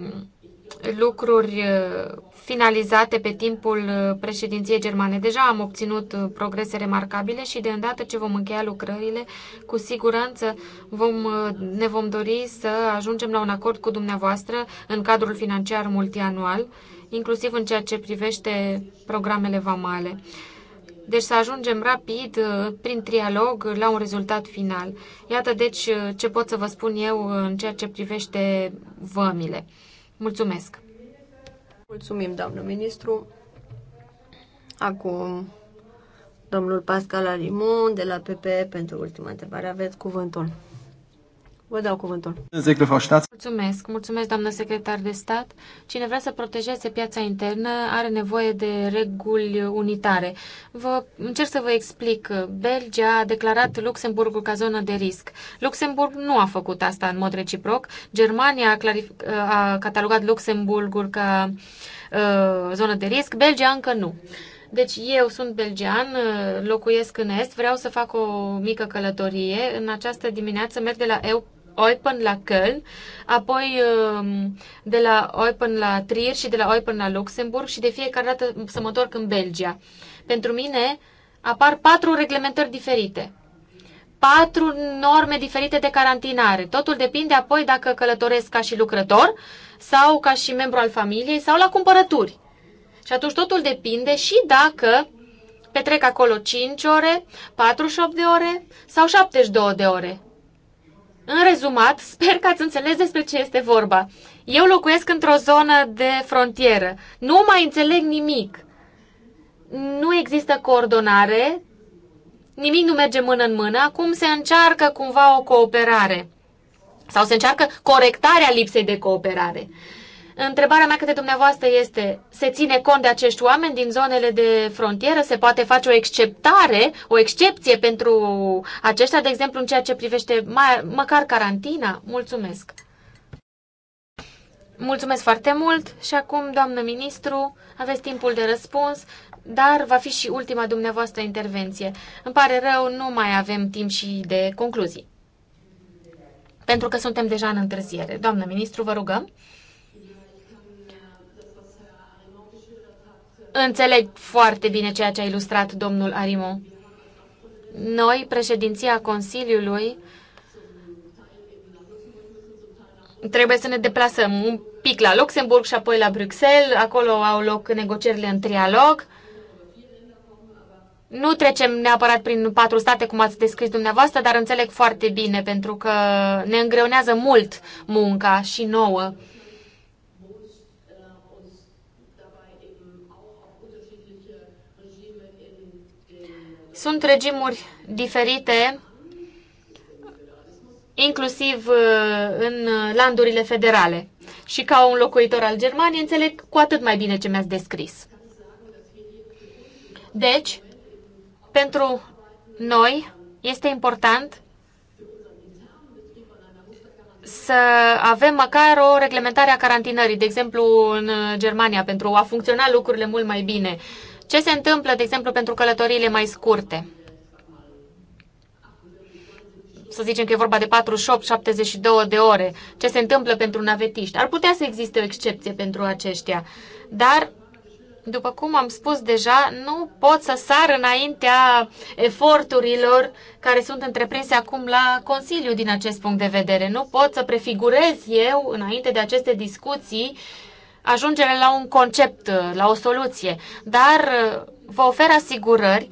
lucruri uh, finalizate pe timpul uh, președinției germane. Deja am obținut uh, progrese remarcabile și de îndată ce vom încheia lucrările, cu siguranță vom, uh, ne vom dori să ajungem la un acord cu dumneavoastră în cadrul financiar multianual, inclusiv în ceea ce privește programele vamale. Deci să ajungem rapid, prin trialog, la un rezultat final. Iată deci ce pot să vă spun eu în ceea ce privește vămile. Mulțumesc! Mulțumim, doamnă ministru. Acum, domnul Pascal Alimon de la PPE pentru ultima întrebare. Aveți cuvântul. Vă dau cuvântul. Mulțumesc, mulțumesc, doamnă secretar de stat. Cine vrea să protejeze piața internă are nevoie de reguli unitare. Vă încerc să vă explic. Belgia a declarat Luxemburgul ca zonă de risc. Luxemburg nu a făcut asta în mod reciproc. Germania a, clarific... a catalogat Luxemburgul ca uh, zonă de risc, Belgia încă nu. Deci eu sunt belgean, locuiesc în Est, vreau să fac o mică călătorie. În această dimineață merg de la Eu Oi la Köln, apoi um, de la Oi la Trier și de la Oi la Luxemburg și de fiecare dată să mă întorc în Belgia. Pentru mine apar patru reglementări diferite patru norme diferite de carantinare. Totul depinde apoi dacă călătoresc ca și lucrător sau ca și membru al familiei sau la cumpărături. Și atunci totul depinde și dacă petrec acolo 5 ore, 48 de ore sau 72 de ore. În rezumat, sper că ați înțeles despre ce este vorba. Eu locuiesc într-o zonă de frontieră. Nu mai înțeleg nimic. Nu există coordonare, nimic nu merge mână în mână, acum se încearcă cumva o cooperare sau se încearcă corectarea lipsei de cooperare. Întrebarea mea către dumneavoastră este, se ține cont de acești oameni din zonele de frontieră? Se poate face o exceptare, o excepție pentru aceștia, de exemplu, în ceea ce privește mai, măcar carantina? Mulțumesc! Mulțumesc foarte mult și acum, doamnă ministru, aveți timpul de răspuns, dar va fi și ultima dumneavoastră intervenție. Îmi pare rău, nu mai avem timp și de concluzii. Pentru că suntem deja în întârziere. Doamnă ministru, vă rugăm. Înțeleg foarte bine ceea ce a ilustrat domnul Arimo. Noi, președinția Consiliului, trebuie să ne deplasăm un pic la Luxemburg și apoi la Bruxelles. Acolo au loc negocierile în trialog. Nu trecem neapărat prin patru state, cum ați descris dumneavoastră, dar înțeleg foarte bine, pentru că ne îngreunează mult munca și nouă. Sunt regimuri diferite, inclusiv uh, în landurile federale. Și ca un locuitor al Germaniei înțeleg cu atât mai bine ce mi-ați descris. Deci, pentru noi este important să avem măcar o reglementare a carantinării, de exemplu în Germania, pentru a funcționa lucrurile mult mai bine. Ce se întâmplă, de exemplu, pentru călătoriile mai scurte? Să zicem că e vorba de 48-72 de ore. Ce se întâmplă pentru navetiști? Ar putea să existe o excepție pentru aceștia, dar după cum am spus deja, nu pot să sar înaintea eforturilor care sunt întreprinse acum la Consiliu din acest punct de vedere. Nu pot să prefigurez eu, înainte de aceste discuții, uh, ajunge la un concept, uh, la o soluție, dar uh, vă ofer asigurări.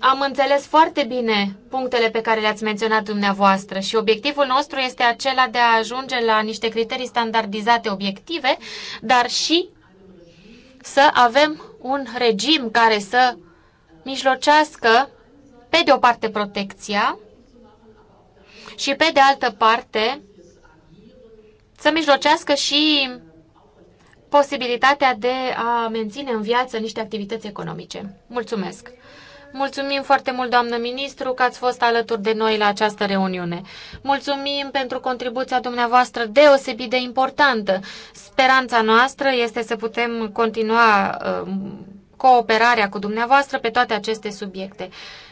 Am înțeles foarte bine punctele pe care le-ați menționat dumneavoastră și obiectivul nostru este acela de a ajunge la niște criterii standardizate obiective, dar și să avem un regim care să mijlocească pe de o parte protecția și pe de altă parte să mijlocească și posibilitatea de a menține în viață niște activități economice. Mulțumesc! Mulțumim foarte mult, doamnă ministru, că ați fost alături de noi la această reuniune. Mulțumim pentru contribuția dumneavoastră deosebit de importantă. Speranța noastră este să putem continua um, cooperarea cu dumneavoastră pe toate aceste subiecte.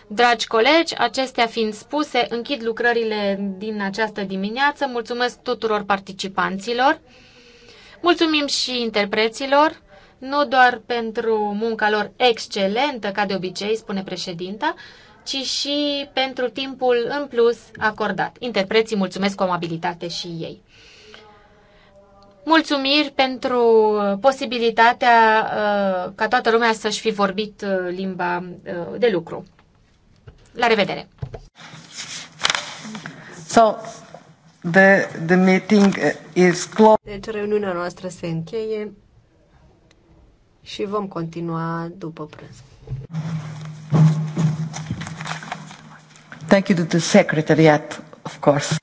Dragi colegi, acestea fiind spuse, închid lucrările din această dimineață. Mulțumesc tuturor participanților. Mulțumim și interpreților, nu doar pentru munca lor excelentă, ca de obicei, spune președinta, ci și pentru timpul în plus acordat. Interpreții mulțumesc cu amabilitate și ei. Mulțumiri pentru posibilitatea uh, ca toată lumea să-și fi vorbit uh, limba uh, de lucru. La revedere! So, The, the meeting is closed. Deci reuniunea noastră se încheie și vom continua după prânz. Thank you to the secretariat, of course.